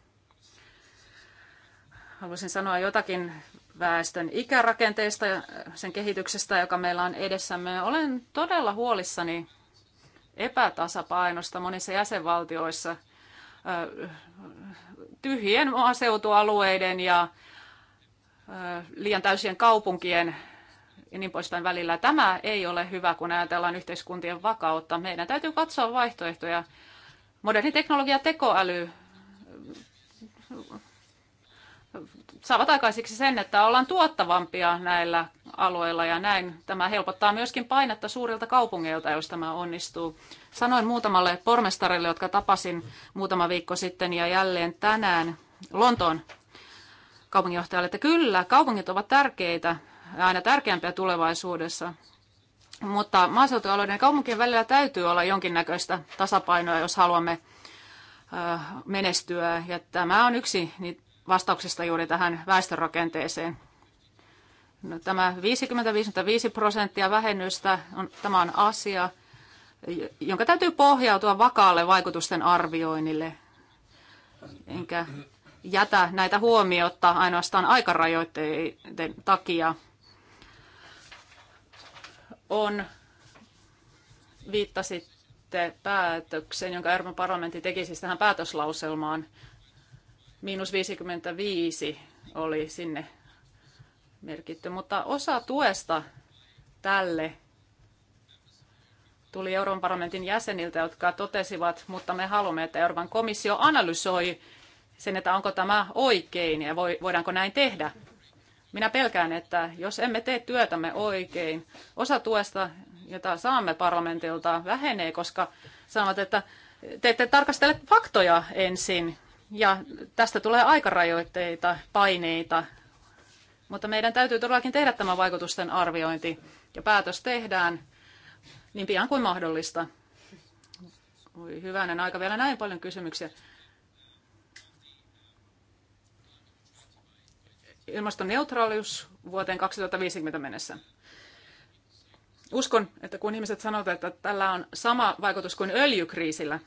Haluaisin sanoa jotakin väestön ikärakenteesta ja sen kehityksestä, joka meillä on edessämme. Olen todella huolissani epätasapainosta monissa jäsenvaltioissa tyhjien maaseutualueiden ja liian täysien kaupunkien ja niin poispäin välillä. Tämä ei ole hyvä, kun ajatellaan yhteiskuntien vakautta. Meidän täytyy katsoa vaihtoehtoja. Moderni teknologia, tekoäly saavat aikaiseksi sen, että ollaan tuottavampia näillä alueilla ja näin. Tämä helpottaa myöskin painetta suurilta kaupungeilta, jos tämä onnistuu. Sanoin muutamalle pormestarille, jotka tapasin muutama viikko sitten ja jälleen tänään Lontoon kaupunginjohtajalle, että kyllä, kaupungit ovat tärkeitä aina tärkeämpiä tulevaisuudessa. Mutta maaseutualueiden ja kaupunkien välillä täytyy olla jonkinnäköistä tasapainoa, jos haluamme menestyä. Ja tämä on yksi vastauksista juuri tähän väestörakenteeseen. No, tämä 50-55 prosenttia vähennystä, on, tämä on asia, jonka täytyy pohjautua vakaalle vaikutusten arvioinnille. Enkä jätä näitä huomiota ainoastaan aikarajoitteiden takia on, viittasitte päätöksen, jonka Euroopan parlamentti teki siis tähän päätöslauselmaan. Miinus 55 oli sinne merkitty, mutta osa tuesta tälle tuli Euroopan parlamentin jäseniltä, jotka totesivat, mutta me haluamme, että Euroopan komissio analysoi sen, että onko tämä oikein ja voidaanko näin tehdä. Minä pelkään, että jos emme tee työtämme oikein, osa tuesta, jota saamme parlamentilta, vähenee, koska sanovat, että te ette tarkastele faktoja ensin, ja tästä tulee aikarajoitteita, paineita, mutta meidän täytyy todellakin tehdä tämä vaikutusten arviointi, ja päätös tehdään niin pian kuin mahdollista. Voi hyvänen aika vielä näin paljon kysymyksiä. ilmastoneutraalius vuoteen 2050 mennessä. Uskon, että kun ihmiset sanovat, että tällä on sama vaikutus kuin öljykriisillä,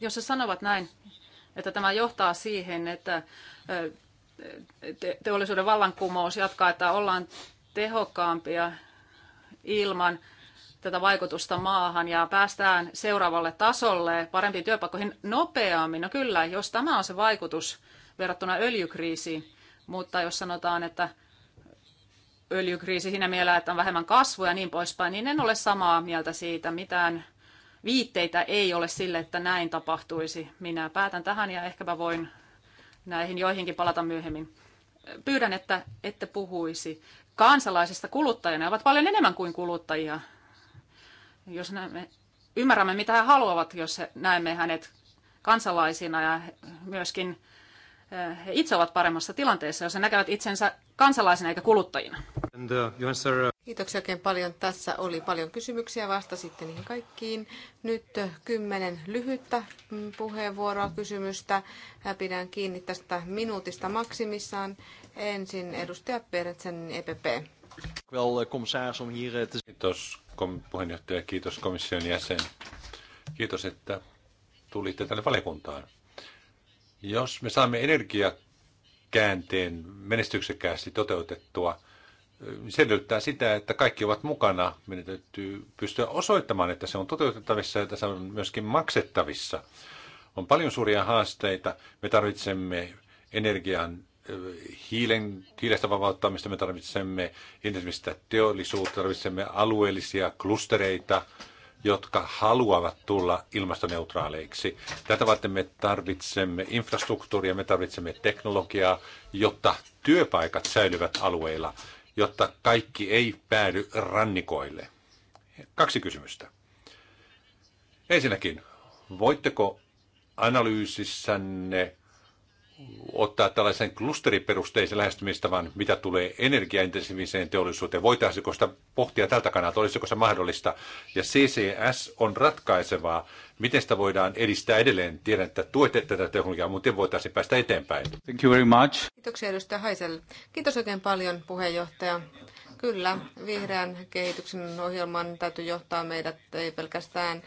jos he sanovat näin, että tämä johtaa siihen, että teollisuuden vallankumous jatkaa, että ollaan tehokkaampia ilman tätä vaikutusta maahan ja päästään seuraavalle tasolle parempiin työpaikkoihin nopeammin. No kyllä, jos tämä on se vaikutus verrattuna öljykriisiin, mutta jos sanotaan, että öljykriisi siinä mielessä, että on vähemmän kasvua ja niin poispäin, niin en ole samaa mieltä siitä. Mitään viitteitä ei ole sille, että näin tapahtuisi. Minä päätän tähän ja ehkäpä voin näihin joihinkin palata myöhemmin. Pyydän, että ette puhuisi kansalaisista ne ovat paljon enemmän kuin kuluttajia. Jos näemme, ymmärrämme, mitä he haluavat, jos näemme hänet kansalaisina ja myöskin he itse ovat paremmassa tilanteessa, jos he näkevät itsensä kansalaisina eikä kuluttajina. Uh, uh, Kiitoksia oikein paljon. Tässä oli paljon kysymyksiä, vasta sitten niihin kaikkiin. Nyt uh, kymmenen lyhyttä mm, puheenvuoroa, kysymystä. Pidän kiinni tästä minuutista maksimissaan. Ensin edustaja Peretsen, EPP. Eh, eh, kiitos puheenjohtaja, kiitos komission jäsen. Kiitos, että tulitte tänne valiokuntaan. Jos me saamme energiakäänteen menestyksekkäästi toteutettua, se edellyttää sitä, että kaikki ovat mukana. Meidän täytyy pystyä osoittamaan, että se on toteutettavissa ja se on myöskin maksettavissa. On paljon suuria haasteita. Me tarvitsemme energian hiilen, hiilestä vapauttamista, me tarvitsemme intensiivistä teollisuutta, tarvitsemme alueellisia klustereita, jotka haluavat tulla ilmastoneutraaleiksi. Tätä varten me tarvitsemme infrastruktuuria, me tarvitsemme teknologiaa, jotta työpaikat säilyvät alueilla, jotta kaikki ei päädy rannikoille. Kaksi kysymystä. Ensinnäkin, voitteko analyysissanne ottaa tällaisen klusteriperusteisen lähestymistavan, mitä tulee energiaintensiiviseen teollisuuteen. Voitaisiko sitä pohtia tältä kannalta, olisiko se mahdollista? Ja CCS on ratkaisevaa. Miten sitä voidaan edistää edelleen? Tiedän, että tuette tätä teknologiaa, mutta miten voitaisiin päästä eteenpäin? Thank you very much. Kiitoksia edustaja Haisel. Kiitos oikein paljon puheenjohtaja. Kyllä, vihreän kehityksen ohjelman täytyy johtaa meidät ei pelkästään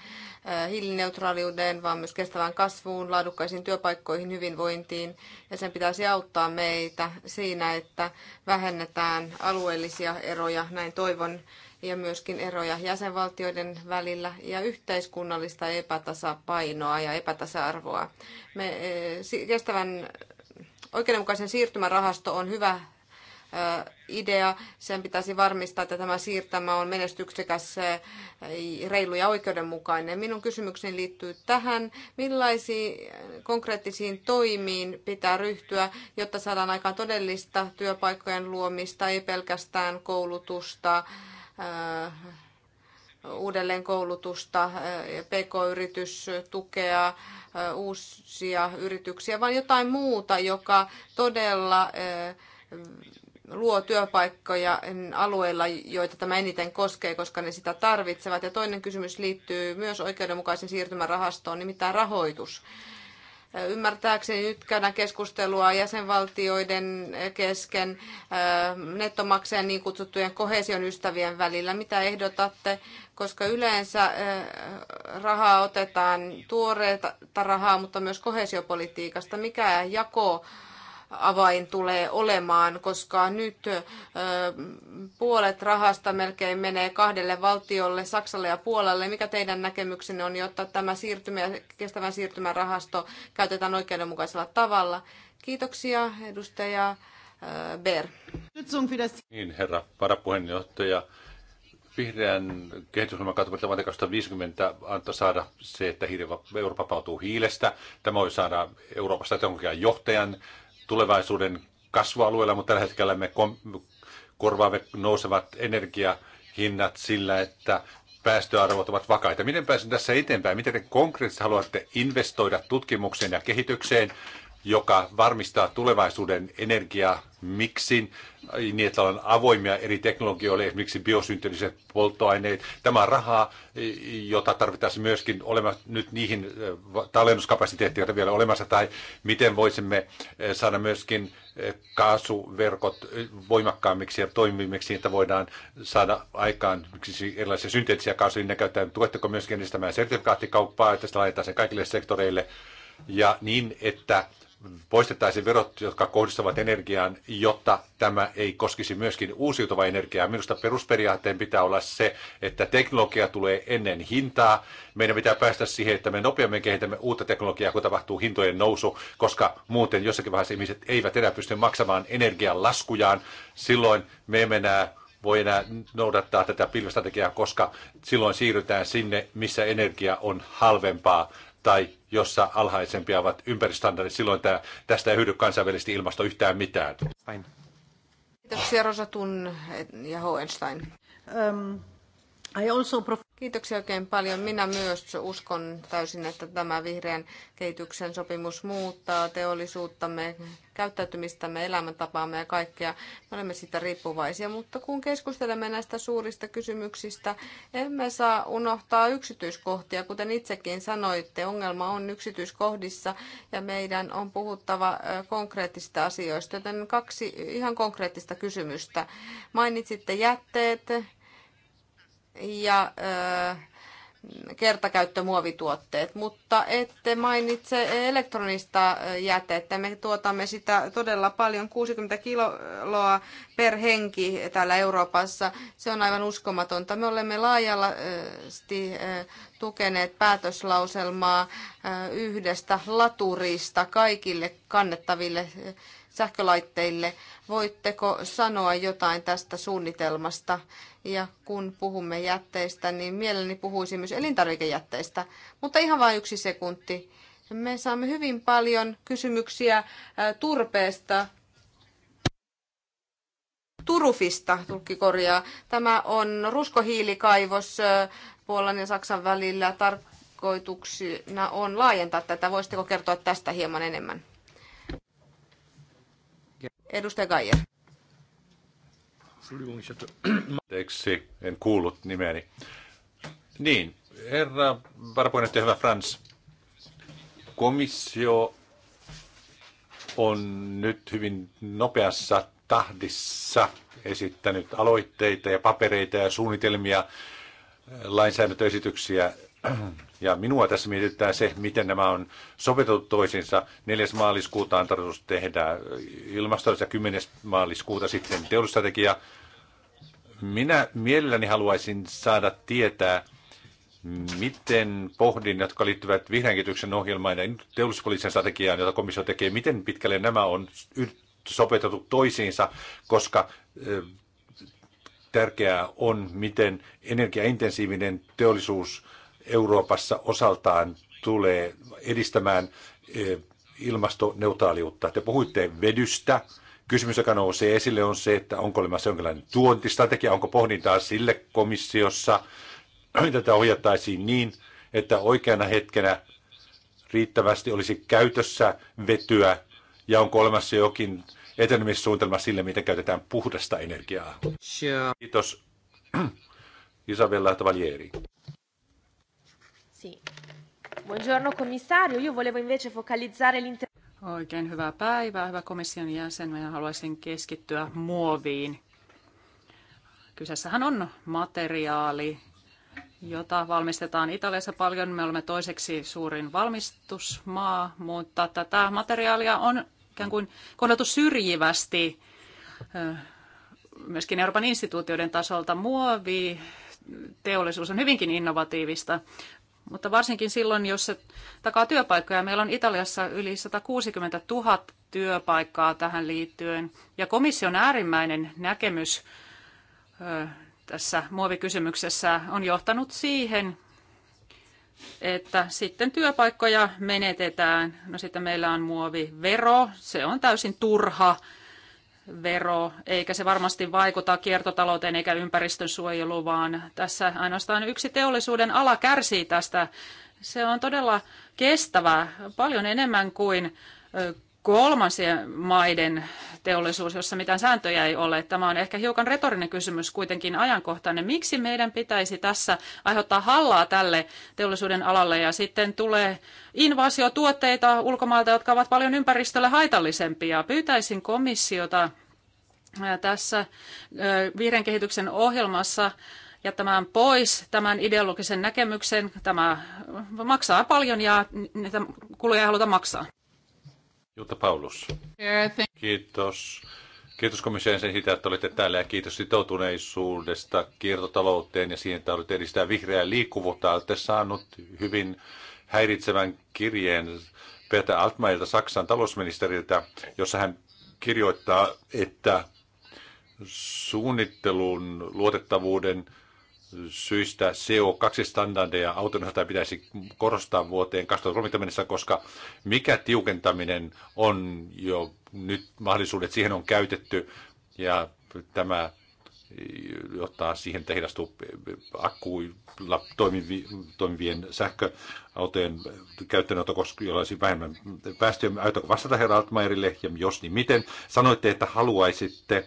äh, hiilineutraaliuteen, vaan myös kestävään kasvuun, laadukkaisiin työpaikkoihin, hyvinvointiin. Ja sen pitäisi auttaa meitä siinä, että vähennetään alueellisia eroja, näin toivon, ja myöskin eroja jäsenvaltioiden välillä ja yhteiskunnallista epätasapainoa ja epätasa-arvoa. Me, äh, kestävän oikeudenmukaisen siirtymän rahasto on hyvä idea. Sen pitäisi varmistaa, että tämä siirtämä on menestyksekäs, reilu ja oikeudenmukainen. Minun kysymykseni liittyy tähän. Millaisiin konkreettisiin toimiin pitää ryhtyä, jotta saadaan aikaan todellista työpaikkojen luomista, ei pelkästään koulutusta, uudelleenkoulutusta, pk-yritystukea, uusia yrityksiä, vaan jotain muuta, joka todella luo työpaikkoja alueilla, joita tämä eniten koskee, koska ne sitä tarvitsevat. Ja toinen kysymys liittyy myös oikeudenmukaisen siirtymän rahastoon, nimittäin rahoitus. Ymmärtääkseni nyt käydään keskustelua jäsenvaltioiden kesken äh, nettomaksajan niin kutsuttujen kohesion ystävien välillä. Mitä ehdotatte? Koska yleensä äh, rahaa otetaan tuoreita rahaa, mutta myös kohesiopolitiikasta. Mikä jako avain tulee olemaan, koska nyt puolet rahasta melkein menee kahdelle valtiolle, Saksalle ja Puolalle. Mikä teidän näkemyksenne on, jotta tämä siirtymä, kestävän siirtymän rahasto käytetään oikeudenmukaisella tavalla? Kiitoksia, edustaja Ber. Niin, herra varapuheenjohtaja vihreän kehitysohjelman kautta vuoteen 2050 antoi saada se, että Eurooppa vapautuu hiilestä. Tämä voi saada Euroopasta teknologian johtajan tulevaisuuden kasvualueella, mutta tällä hetkellä me korvaamme nousevat energiahinnat sillä, että päästöarvot ovat vakaita. Miten pääsen tässä eteenpäin? Miten te konkreettisesti haluatte investoida tutkimukseen ja kehitykseen, joka varmistaa tulevaisuuden energiamiksin niin, että on avoimia eri teknologioille, esimerkiksi biosynteettiset polttoaineet. Tämä on rahaa, jota tarvitaan myöskin olemassa nyt niihin eh, tallennuskapasiteettiin, joita vielä olemassa, tai miten voisimme eh, saada myöskin eh, kaasuverkot voimakkaammiksi ja toimivimmiksi, että voidaan saada aikaan erilaisia synteettisiä kaasuja niin käyttäen. Tuetteko myöskin edistämään sertifikaattikauppaa, että sitä laitetaan sen kaikille sektoreille, ja niin, että poistettaisiin verot, jotka kohdistavat energiaan, jotta tämä ei koskisi myöskin uusiutuvaa energiaa. Minusta perusperiaatteen pitää olla se, että teknologia tulee ennen hintaa. Meidän pitää päästä siihen, että me nopeammin kehitämme uutta teknologiaa, kun tapahtuu hintojen nousu, koska muuten jossakin vaiheessa ihmiset eivät enää pysty maksamaan energian laskujaan. Silloin me emme enää voi enää noudattaa tätä pilvestrategiaa, koska silloin siirrytään sinne, missä energia on halvempaa tai jossa alhaisempia ovat ympäristöstandardit. Silloin tämä, tästä ei hyödy kansainvälisesti ilmasto yhtään mitään. Kiitoksia Rosatun ja Hohenstein. Um, Kiitoksia oikein paljon. Minä myös uskon täysin, että tämä vihreän kehityksen sopimus muuttaa teollisuuttamme, käyttäytymistämme, elämäntapaamme ja kaikkea. Me olemme siitä riippuvaisia, mutta kun keskustelemme näistä suurista kysymyksistä, emme saa unohtaa yksityiskohtia. Kuten itsekin sanoitte, ongelma on yksityiskohdissa ja meidän on puhuttava konkreettista asioista. Joten kaksi ihan konkreettista kysymystä. Mainitsitte jätteet ja kertakäyttömuovituotteet, mutta ette mainitse elektronista jätettä. Me tuotamme sitä todella paljon, 60 kiloa per henki täällä Euroopassa. Se on aivan uskomatonta. Me olemme laajasti tukeneet päätöslauselmaa yhdestä laturista kaikille kannettaville sähkölaitteille. Voitteko sanoa jotain tästä suunnitelmasta? Ja kun puhumme jätteistä, niin mielelläni puhuisin myös elintarvikejätteistä. Mutta ihan vain yksi sekunti. Me saamme hyvin paljon kysymyksiä äh, turpeesta, Turufista, tulkki korjaa. Tämä on ruskohiilikaivos äh, Puolan ja Saksan välillä. Tarkoituksena on laajentaa tätä. Voisitteko kertoa tästä hieman enemmän? Edustaja Geier. Anteeksi, en kuullut nimeäni. Niin, herra varapuheenjohtaja, hyvä Frans. Komissio on nyt hyvin nopeassa tahdissa esittänyt aloitteita ja papereita ja suunnitelmia, lainsäädäntöesityksiä ja minua tässä mietittää se, miten nämä on sopetettu toisiinsa. 4. maaliskuuta on tarkoitus tehdä ilmastollista ja 10. maaliskuuta sitten teollisuusstrategia. Minä mielelläni haluaisin saada tietää, miten pohdin, jotka liittyvät vihreän kehityksen ohjelmaan ja teollisuuspoliittisen strategiaan, jota komissio tekee, miten pitkälle nämä on sopetettu toisiinsa, koska tärkeää on, miten energiaintensiivinen teollisuus Euroopassa osaltaan tulee edistämään e, ilmastoneutraaliutta. Te puhuitte vedystä. Kysymys, joka nousee esille, on se, että onko olemassa jonkinlainen tuontistrategia, onko pohdintaa sille komissiossa. (clears throat) Tätä ohjattaisiin niin, että oikeana hetkenä riittävästi olisi käytössä vetyä ja onko olemassa jokin etenemissuunnitelma sille, miten käytetään puhdasta energiaa. Kiitos. (clears throat) Isabella Tavalieri. Sì. Buongiorno commissario, Io volevo invece focalizzare l'inter... Oikein hyvää päivää, hyvä komission jäsen. Minä haluaisin keskittyä muoviin. Kyseessähän on materiaali, jota valmistetaan Italiassa paljon. Me olemme toiseksi suurin valmistusmaa, mutta tätä materiaalia on ikään kuin kohdeltu syrjivästi myöskin Euroopan instituutioiden tasolta. Muovi teollisuus on hyvinkin innovatiivista mutta varsinkin silloin, jos se takaa työpaikkoja. Meillä on Italiassa yli 160 000 työpaikkaa tähän liittyen, ja komission äärimmäinen näkemys tässä muovikysymyksessä on johtanut siihen, että sitten työpaikkoja menetetään. No sitten meillä on muovivero, se on täysin turha vero, eikä se varmasti vaikuta kiertotalouteen eikä ympäristönsuojeluun, vaan tässä ainoastaan yksi teollisuuden ala kärsii tästä. Se on todella kestävää, paljon enemmän kuin kolmansien maiden teollisuus, jossa mitään sääntöjä ei ole. Tämä on ehkä hiukan retorinen kysymys, kuitenkin ajankohtainen. Miksi meidän pitäisi tässä aiheuttaa hallaa tälle teollisuuden alalle ja sitten tulee invasiotuotteita ulkomailta, jotka ovat paljon ympäristölle haitallisempia? Pyytäisin komissiota tässä vihreän kehityksen ohjelmassa jättämään pois tämän ideologisen näkemyksen. Tämä maksaa paljon ja niitä kuluja ei haluta maksaa. Jutta Paulus. Kiitos. Kiitos komission sen siitä, että olette täällä ja kiitos sitoutuneisuudesta kiertotalouteen ja siihen, että olette edistää vihreää liikkuvuutta. Olette saanut hyvin häiritsevän kirjeen Peter Altmailta, Saksan talousministeriltä, jossa hän kirjoittaa, että suunnittelun luotettavuuden syistä CO2-standardeja auton osalta pitäisi korostaa vuoteen 2030, koska mikä tiukentaminen on jo nyt mahdollisuudet siihen on käytetty ja tämä ottaa siihen, tehdastu akkuilla toimivien sähköautojen käyttöönotto, jolla olisi vähemmän päästöjä. Aitoko vastata herra Altmaierille ja jos niin miten? Sanoitte, että haluaisitte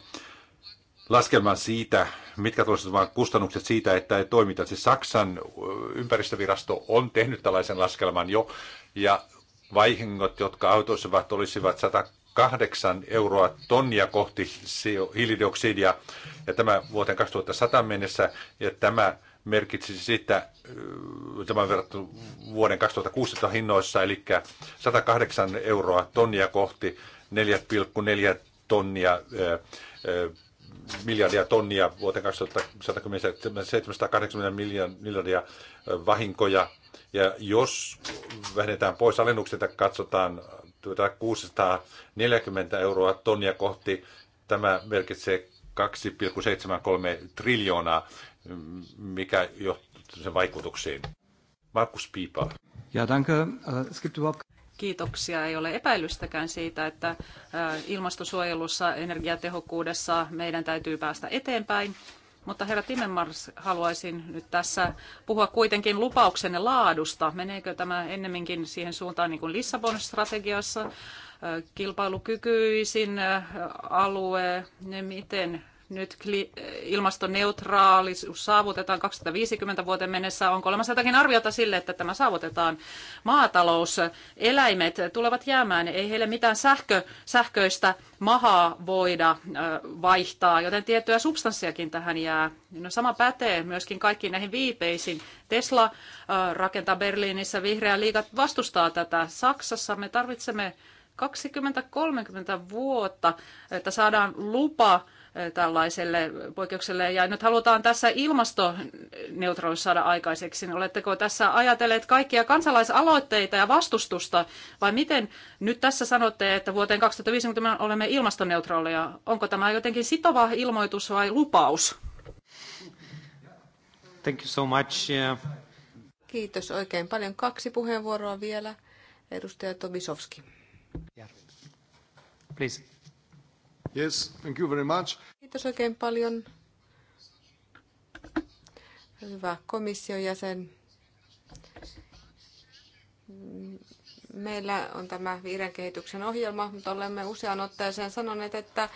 laskelman siitä, mitkä tulisivat kustannukset siitä, että ei toimita. Siis Saksan ympäristövirasto on tehnyt tällaisen laskelman jo, ja vahingot, jotka autoisivat, olisivat 108 euroa tonnia kohti hiilidioksidia, ja tämä vuoteen 2100 mennessä, ja tämä merkitsisi sitä tämän verrattuna vuoden 2016 hinnoissa, eli 108 euroa tonnia kohti 4,4 tonnia miljardia tonnia vuoteen 2010 780 miljardia vahinkoja. Ja jos vähennetään pois alennukset ja katsotaan 640 euroa tonnia kohti, tämä merkitsee 2,73 triljoonaa, mikä johtuu sen vaikutuksiin. Markus Piipa. Ja danke. Äh, es gibt überhaupt kiitoksia. Ei ole epäilystäkään siitä, että ilmastosuojelussa, energiatehokkuudessa meidän täytyy päästä eteenpäin. Mutta herra Timmermans, haluaisin nyt tässä puhua kuitenkin lupauksenne laadusta. Meneekö tämä ennemminkin siihen suuntaan niin kuin Lissabon-strategiassa? Kilpailukykyisin alue, miten nyt ilmastoneutraalisuus saavutetaan 2050 vuoteen mennessä. Onko olemassa jotakin arviota sille, että tämä saavutetaan? Maatalous, eläimet tulevat jäämään. Ei heille mitään sähkö, sähköistä mahaa voida vaihtaa, joten tiettyä substanssiakin tähän jää. No, sama pätee myöskin kaikkiin näihin viipeisiin. Tesla rakentaa Berliinissä, vihreä liigat vastustaa tätä. Saksassa me tarvitsemme 20-30 vuotta, että saadaan lupa tällaiselle poikkeukselle. Ja nyt halutaan tässä ilmastoneutraalisuus saada aikaiseksi. Niin oletteko tässä ajatelleet kaikkia kansalaisaloitteita ja vastustusta, vai miten nyt tässä sanotte, että vuoteen 2050 olemme ilmastoneutraaleja? Onko tämä jotenkin sitova ilmoitus vai lupaus? Thank you so much. Yeah. Kiitos oikein paljon. Kaksi puheenvuoroa vielä. Edustaja Tobisovski. Yeah. Please. Yes, thank you very much. Kiitos oikein paljon. Hyvä komission jäsen. Meillä on tämä vihreän kehityksen ohjelma, mutta olemme usean otteeseen sanoneet, että äh,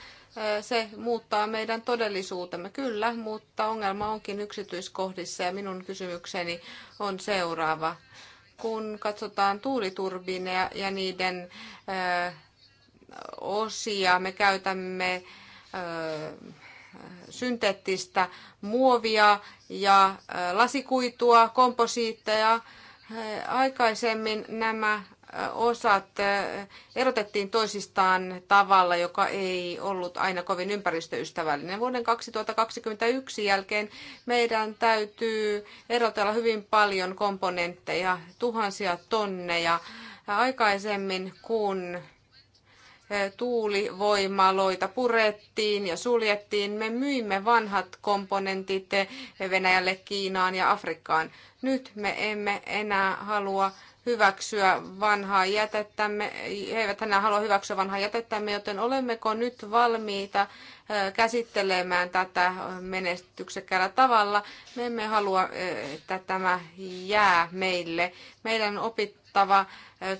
se muuttaa meidän todellisuutemme, kyllä, mutta ongelma onkin yksityiskohdissa ja minun kysymykseni on seuraava. Kun katsotaan tuuliturbiineja ja niiden äh, osia. Me käytämme synteettistä muovia ja lasikuitua, komposiitteja. Aikaisemmin nämä osat erotettiin toisistaan tavalla, joka ei ollut aina kovin ympäristöystävällinen. Vuoden 2021 jälkeen meidän täytyy erotella hyvin paljon komponentteja, tuhansia tonneja. Aikaisemmin, kun tuulivoimaloita purettiin ja suljettiin. Me myimme vanhat komponentit Venäjälle, Kiinaan ja Afrikkaan. Nyt me emme enää halua hyväksyä vanhaa jätettämme, he eivät enää halua hyväksyä vanhaa jätettämme, joten olemmeko nyt valmiita käsittelemään tätä menestyksekkäällä tavalla. Me emme halua, että tämä jää meille. Meidän opit autettava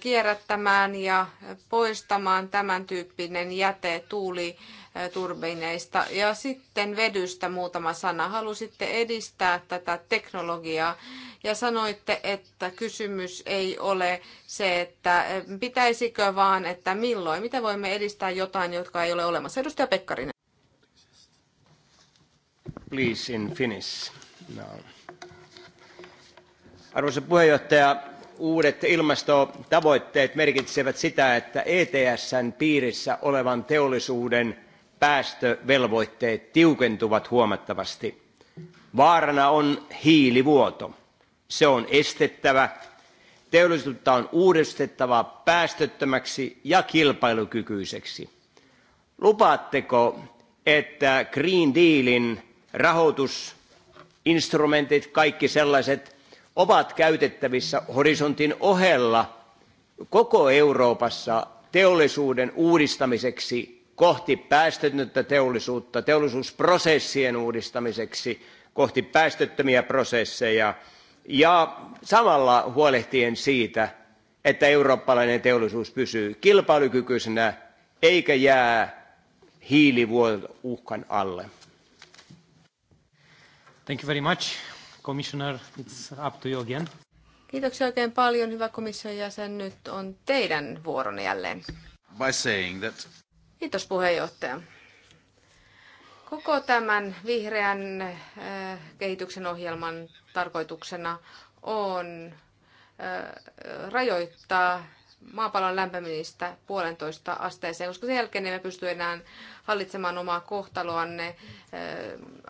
kierrättämään ja poistamaan tämän tyyppinen jäte tuuliturbiineista. Ja sitten vedystä muutama sana. Halusitte edistää tätä teknologiaa ja sanoitte, että kysymys ei ole se, että pitäisikö vaan, että milloin. Miten voimme edistää jotain, jotka ei ole olemassa? Edustaja Pekkarinen. Please in Finnish. No. Arvoisa puheenjohtaja, Uudet ilmastotavoitteet merkitsevät sitä, että ETSn piirissä olevan teollisuuden päästövelvoitteet tiukentuvat huomattavasti. Vaarana on hiilivuoto. Se on estettävä. Teollisuutta on uudistettava päästöttömäksi ja kilpailukykyiseksi. Lupaatteko, että Green Dealin rahoitusinstrumentit, kaikki sellaiset, ovat käytettävissä horisontin ohella koko Euroopassa teollisuuden uudistamiseksi kohti päästötöntä teollisuutta, teollisuusprosessien uudistamiseksi kohti päästöttömiä prosesseja ja samalla huolehtien siitä, että eurooppalainen teollisuus pysyy kilpailukykyisenä eikä jää hiilivuodon uhkan alle. Thank you very much. Commissioner, it's up to you again. Kiitoksia oikein paljon, hyvä komission jäsen. Nyt on teidän vuoronne jälleen. By saying that... Kiitos puheenjohtaja. Koko tämän vihreän äh, kehityksen ohjelman tarkoituksena on äh, rajoittaa maapallon lämpenemistä puolentoista asteeseen, koska sen jälkeen emme pysty enää hallitsemaan omaa kohtaloanne.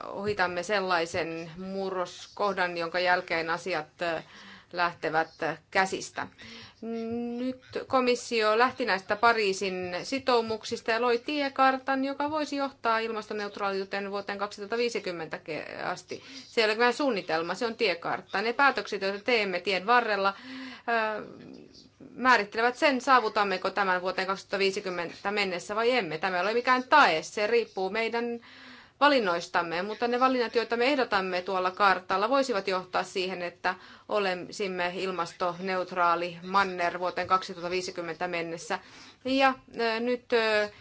Ohitamme sellaisen murroskohdan, jonka jälkeen asiat lähtevät käsistä. Nyt komissio lähti näistä Pariisin sitoumuksista ja loi tiekartan, joka voisi johtaa ilmastoneutraaliuteen vuoteen 2050 asti. Se ei ole vähän suunnitelma, se on tiekartta. Ne päätökset, joita teemme tien varrella, määrittelevät sen, saavutammeko tämän vuoteen 2050 mennessä vai emme. Tämä ei ole mikään tae, se riippuu meidän valinnoistamme, mutta ne valinnat, joita me ehdotamme tuolla kartalla, voisivat johtaa siihen, että olisimme ilmastoneutraali manner vuoteen 2050 mennessä. Ja nyt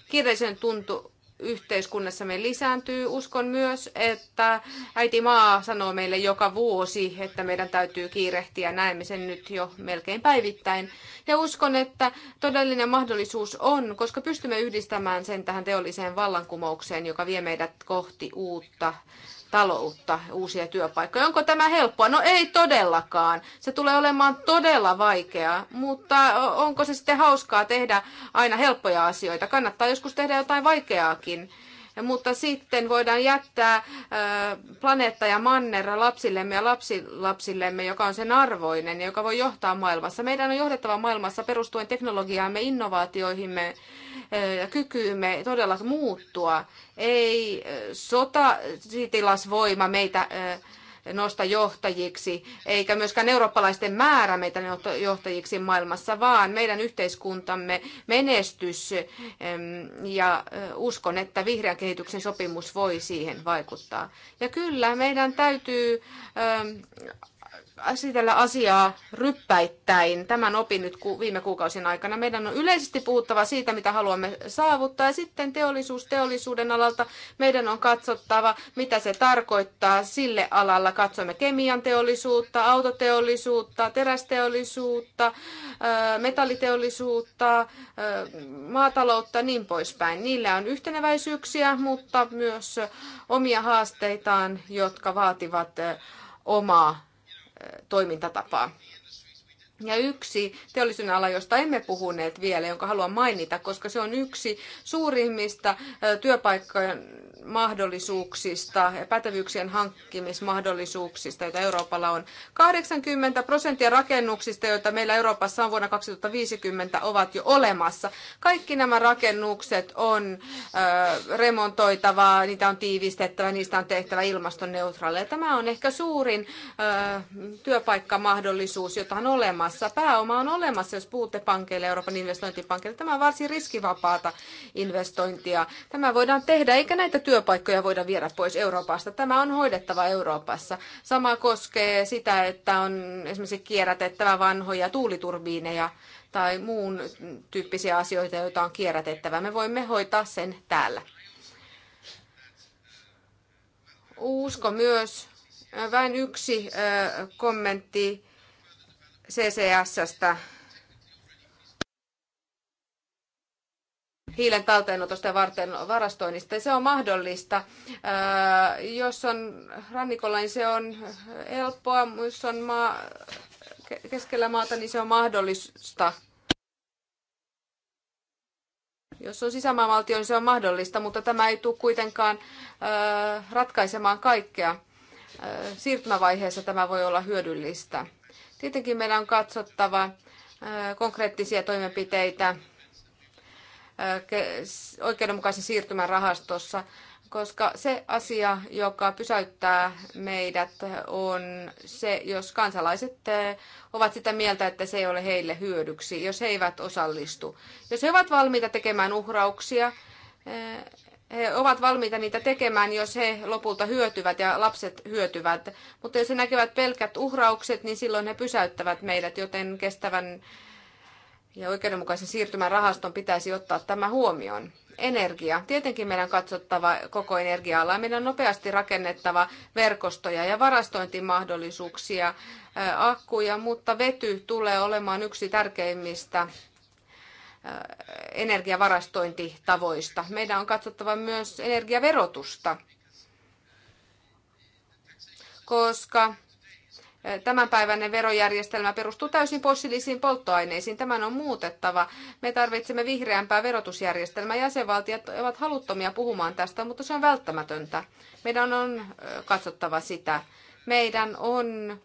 kiireisen tuntu yhteiskunnassamme lisääntyy. Uskon myös, että äiti maa sanoo meille joka vuosi, että meidän täytyy kiirehtiä. Näemme sen nyt jo melkein päivittäin. Ja uskon, että todellinen mahdollisuus on, koska pystymme yhdistämään sen tähän teolliseen vallankumoukseen, joka vie meidät kohti uutta taloutta, uusia työpaikkoja. Onko tämä helppoa? No ei todellakaan. Se tulee olemaan todella vaikeaa, mutta onko se sitten hauskaa tehdä aina helppoja asioita? Kannattaa joskus tehdä jotain vaikeaakin mutta sitten voidaan jättää planeetta ja mannerra lapsillemme ja lapsilapsillemme, joka on sen arvoinen ja joka voi johtaa maailmassa. Meidän on johdettava maailmassa perustuen teknologiaamme, innovaatioihimme ja kykyymme todella muuttua. Ei voima meitä nosta johtajiksi, eikä myöskään eurooppalaisten määrä meitä johtajiksi maailmassa, vaan meidän yhteiskuntamme menestys ja uskon, että vihreän kehityksen sopimus voi siihen vaikuttaa. Ja kyllä, meidän täytyy käsitellä asiaa ryppäittäin. Tämän opin nyt viime kuukausien aikana. Meidän on yleisesti puhuttava siitä, mitä haluamme saavuttaa. Ja sitten teollisuus teollisuuden alalta. Meidän on katsottava, mitä se tarkoittaa sille alalla. Katsomme kemian teollisuutta, autoteollisuutta, terästeollisuutta, metalliteollisuutta, maataloutta, niin poispäin. Niillä on yhteneväisyyksiä, mutta myös omia haasteitaan, jotka vaativat omaa toimintatapaa. Ja yksi teollisuuden ala, josta emme puhuneet vielä, jonka haluan mainita, koska se on yksi suurimmista työpaikkojen mahdollisuuksista ja pätevyyksien hankkimismahdollisuuksista, joita Euroopalla on. 80 prosenttia rakennuksista, joita meillä Euroopassa on vuonna 2050, ovat jo olemassa. Kaikki nämä rakennukset on ö, remontoitavaa, niitä on tiivistettävä, niistä on tehtävä ilmastoneutraaleja. Tämä on ehkä suurin ö, työpaikkamahdollisuus, jota on olemassa olemassa. Pääoma on olemassa, jos puhutte pankeille, Euroopan investointipankille. Tämä on varsin riskivapaata investointia. Tämä voidaan tehdä, eikä näitä työpaikkoja voida viedä pois Euroopasta. Tämä on hoidettava Euroopassa. Sama koskee sitä, että on esimerkiksi kierrätettävä vanhoja tuuliturbiineja tai muun tyyppisiä asioita, joita on kierrätettävä. Me voimme hoitaa sen täällä. Usko myös. Vain yksi kommentti CCSstä, hiilen talteenotosta ja varten varastoinnista. Se on mahdollista. Äh, jos on rannikolla, niin se on helppoa. Jos on maa, keskellä maata, niin se on mahdollista. Jos on sisämaavaltio, niin se on mahdollista, mutta tämä ei tule kuitenkaan äh, ratkaisemaan kaikkea. Äh, siirtymävaiheessa tämä voi olla hyödyllistä. Tietenkin meillä on katsottava konkreettisia toimenpiteitä oikeudenmukaisen siirtymän rahastossa, koska se asia, joka pysäyttää meidät, on se, jos kansalaiset ovat sitä mieltä, että se ei ole heille hyödyksi, jos he eivät osallistu. Jos he ovat valmiita tekemään uhrauksia, he ovat valmiita niitä tekemään, jos he lopulta hyötyvät ja lapset hyötyvät. Mutta jos he näkevät pelkät uhraukset, niin silloin he pysäyttävät meidät, joten kestävän ja oikeudenmukaisen siirtymän rahaston pitäisi ottaa tämä huomioon. Energia. Tietenkin meidän on katsottava koko energia-alaa. Meidän on nopeasti rakennettava verkostoja ja varastointimahdollisuuksia, akkuja, mutta vety tulee olemaan yksi tärkeimmistä energiavarastointitavoista. Meidän on katsottava myös energiaverotusta, koska Tämänpäiväinen verojärjestelmä perustuu täysin fossiilisiin polttoaineisiin. Tämän on muutettava. Me tarvitsemme vihreämpää verotusjärjestelmää. Jäsenvaltiot ovat haluttomia puhumaan tästä, mutta se on välttämätöntä. Meidän on katsottava sitä. Meidän on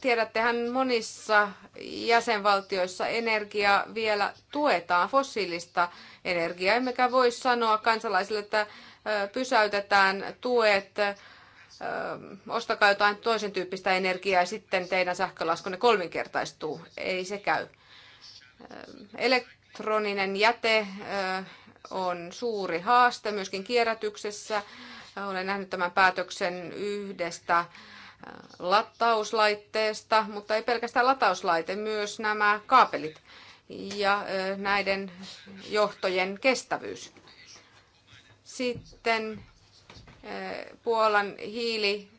tiedättehän monissa jäsenvaltioissa energia vielä tuetaan fossiilista energiaa, emmekä voi sanoa kansalaisille, että pysäytetään tuet, ostakaa jotain toisen tyyppistä energiaa ja sitten teidän sähkölaskunne kolminkertaistuu. Ei se käy. Elektroninen jäte on suuri haaste myöskin kierrätyksessä. Olen nähnyt tämän päätöksen yhdestä latauslaitteesta, mutta ei pelkästään latauslaite, myös nämä kaapelit ja näiden johtojen kestävyys. Sitten Puolan hiili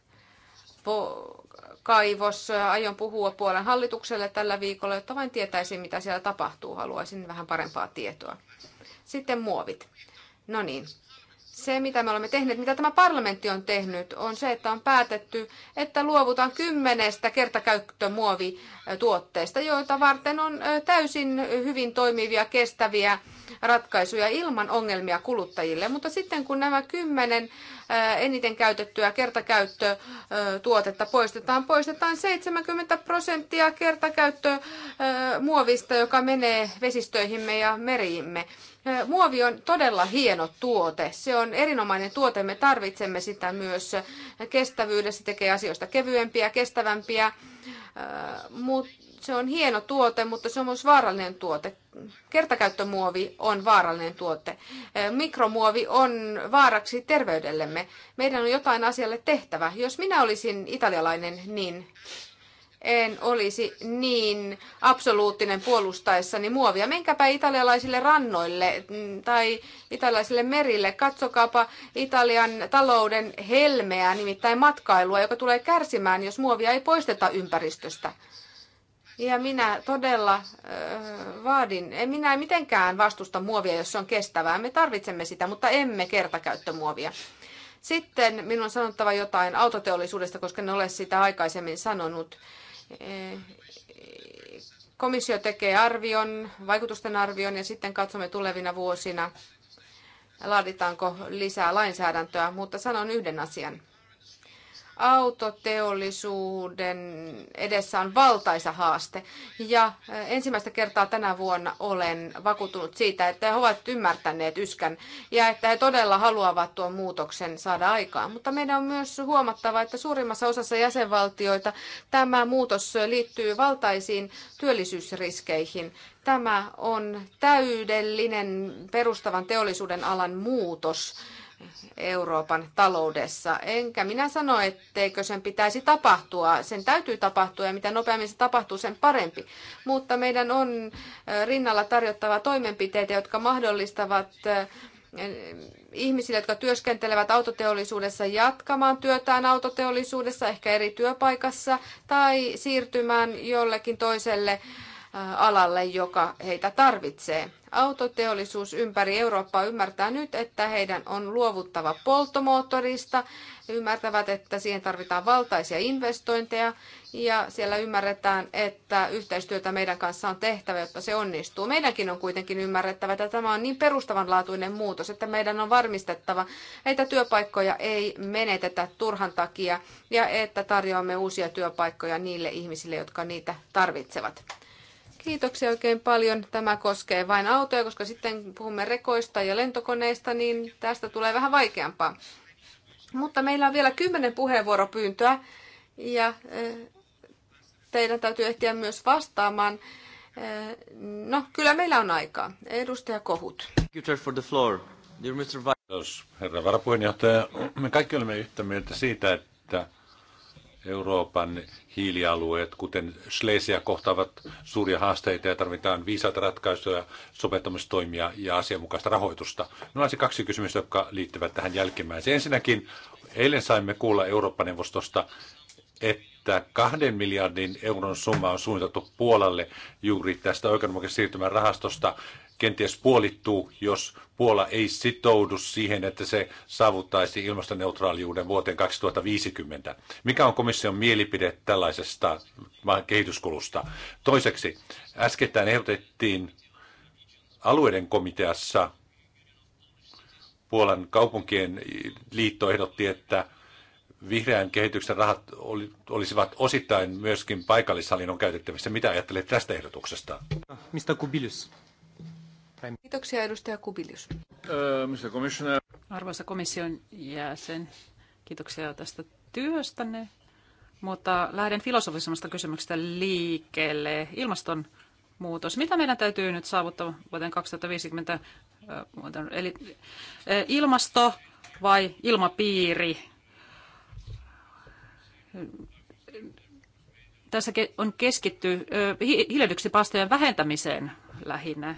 kaivos. Aion puhua Puolan hallitukselle tällä viikolla, jotta vain tietäisin, mitä siellä tapahtuu. Haluaisin vähän parempaa tietoa. Sitten muovit. No niin, se, mitä me olemme tehneet, mitä tämä parlamentti on tehnyt, on se, että on päätetty, että luovutaan kymmenestä kertakäyttömuovituotteesta, joita varten on täysin hyvin toimivia, kestäviä ratkaisuja ilman ongelmia kuluttajille. Mutta sitten kun nämä kymmenen eniten käytettyä kertakäyttötuotetta poistetaan, poistetaan 70 prosenttia kertakäyttömuovista, joka menee vesistöihimme ja meriimme. Muovi on todella hieno tuote. Se on erinomainen tuote. Me tarvitsemme sitä myös kestävyydessä. tekee asioista kevyempiä, kestävämpiä. Se on hieno tuote, mutta se on myös vaarallinen tuote. Kertakäyttömuovi on vaarallinen tuote. Mikromuovi on vaaraksi terveydellemme. Meidän on jotain asialle tehtävä. Jos minä olisin italialainen, niin en olisi niin absoluuttinen puolustaessani muovia. Menkääpä italialaisille rannoille mm, tai italialaisille merille. Katsokaapa Italian talouden helmeä, nimittäin matkailua, joka tulee kärsimään, jos muovia ei poisteta ympäristöstä. Ja minä todella äh, vaadin, en minä mitenkään vastusta muovia, jos se on kestävää. Me tarvitsemme sitä, mutta emme kertakäyttömuovia. Sitten minun on sanottava jotain autoteollisuudesta, koska en ole sitä aikaisemmin sanonut. Äh, Komissio tekee arvion, vaikutusten arvion ja sitten katsomme tulevina vuosina, laaditaanko lisää lainsäädäntöä, mutta sanon yhden asian autoteollisuuden edessä on valtaisa haaste. Ja ensimmäistä kertaa tänä vuonna olen vakuutunut siitä, että he ovat ymmärtäneet yskän ja että he todella haluavat tuon muutoksen saada aikaan. Mutta meidän on myös huomattava, että suurimmassa osassa jäsenvaltioita tämä muutos liittyy valtaisiin työllisyysriskeihin. Tämä on täydellinen perustavan teollisuuden alan muutos Euroopan taloudessa. Enkä minä sano, etteikö sen pitäisi tapahtua. Sen täytyy tapahtua ja mitä nopeammin se tapahtuu, sen parempi. Mutta meidän on rinnalla tarjottava toimenpiteitä, jotka mahdollistavat ihmisille, jotka työskentelevät autoteollisuudessa jatkamaan työtään autoteollisuudessa, ehkä eri työpaikassa, tai siirtymään jollekin toiselle Äh, alalle, joka heitä tarvitsee. Autoteollisuus ympäri Eurooppaa ymmärtää nyt, että heidän on luovuttava polttomoottorista. He ymmärtävät, että siihen tarvitaan valtaisia investointeja ja siellä ymmärretään, että yhteistyötä meidän kanssa on tehtävä, jotta se onnistuu. Meidänkin on kuitenkin ymmärrettävä, että tämä on niin perustavanlaatuinen muutos, että meidän on varmistettava, että työpaikkoja ei menetetä turhan takia ja että tarjoamme uusia työpaikkoja niille ihmisille, jotka niitä tarvitsevat. Kiitoksia oikein paljon. Tämä koskee vain autoja, koska sitten kun puhumme rekoista ja lentokoneista, niin tästä tulee vähän vaikeampaa. Mutta meillä on vielä kymmenen puheenvuoropyyntöä ja eh, teidän täytyy ehtiä myös vastaamaan. Eh, no, kyllä meillä on aikaa. Edustaja Kohut. For the floor. Dear Mr. Herra varapuheenjohtaja, me kaikki olemme yhtä mieltä siitä, että Euroopan hiilialueet, kuten Schlesia, kohtaavat suuria haasteita ja tarvitaan viisaita ratkaisuja, sopeuttamistoimia ja asianmukaista rahoitusta. Minulla se kaksi kysymystä, jotka liittyvät tähän jälkimmäiseen. Ensinnäkin, eilen saimme kuulla Eurooppa-neuvostosta, että kahden miljardin euron summa on suunniteltu Puolalle juuri tästä oikeudenmukaisen siirtymän rahastosta kenties puolittuu, jos Puola ei sitoudu siihen, että se saavuttaisi ilmastoneutraaliuden vuoteen 2050. Mikä on komission mielipide tällaisesta kehityskulusta? Toiseksi, äskettäin ehdotettiin alueiden komiteassa Puolan kaupunkien liitto ehdotti, että vihreän kehityksen rahat olisivat osittain myöskin paikallishallinnon käytettävissä. Mitä ajattelet tästä ehdotuksesta? Mistä Kubilius? Kiitoksia edustaja Kubilius. Arvoisa komission jäsen, kiitoksia tästä työstänne. Mutta lähden filosofisemmasta kysymyksestä liikkeelle. Ilmastonmuutos. Mitä meidän täytyy nyt saavuttaa vuoteen 2050? Eli ilmasto vai ilmapiiri? Tässä on keskitty hiilidioksidipäästöjen vähentämiseen lähinnä.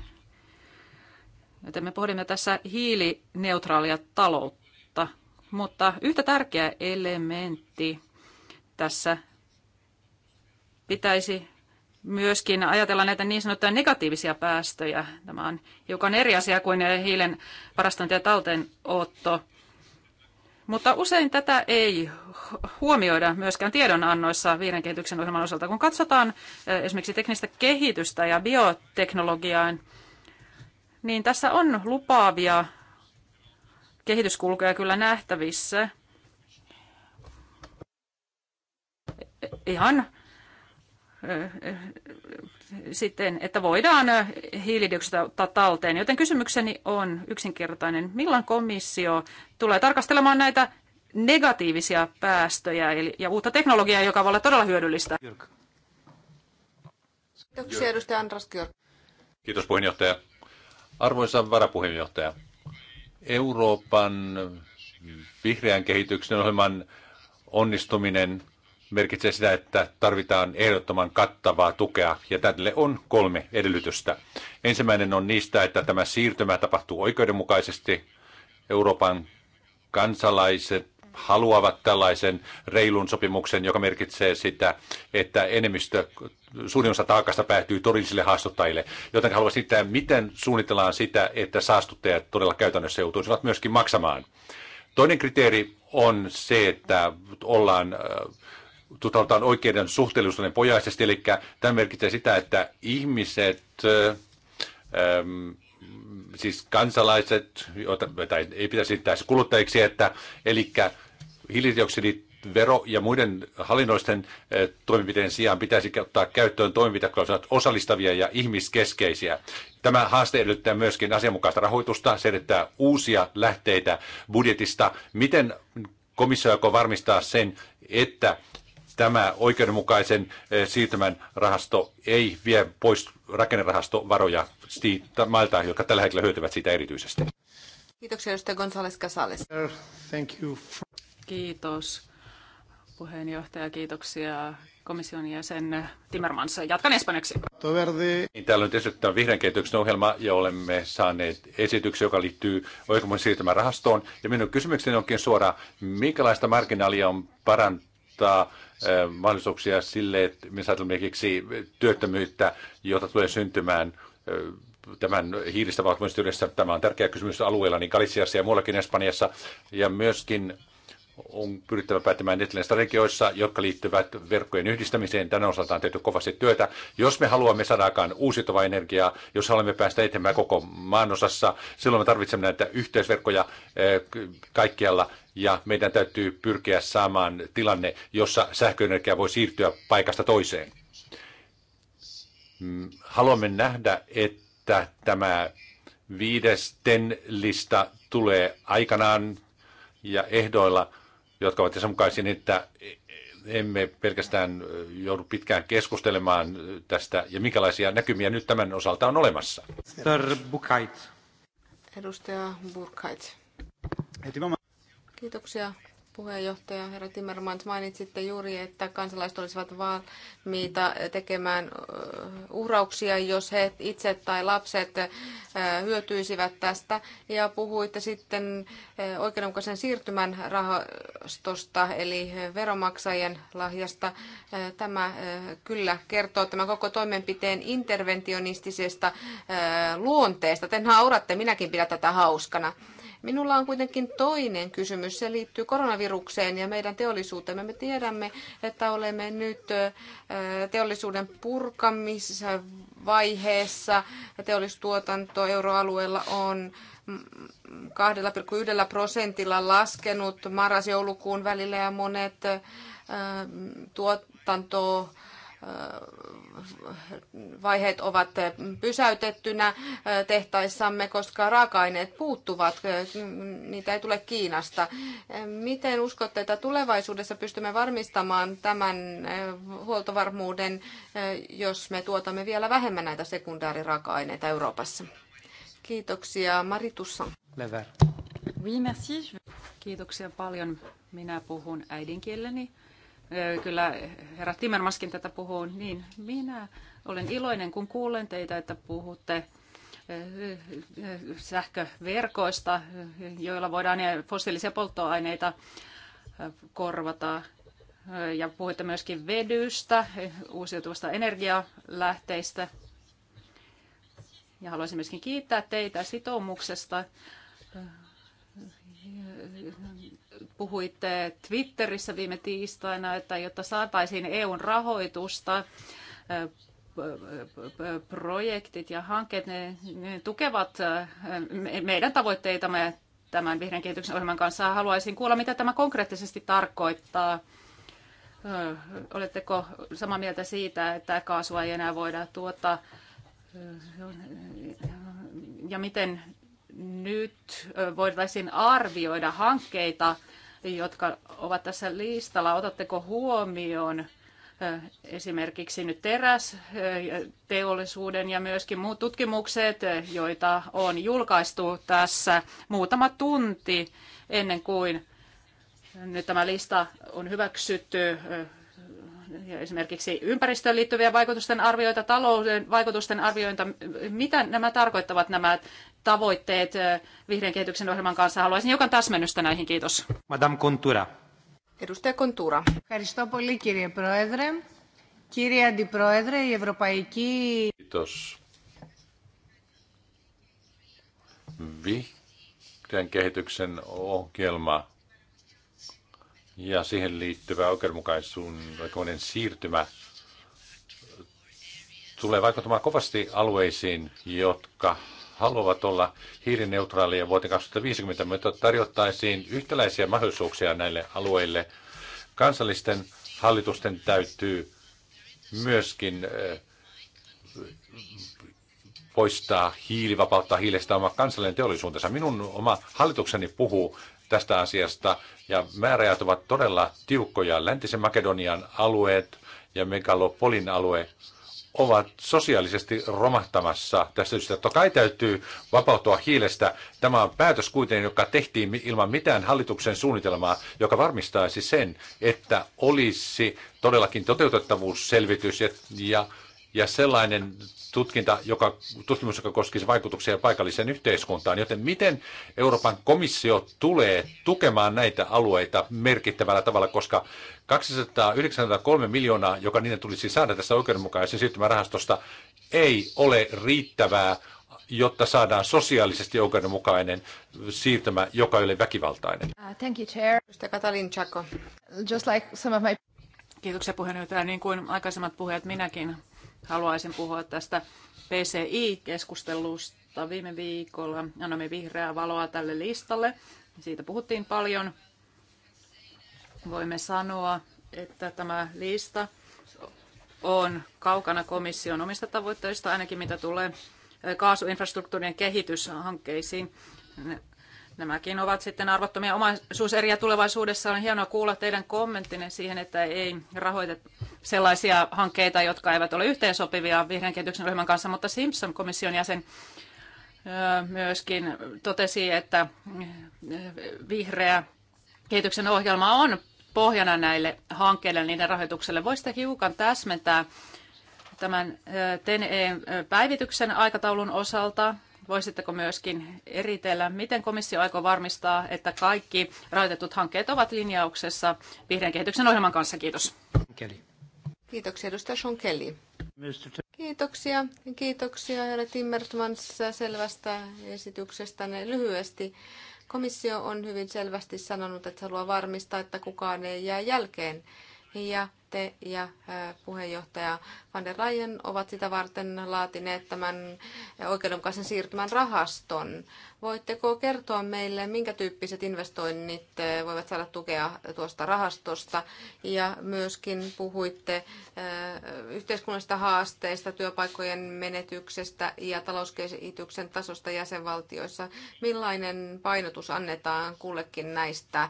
Joten me pohdimme tässä hiilineutraalia taloutta, mutta yhtä tärkeä elementti tässä pitäisi myöskin ajatella näitä niin sanottuja negatiivisia päästöjä. Tämä on hiukan eri asia kuin hiilen varastointi ja talteenotto. Mutta usein tätä ei huomioida myöskään tiedonannoissa viiden kehityksen ohjelman osalta. Kun katsotaan eh, esimerkiksi teknistä kehitystä ja bioteknologiaan niin tässä on lupaavia kehityskulkuja kyllä nähtävissä. Ihan eh, sitten, että voidaan hiilidioksidia ottaa talteen. Joten kysymykseni on yksinkertainen. Milloin komissio tulee tarkastelemaan näitä negatiivisia päästöjä eli, ja uutta teknologiaa, joka voi olla todella hyödyllistä? Kiitoksia edustaja Andras Kiitos puheenjohtaja. Arvoisa varapuheenjohtaja, Euroopan vihreän kehityksen ohjelman onnistuminen merkitsee sitä, että tarvitaan ehdottoman kattavaa tukea, ja tälle on kolme edellytystä. Ensimmäinen on niistä, että tämä siirtymä tapahtuu oikeudenmukaisesti. Euroopan kansalaiset haluavat tällaisen reilun sopimuksen, joka merkitsee sitä, että enemmistö suurin osa taakasta päätyy todellisille haastuttajille, joten haluaisin sitä, miten suunnitellaan sitä, että saastuttajat todella käytännössä joutuisivat myöskin maksamaan. Toinen kriteeri on se, että ollaan äh, tutaltaan oikeuden suhteellisuuden pojaisesti, eli tämä merkitsee sitä, että ihmiset, äm, äh, ähm, siis kansalaiset, joita, joita ei pitäisi liittää kuluttajiksi, että, eli hiilidioksidit vero- ja muiden hallinnoisten eh, toimenpiteiden sijaan pitäisi ottaa käyttöön toimenpiteitä, jotka ovat osallistavia ja ihmiskeskeisiä. Tämä haaste edellyttää myöskin asianmukaista rahoitusta, se edellyttää uusia lähteitä budjetista. Miten komissio aikoo varmistaa sen, että tämä oikeudenmukaisen eh, siirtymän rahasto ei vie pois rakennerahastovaroja mailta, jotka tällä hetkellä hyötyvät siitä erityisesti? Kiitoksia edustaja González Casales. Thank you. Kiitos puheenjohtaja, kiitoksia komission jäsen Timmermans. Jatkan espanjaksi. Niin, täällä on esitetty vihreän kehityksen ohjelma ja olemme saaneet esityksen, joka liittyy oikeudenmukaisen siirtymän rahastoon. Ja minun kysymykseni onkin suora, minkälaista marginaalia on parantaa eh, mahdollisuuksia sille, että me saamme esimerkiksi työttömyyttä, jota tulee syntymään eh, tämän hiilistä valkoistyydessä. Tämä on tärkeä kysymys alueella, niin Galiciassa ja muuallakin Espanjassa. Ja myöskin on pyrittävä päättämään edelleen strategioissa, jotka liittyvät verkkojen yhdistämiseen. Tänä osalta on tehty kovasti työtä. Jos me haluamme saada aikaan uusiutuvaa energiaa, jos haluamme päästä eteenpäin koko maanosassa, silloin me tarvitsemme näitä yhteisverkkoja eh, kaikkialla ja meidän täytyy pyrkiä saamaan tilanne, jossa sähköenergia voi siirtyä paikasta toiseen. Mm, haluamme nähdä, että tämä viidesten lista tulee aikanaan ja ehdoilla – jotka ovat jäsenmukaisia, niin että emme pelkästään joudu pitkään keskustelemaan tästä ja minkälaisia näkymiä nyt tämän osalta on olemassa. Edustaja Burkait. Kiitoksia Puheenjohtaja herra Timmermans, mainitsitte juuri, että kansalaiset olisivat valmiita tekemään uhrauksia, jos he itse tai lapset hyötyisivät tästä. Ja puhuitte sitten oikeudenmukaisen siirtymän rahastosta, eli veromaksajien lahjasta. Tämä kyllä kertoo tämä koko toimenpiteen interventionistisesta luonteesta. Te nauratte, minäkin pidän tätä hauskana. Minulla on kuitenkin toinen kysymys. Se liittyy koronavirukseen ja meidän teollisuuteemme. Me tiedämme, että olemme nyt teollisuuden purkamisvaiheessa. Teollistuotanto euroalueella on 2,1 prosentilla laskenut marras-joulukuun välillä ja monet tuotantoa vaiheet ovat pysäytettynä äh, tehtaissamme, koska raaka-aineet puuttuvat, äh, niitä ei tule Kiinasta. Äh, miten uskotte, että tulevaisuudessa pystymme varmistamaan tämän huoltovarmuuden, jos me tuotamme vielä vähemmän näitä sekundaariraaka-aineita Euroopassa? Kiitoksia. Maritussa. Oui, merci. Kiitoksia paljon. Minä puhun äidinkieleni Kyllä herra Timmermaskin tätä puhuu, niin minä olen iloinen, kun kuulen teitä, että puhutte sähköverkoista, joilla voidaan fossiilisia polttoaineita korvata. Ja puhuitte myöskin vedystä, uusiutuvasta energialähteistä. Ja haluaisin myöskin kiittää teitä sitoumuksesta puhuitte Twitterissä viime tiistaina, että jotta saataisiin EUn rahoitusta, projektit ja hankkeet, ne, ne tukevat meidän tavoitteitamme tämän vihreän kehityksen ohjelman kanssa. Haluaisin kuulla, mitä tämä konkreettisesti tarkoittaa. Oletteko samaa mieltä siitä, että kaasua ei enää voida tuota ja miten nyt voitaisiin arvioida hankkeita, jotka ovat tässä listalla. Otatteko huomioon esimerkiksi nyt terästeollisuuden ja myöskin muut tutkimukset, joita on julkaistu tässä muutama tunti ennen kuin nyt tämä lista on hyväksytty esimerkiksi ympäristöön liittyviä vaikutusten arvioita, talouden vaikutusten arviointa. Mitä nämä tarkoittavat nämä tavoitteet vihreän kehityksen ohjelman kanssa? Haluaisin hiukan täsmennystä näihin. Kiitos. Madame Contura. Edustaja Contura. Ευχαριστώ πολύ κύριε Πρόεδρε. Κύριε Αντιπρόεδρε, η Ευρωπαϊκή... Kiitos. Vihreän kehityksen ohjelma ja siihen liittyvä oikeudenmukaisuuden siirtymä tulee vaikuttamaan kovasti alueisiin, jotka haluavat olla hiilineutraaleja vuoteen 2050, mutta tarjottaisiin yhtäläisiä mahdollisuuksia näille alueille. Kansallisten hallitusten täytyy myöskin eh, poistaa hiili, vapauttaa hiilestä oma kansallinen teollisuutensa. Minun oma hallitukseni puhuu tästä asiasta. Ja määräajat ovat todella tiukkoja. Läntisen Makedonian alueet ja Megalopolin alue ovat sosiaalisesti romahtamassa tästä syystä. Totta kai täytyy vapautua hiilestä. Tämä on päätös kuitenkin, joka tehtiin ilman mitään hallituksen suunnitelmaa, joka varmistaisi sen, että olisi todellakin toteutettavuusselvitys ja, ja ja sellainen tutkinta, joka, tutkimus, joka koskisi vaikutuksia paikalliseen yhteiskuntaan. Joten miten Euroopan komissio tulee tukemaan näitä alueita merkittävällä tavalla, koska 293 miljoonaa, joka niiden tulisi saada tässä oikeudenmukaisen siirtymärahastosta, ei ole riittävää, jotta saadaan sosiaalisesti oikeudenmukainen siirtymä, joka ei ole väkivaltainen. Uh, thank you, Chair. Katalin Chako. Just like some of my... Kiitoksia puheenjohtaja. Niin kuin aikaisemmat puheet minäkin Haluaisin puhua tästä PCI-keskustelusta viime viikolla. Annamme vihreää valoa tälle listalle. Siitä puhuttiin paljon. Voimme sanoa, että tämä lista on kaukana komission omista tavoitteista, ainakin mitä tulee kaasuinfrastruktuurien kehityshankkeisiin. Nämäkin ovat sitten arvottomia omaisuuseriä tulevaisuudessa. On hienoa kuulla teidän kommenttinne siihen, että ei rahoiteta sellaisia hankkeita, jotka eivät ole yhteensopivia vihreän kehityksen ryhmän kanssa, mutta Simpson-komission jäsen myöskin totesi, että vihreä kehityksen ohjelma on pohjana näille hankkeille ja niiden rahoitukselle. Voisitte hiukan täsmentää tämän TEN-päivityksen aikataulun osalta Voisitteko myöskin eritellä, miten komissio aikoo varmistaa, että kaikki rajoitetut hankkeet ovat linjauksessa vihreän kehityksen ohjelman kanssa? Kiitos. Kelly. Kiitoksia, edustaja Sean Kelly. Kiitoksia. Kiitoksia, herra Timmermans, selvästä esityksestä. Lyhyesti komissio on hyvin selvästi sanonut, että haluaa varmistaa, että kukaan ei jää jälkeen. Ja te ja puheenjohtaja Van der Leyen ovat sitä varten laatineet tämän oikeudenmukaisen siirtymän rahaston. Voitteko kertoa meille, minkä tyyppiset investoinnit voivat saada tukea tuosta rahastosta? Ja myöskin puhuitte yhteiskunnallisista haasteista, työpaikkojen menetyksestä ja talouskehityksen tasosta jäsenvaltioissa. Millainen painotus annetaan kullekin näistä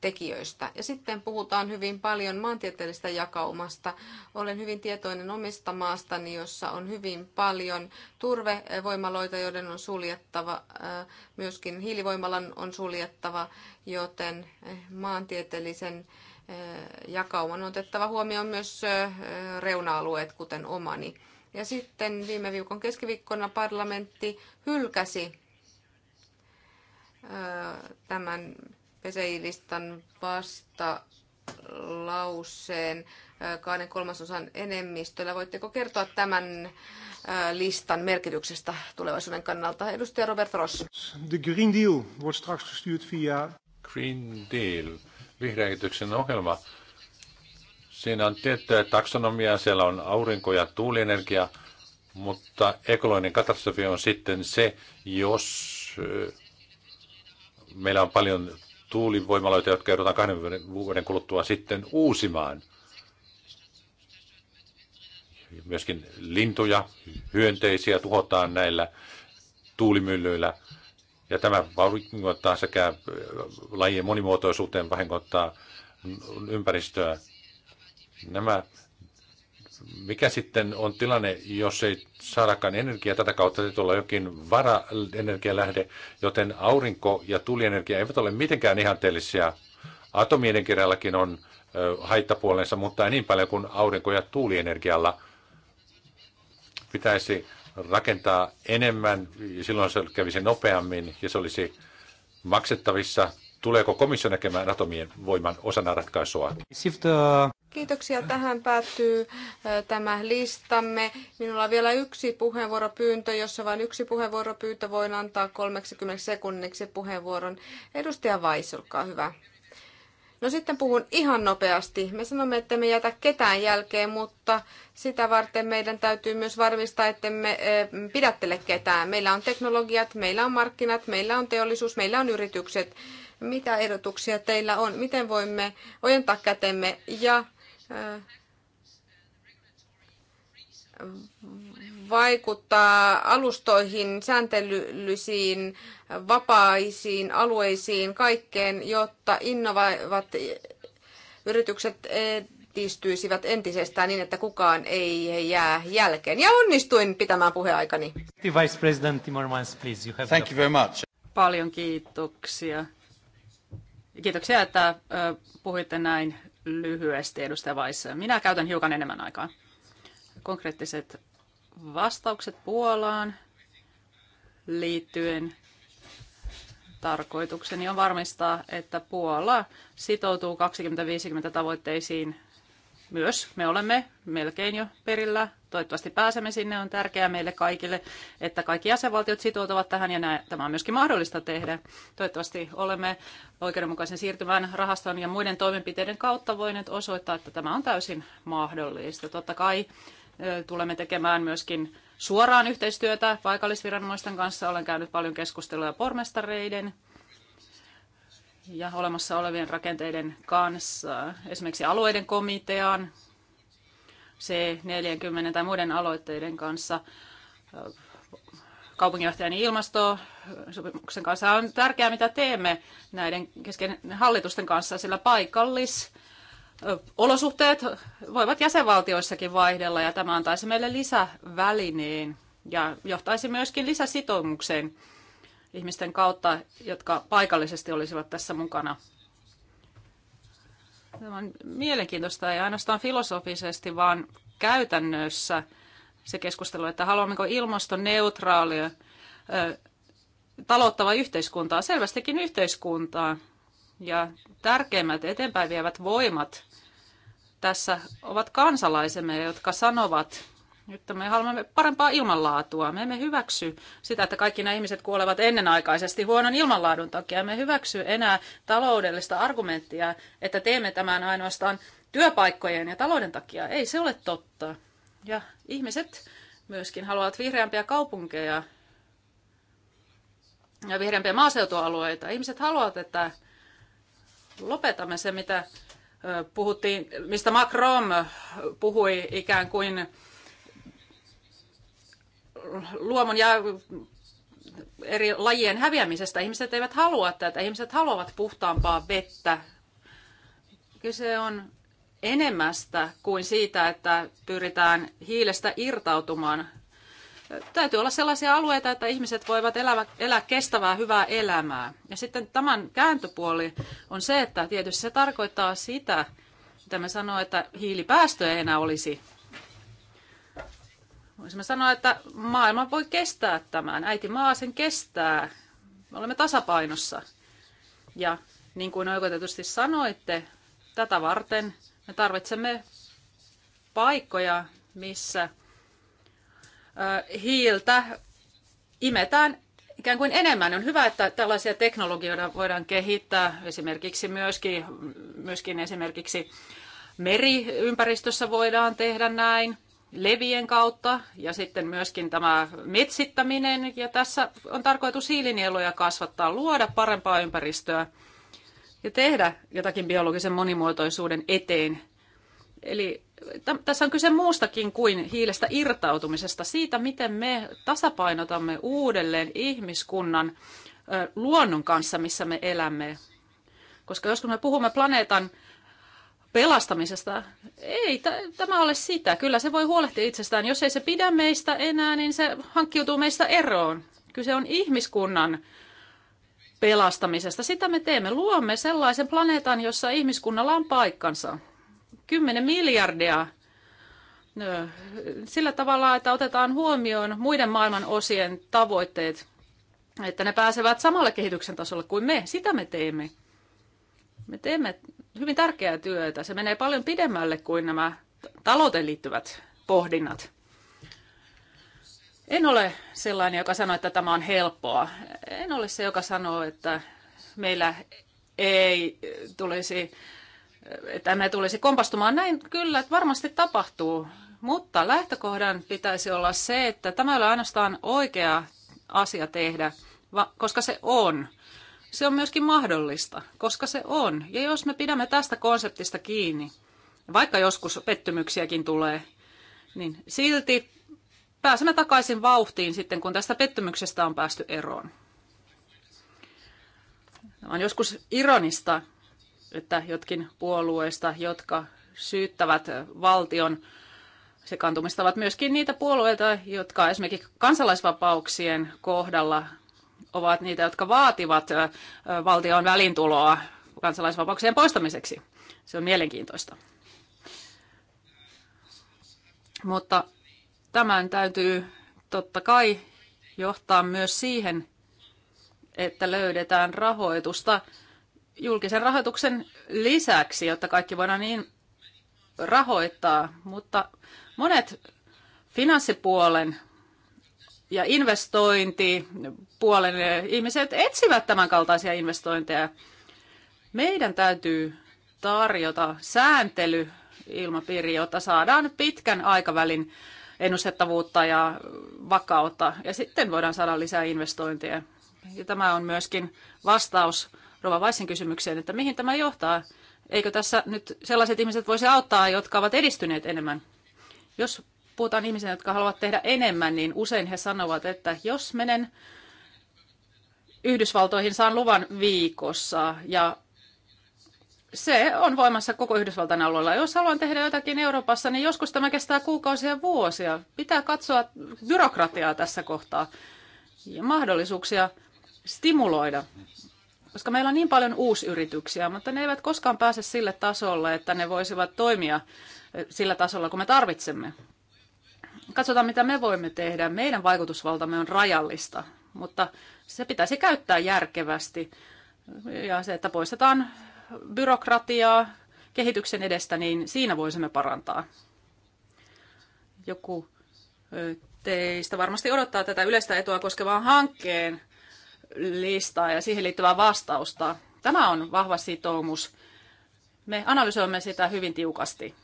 tekijöistä? Ja sitten puhutaan hyvin paljon maantieteellisistä maantieteellisestä jakaumasta. Olen hyvin tietoinen omista maastani, jossa on hyvin paljon turvevoimaloita, joiden on suljettava. Äh, myöskin hiilivoimalan on suljettava, joten äh, maantieteellisen äh, jakauman on otettava huomioon myös reuna-alueet, kuten omani. Ja sitten viime viikon keskiviikkona parlamentti hylkäsi tämän peseilistan vasta lauseen äh, kahden kolmasosan enemmistöllä. Voitteko kertoa tämän äh, listan merkityksestä tulevaisuuden kannalta? Edustaja Robert Ross. The Green Deal wordt straks gestuurd via... Green Deal, vihreäkityksen ohjelma. Siinä on tiettyä taksonomiaa, siellä on aurinko- ja tuulienergia, mutta ekologinen katastrofi on sitten se, jos äh, meillä on paljon tuulivoimaloita, jotka joudutaan kahden vuoden kuluttua sitten uusimaan. Myöskin lintuja, hyönteisiä tuhotaan näillä tuulimyllyillä. Ja tämä vahingoittaa sekä lajien monimuotoisuuteen, vahingoittaa ympäristöä. Nämä mikä sitten on tilanne, jos ei saadakaan energiaa tätä kautta, se olla jokin varaenergialähde, joten aurinko- ja tulienergia eivät ole mitenkään ihanteellisia. Atomienergiallakin on haittapuolensa, mutta niin paljon kuin aurinko- ja tuulienergialla. Pitäisi rakentaa enemmän, silloin se kävisi nopeammin ja se olisi maksettavissa. Tuleeko komissio näkemään atomien voiman osana ratkaisua? Äh, Kiitoksia. Tähän päättyy tämä listamme. Minulla on vielä yksi puheenvuoropyyntö, jossa vain yksi puheenvuoropyyntö voin antaa 30 sekunniksi puheenvuoron. Edustaja Vais, olkaa hyvä. No sitten puhun ihan nopeasti. Me sanomme, että me jätä ketään jälkeen, mutta sitä varten meidän täytyy myös varmistaa, että me pidättele ketään. Meillä on teknologiat, meillä on markkinat, meillä on teollisuus, meillä on yritykset. Mitä ehdotuksia teillä on? Miten voimme ojentaa kätemme ja vaikuttaa alustoihin, sääntelyllisiin, vapaisiin alueisiin, kaikkeen, jotta innovaivat yritykset edistyisivät entisestään niin, että kukaan ei jää jälkeen. Ja onnistuin pitämään puheaikani. Vice President Timmermans, please, you have Thank you very much. Paljon kiitoksia. Kiitoksia, että puhuitte näin lyhyesti, edustaja Weiss. Minä käytän hiukan enemmän aikaa. Konkreettiset vastaukset Puolaan liittyen tarkoitukseni on varmistaa, että Puola sitoutuu 2050 tavoitteisiin myös me olemme melkein jo perillä. Toivottavasti pääsemme sinne. On tärkeää meille kaikille, että kaikki jäsenvaltiot sitoutuvat tähän ja näin. tämä on myöskin mahdollista tehdä. Toivottavasti olemme oikeudenmukaisen siirtymän rahaston ja muiden toimenpiteiden kautta voineet osoittaa, että tämä on täysin mahdollista. Totta kai tulemme tekemään myöskin suoraan yhteistyötä paikallisviranomaisten kanssa. Olen käynyt paljon keskusteluja pormestareiden ja olemassa olevien rakenteiden kanssa, esimerkiksi alueiden komitean, C40 tai muiden aloitteiden kanssa, kaupunginjohtajan ilmastosopimuksen kanssa. On tärkeää, mitä teemme näiden kesken hallitusten kanssa, sillä paikallis olosuhteet voivat jäsenvaltioissakin vaihdella ja tämä antaisi meille lisävälineen ja johtaisi myöskin lisäsitoumukseen ihmisten kautta, jotka paikallisesti olisivat tässä mukana. Tämä on mielenkiintoista, ei ainoastaan filosofisesti, vaan käytännössä se keskustelu, että haluammeko ilmastoneutraalia talouttava yhteiskuntaa, selvästikin yhteiskuntaa. Ja tärkeimmät eteenpäin vievät voimat tässä ovat kansalaisemme, jotka sanovat, että me haluamme parempaa ilmanlaatua. Me emme hyväksy sitä, että kaikki nämä ihmiset kuolevat ennenaikaisesti huonon ilmanlaadun takia. Me hyväksy enää taloudellista argumenttia, että teemme tämän ainoastaan työpaikkojen ja talouden takia. Ei se ole totta. Ja ihmiset myöskin haluavat vihreämpiä kaupunkeja ja vihreämpiä maaseutualueita. Ihmiset haluavat, että lopetamme se, mitä puhuttiin, mistä Macron puhui ikään kuin luomun ja eri lajien häviämisestä. Ihmiset eivät halua tätä. Ihmiset haluavat puhtaampaa vettä. Kyse on enemmästä kuin siitä, että pyritään hiilestä irtautumaan. Täytyy olla sellaisia alueita, että ihmiset voivat elää, elää kestävää, hyvää elämää. Ja sitten tämän kääntöpuoli on se, että tietysti se tarkoittaa sitä, mitä me sanoo, että hiilipäästöjä ei enää olisi Voisimme sanoa, että maailma voi kestää tämän. Äiti maa sen kestää. Me olemme tasapainossa. Ja niin kuin oikeutetusti sanoitte, tätä varten me tarvitsemme paikkoja, missä hiiltä imetään ikään kuin enemmän. On hyvä, että tällaisia teknologioita voidaan kehittää. Esimerkiksi myöskin, myöskin esimerkiksi meriympäristössä voidaan tehdä näin levien kautta ja sitten myöskin tämä metsittäminen. Ja tässä on tarkoitus hiilinieluja kasvattaa, luoda parempaa ympäristöä ja tehdä jotakin biologisen monimuotoisuuden eteen. Eli tässä on kyse muustakin kuin hiilestä irtautumisesta, siitä miten me tasapainotamme uudelleen ihmiskunnan luonnon kanssa, missä me elämme. Koska joskus me puhumme planeetan pelastamisesta. Ei tämä ole sitä. Kyllä se voi huolehtia itsestään. Jos ei se pidä meistä enää, niin se hankkiutuu meistä eroon. Kyse on ihmiskunnan pelastamisesta. Sitä me teemme. Luomme sellaisen planeetan, jossa ihmiskunnalla on paikkansa. 10 miljardia sillä tavalla, että otetaan huomioon muiden maailman osien tavoitteet, että ne pääsevät samalle kehityksen tasolle kuin me. Sitä me teemme. Me teemme hyvin tärkeää työtä. Se menee paljon pidemmälle kuin nämä talouteen liittyvät pohdinnat. En ole sellainen, joka sanoo, että tämä on helppoa. En ole se, joka sanoo, että meillä ei tulisi, että me tulisi kompastumaan. Näin kyllä, että varmasti tapahtuu. Mutta lähtökohdan pitäisi olla se, että tämä ei ole ainoastaan oikea asia tehdä, koska se on – se on myöskin mahdollista, koska se on. Ja jos me pidämme tästä konseptista kiinni, vaikka joskus pettymyksiäkin tulee, niin silti pääsemme takaisin vauhtiin sitten, kun tästä pettymyksestä on päästy eroon. On joskus ironista, että jotkin puolueista, jotka syyttävät valtion sekaantumista, ovat myöskin niitä puolueita, jotka esimerkiksi kansalaisvapauksien kohdalla ovat niitä, jotka vaativat valtion välintuloa kansalaisvapauksien poistamiseksi. Se on mielenkiintoista. Mutta tämän täytyy totta kai johtaa myös siihen, että löydetään rahoitusta julkisen rahoituksen lisäksi, jotta kaikki voidaan niin rahoittaa, mutta monet finanssipuolen ja investointi puolen ihmiset etsivät tämän kaltaisia investointeja. Meidän täytyy tarjota sääntely ilmapiiri, jota saadaan pitkän aikavälin ennustettavuutta ja vakautta, ja sitten voidaan saada lisää investointeja. Ja tämä on myöskin vastaus Rova Vaisin kysymykseen, että mihin tämä johtaa. Eikö tässä nyt sellaiset ihmiset voisi auttaa, jotka ovat edistyneet enemmän? Jos puhutaan ihmisiä, jotka haluavat tehdä enemmän, niin usein he sanovat, että jos menen Yhdysvaltoihin, saan luvan viikossa ja se on voimassa koko Yhdysvaltain alueella. Jos haluan tehdä jotakin Euroopassa, niin joskus tämä kestää kuukausia ja vuosia. Pitää katsoa byrokratiaa tässä kohtaa ja mahdollisuuksia stimuloida. Koska meillä on niin paljon uusyrityksiä, mutta ne eivät koskaan pääse sille tasolle, että ne voisivat toimia sillä tasolla, kun me tarvitsemme katsotaan, mitä me voimme tehdä. Meidän vaikutusvaltamme on rajallista, mutta se pitäisi käyttää järkevästi. Ja se, että poistetaan byrokratiaa kehityksen edestä, niin siinä voisimme parantaa. Joku teistä varmasti odottaa tätä yleistä etua koskevaan hankkeen listaa ja siihen liittyvää vastausta. Tämä on vahva sitoumus. Me analysoimme sitä hyvin tiukasti.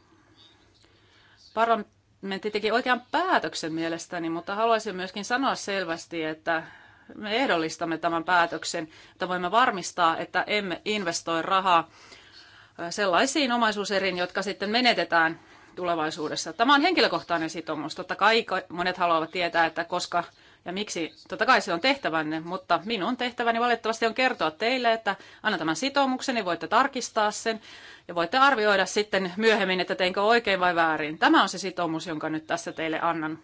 Parlamentti me tietenkin oikean päätöksen mielestäni, mutta haluaisin myöskin sanoa selvästi, että me ehdollistamme tämän päätöksen, että voimme varmistaa, että emme investoi rahaa sellaisiin omaisuuseriin, jotka sitten menetetään tulevaisuudessa. Tämä on henkilökohtainen sitoumus. Totta kai monet haluavat tietää, että koska ja miksi. Totta kai se on tehtävänne, mutta minun tehtäväni valitettavasti on kertoa teille, että annan tämän sitoumukseni, voitte tarkistaa sen ja voitte arvioida sitten myöhemmin, että teinkö oikein vai väärin. Tämä on se sitoumus, jonka nyt tässä teille annan.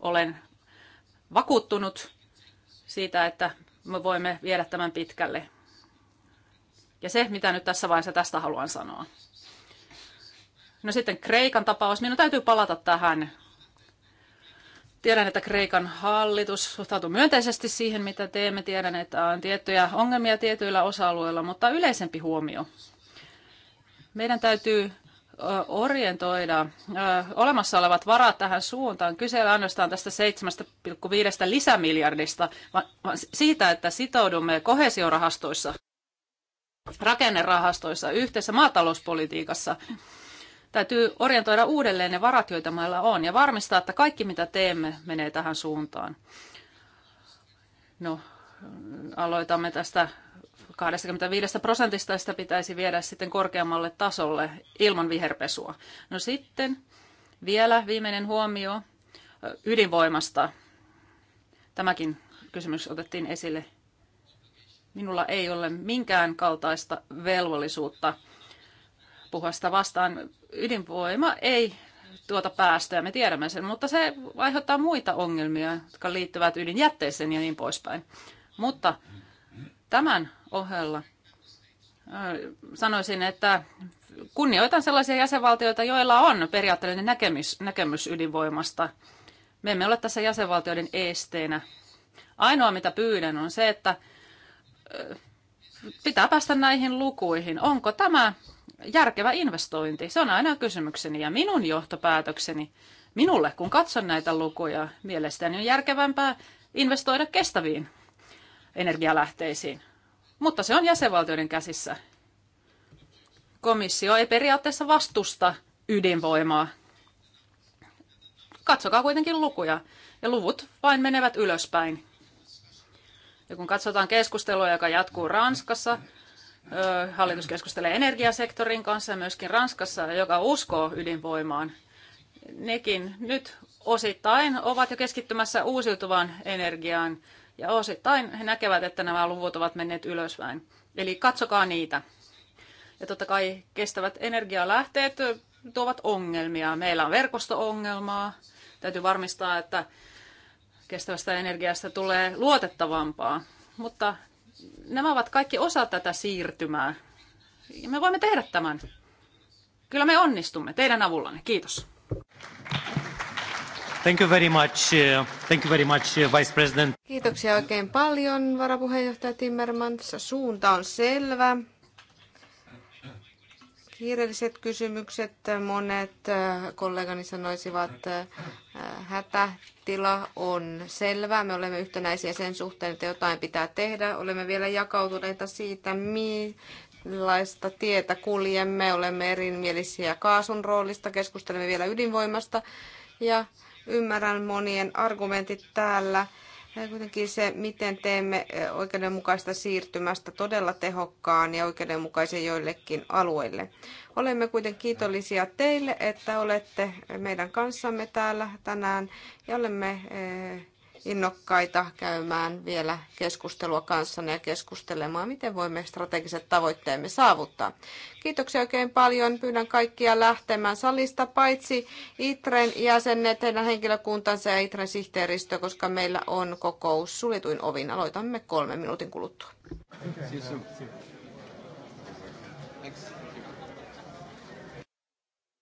Olen vakuuttunut siitä, että me voimme viedä tämän pitkälle. Ja se, mitä nyt tässä vaiheessa tästä haluan sanoa. No sitten Kreikan tapaus. Minun täytyy palata tähän Tiedän, että Kreikan hallitus suhtautuu myönteisesti siihen, mitä teemme. Tiedän, että on tiettyjä ongelmia tietyillä osa-alueilla, mutta yleisempi huomio. Meidän täytyy orientoida olemassa olevat varat tähän suuntaan. Kyse ei ainoastaan tästä 7,5 lisämiljardista, vaan siitä, että sitoudumme kohesiorahastoissa, rakennerahastoissa, yhteisessä maatalouspolitiikassa – Täytyy orientoida uudelleen ne varat, joita meillä on, ja varmistaa, että kaikki mitä teemme menee tähän suuntaan. No, aloitamme tästä 25 prosentista sitä pitäisi viedä sitten korkeammalle tasolle ilman viherpesua. No sitten vielä viimeinen huomio ydinvoimasta. Tämäkin kysymys otettiin esille. Minulla ei ole minkään kaltaista velvollisuutta puhua sitä vastaan. Ydinvoima ei tuota päästöä, me tiedämme sen, mutta se aiheuttaa muita ongelmia, jotka liittyvät ydinjätteeseen ja niin poispäin. Mutta tämän ohella sanoisin, että kunnioitan sellaisia jäsenvaltioita, joilla on periaatteellinen näkemys, näkemys ydinvoimasta. Me emme ole tässä jäsenvaltioiden esteenä. Ainoa, mitä pyydän, on se, että pitää päästä näihin lukuihin. Onko tämä järkevä investointi? Se on aina kysymykseni ja minun johtopäätökseni. Minulle, kun katson näitä lukuja, mielestäni on järkevämpää investoida kestäviin energialähteisiin. Mutta se on jäsenvaltioiden käsissä. Komissio ei periaatteessa vastusta ydinvoimaa. Katsokaa kuitenkin lukuja, ja luvut vain menevät ylöspäin. Ja kun katsotaan keskustelua, joka jatkuu Ranskassa, Hallitus keskustelee energiasektorin kanssa ja myöskin Ranskassa, joka uskoo ydinvoimaan. Nekin nyt osittain ovat jo keskittymässä uusiutuvaan energiaan ja osittain he näkevät, että nämä luvut ovat menneet ylöspäin. Eli katsokaa niitä. Ja totta kai kestävät energialähteet tuovat ongelmia. Meillä on verkostoongelmaa. Täytyy varmistaa, että kestävästä energiasta tulee luotettavampaa. Mutta nämä ovat kaikki osa tätä siirtymää. Ja me voimme tehdä tämän. Kyllä me onnistumme teidän avullanne. Kiitos. Thank you very much. Uh, thank you very much, uh, Vice President. Kiitoksia oikein paljon, varapuheenjohtaja Timmermans. Suunta on selvä kiireelliset kysymykset. Monet äh, kollegani sanoisivat, että äh, hätätila on selvä. Me olemme yhtenäisiä sen suhteen, että jotain pitää tehdä. Olemme vielä jakautuneita siitä, millaista tietä kuljemme. Olemme erimielisiä kaasun roolista, keskustelemme vielä ydinvoimasta ja ymmärrän monien argumentit täällä – Kuitenkin se, miten teemme oikeudenmukaista siirtymästä todella tehokkaan ja oikeudenmukaisen joillekin alueille. Olemme kuitenkin kiitollisia teille, että olette meidän kanssamme täällä tänään ja olemme innokkaita käymään vielä keskustelua kanssanne ja keskustelemaan, miten voimme strategiset tavoitteemme saavuttaa. Kiitoksia oikein paljon. Pyydän kaikkia lähtemään salista, paitsi ITREn jäsenet, heidän henkilökuntansa ja ITREn sihteeristö, koska meillä on kokous suljetuin ovin. Aloitamme kolmen minuutin kuluttua. Okay.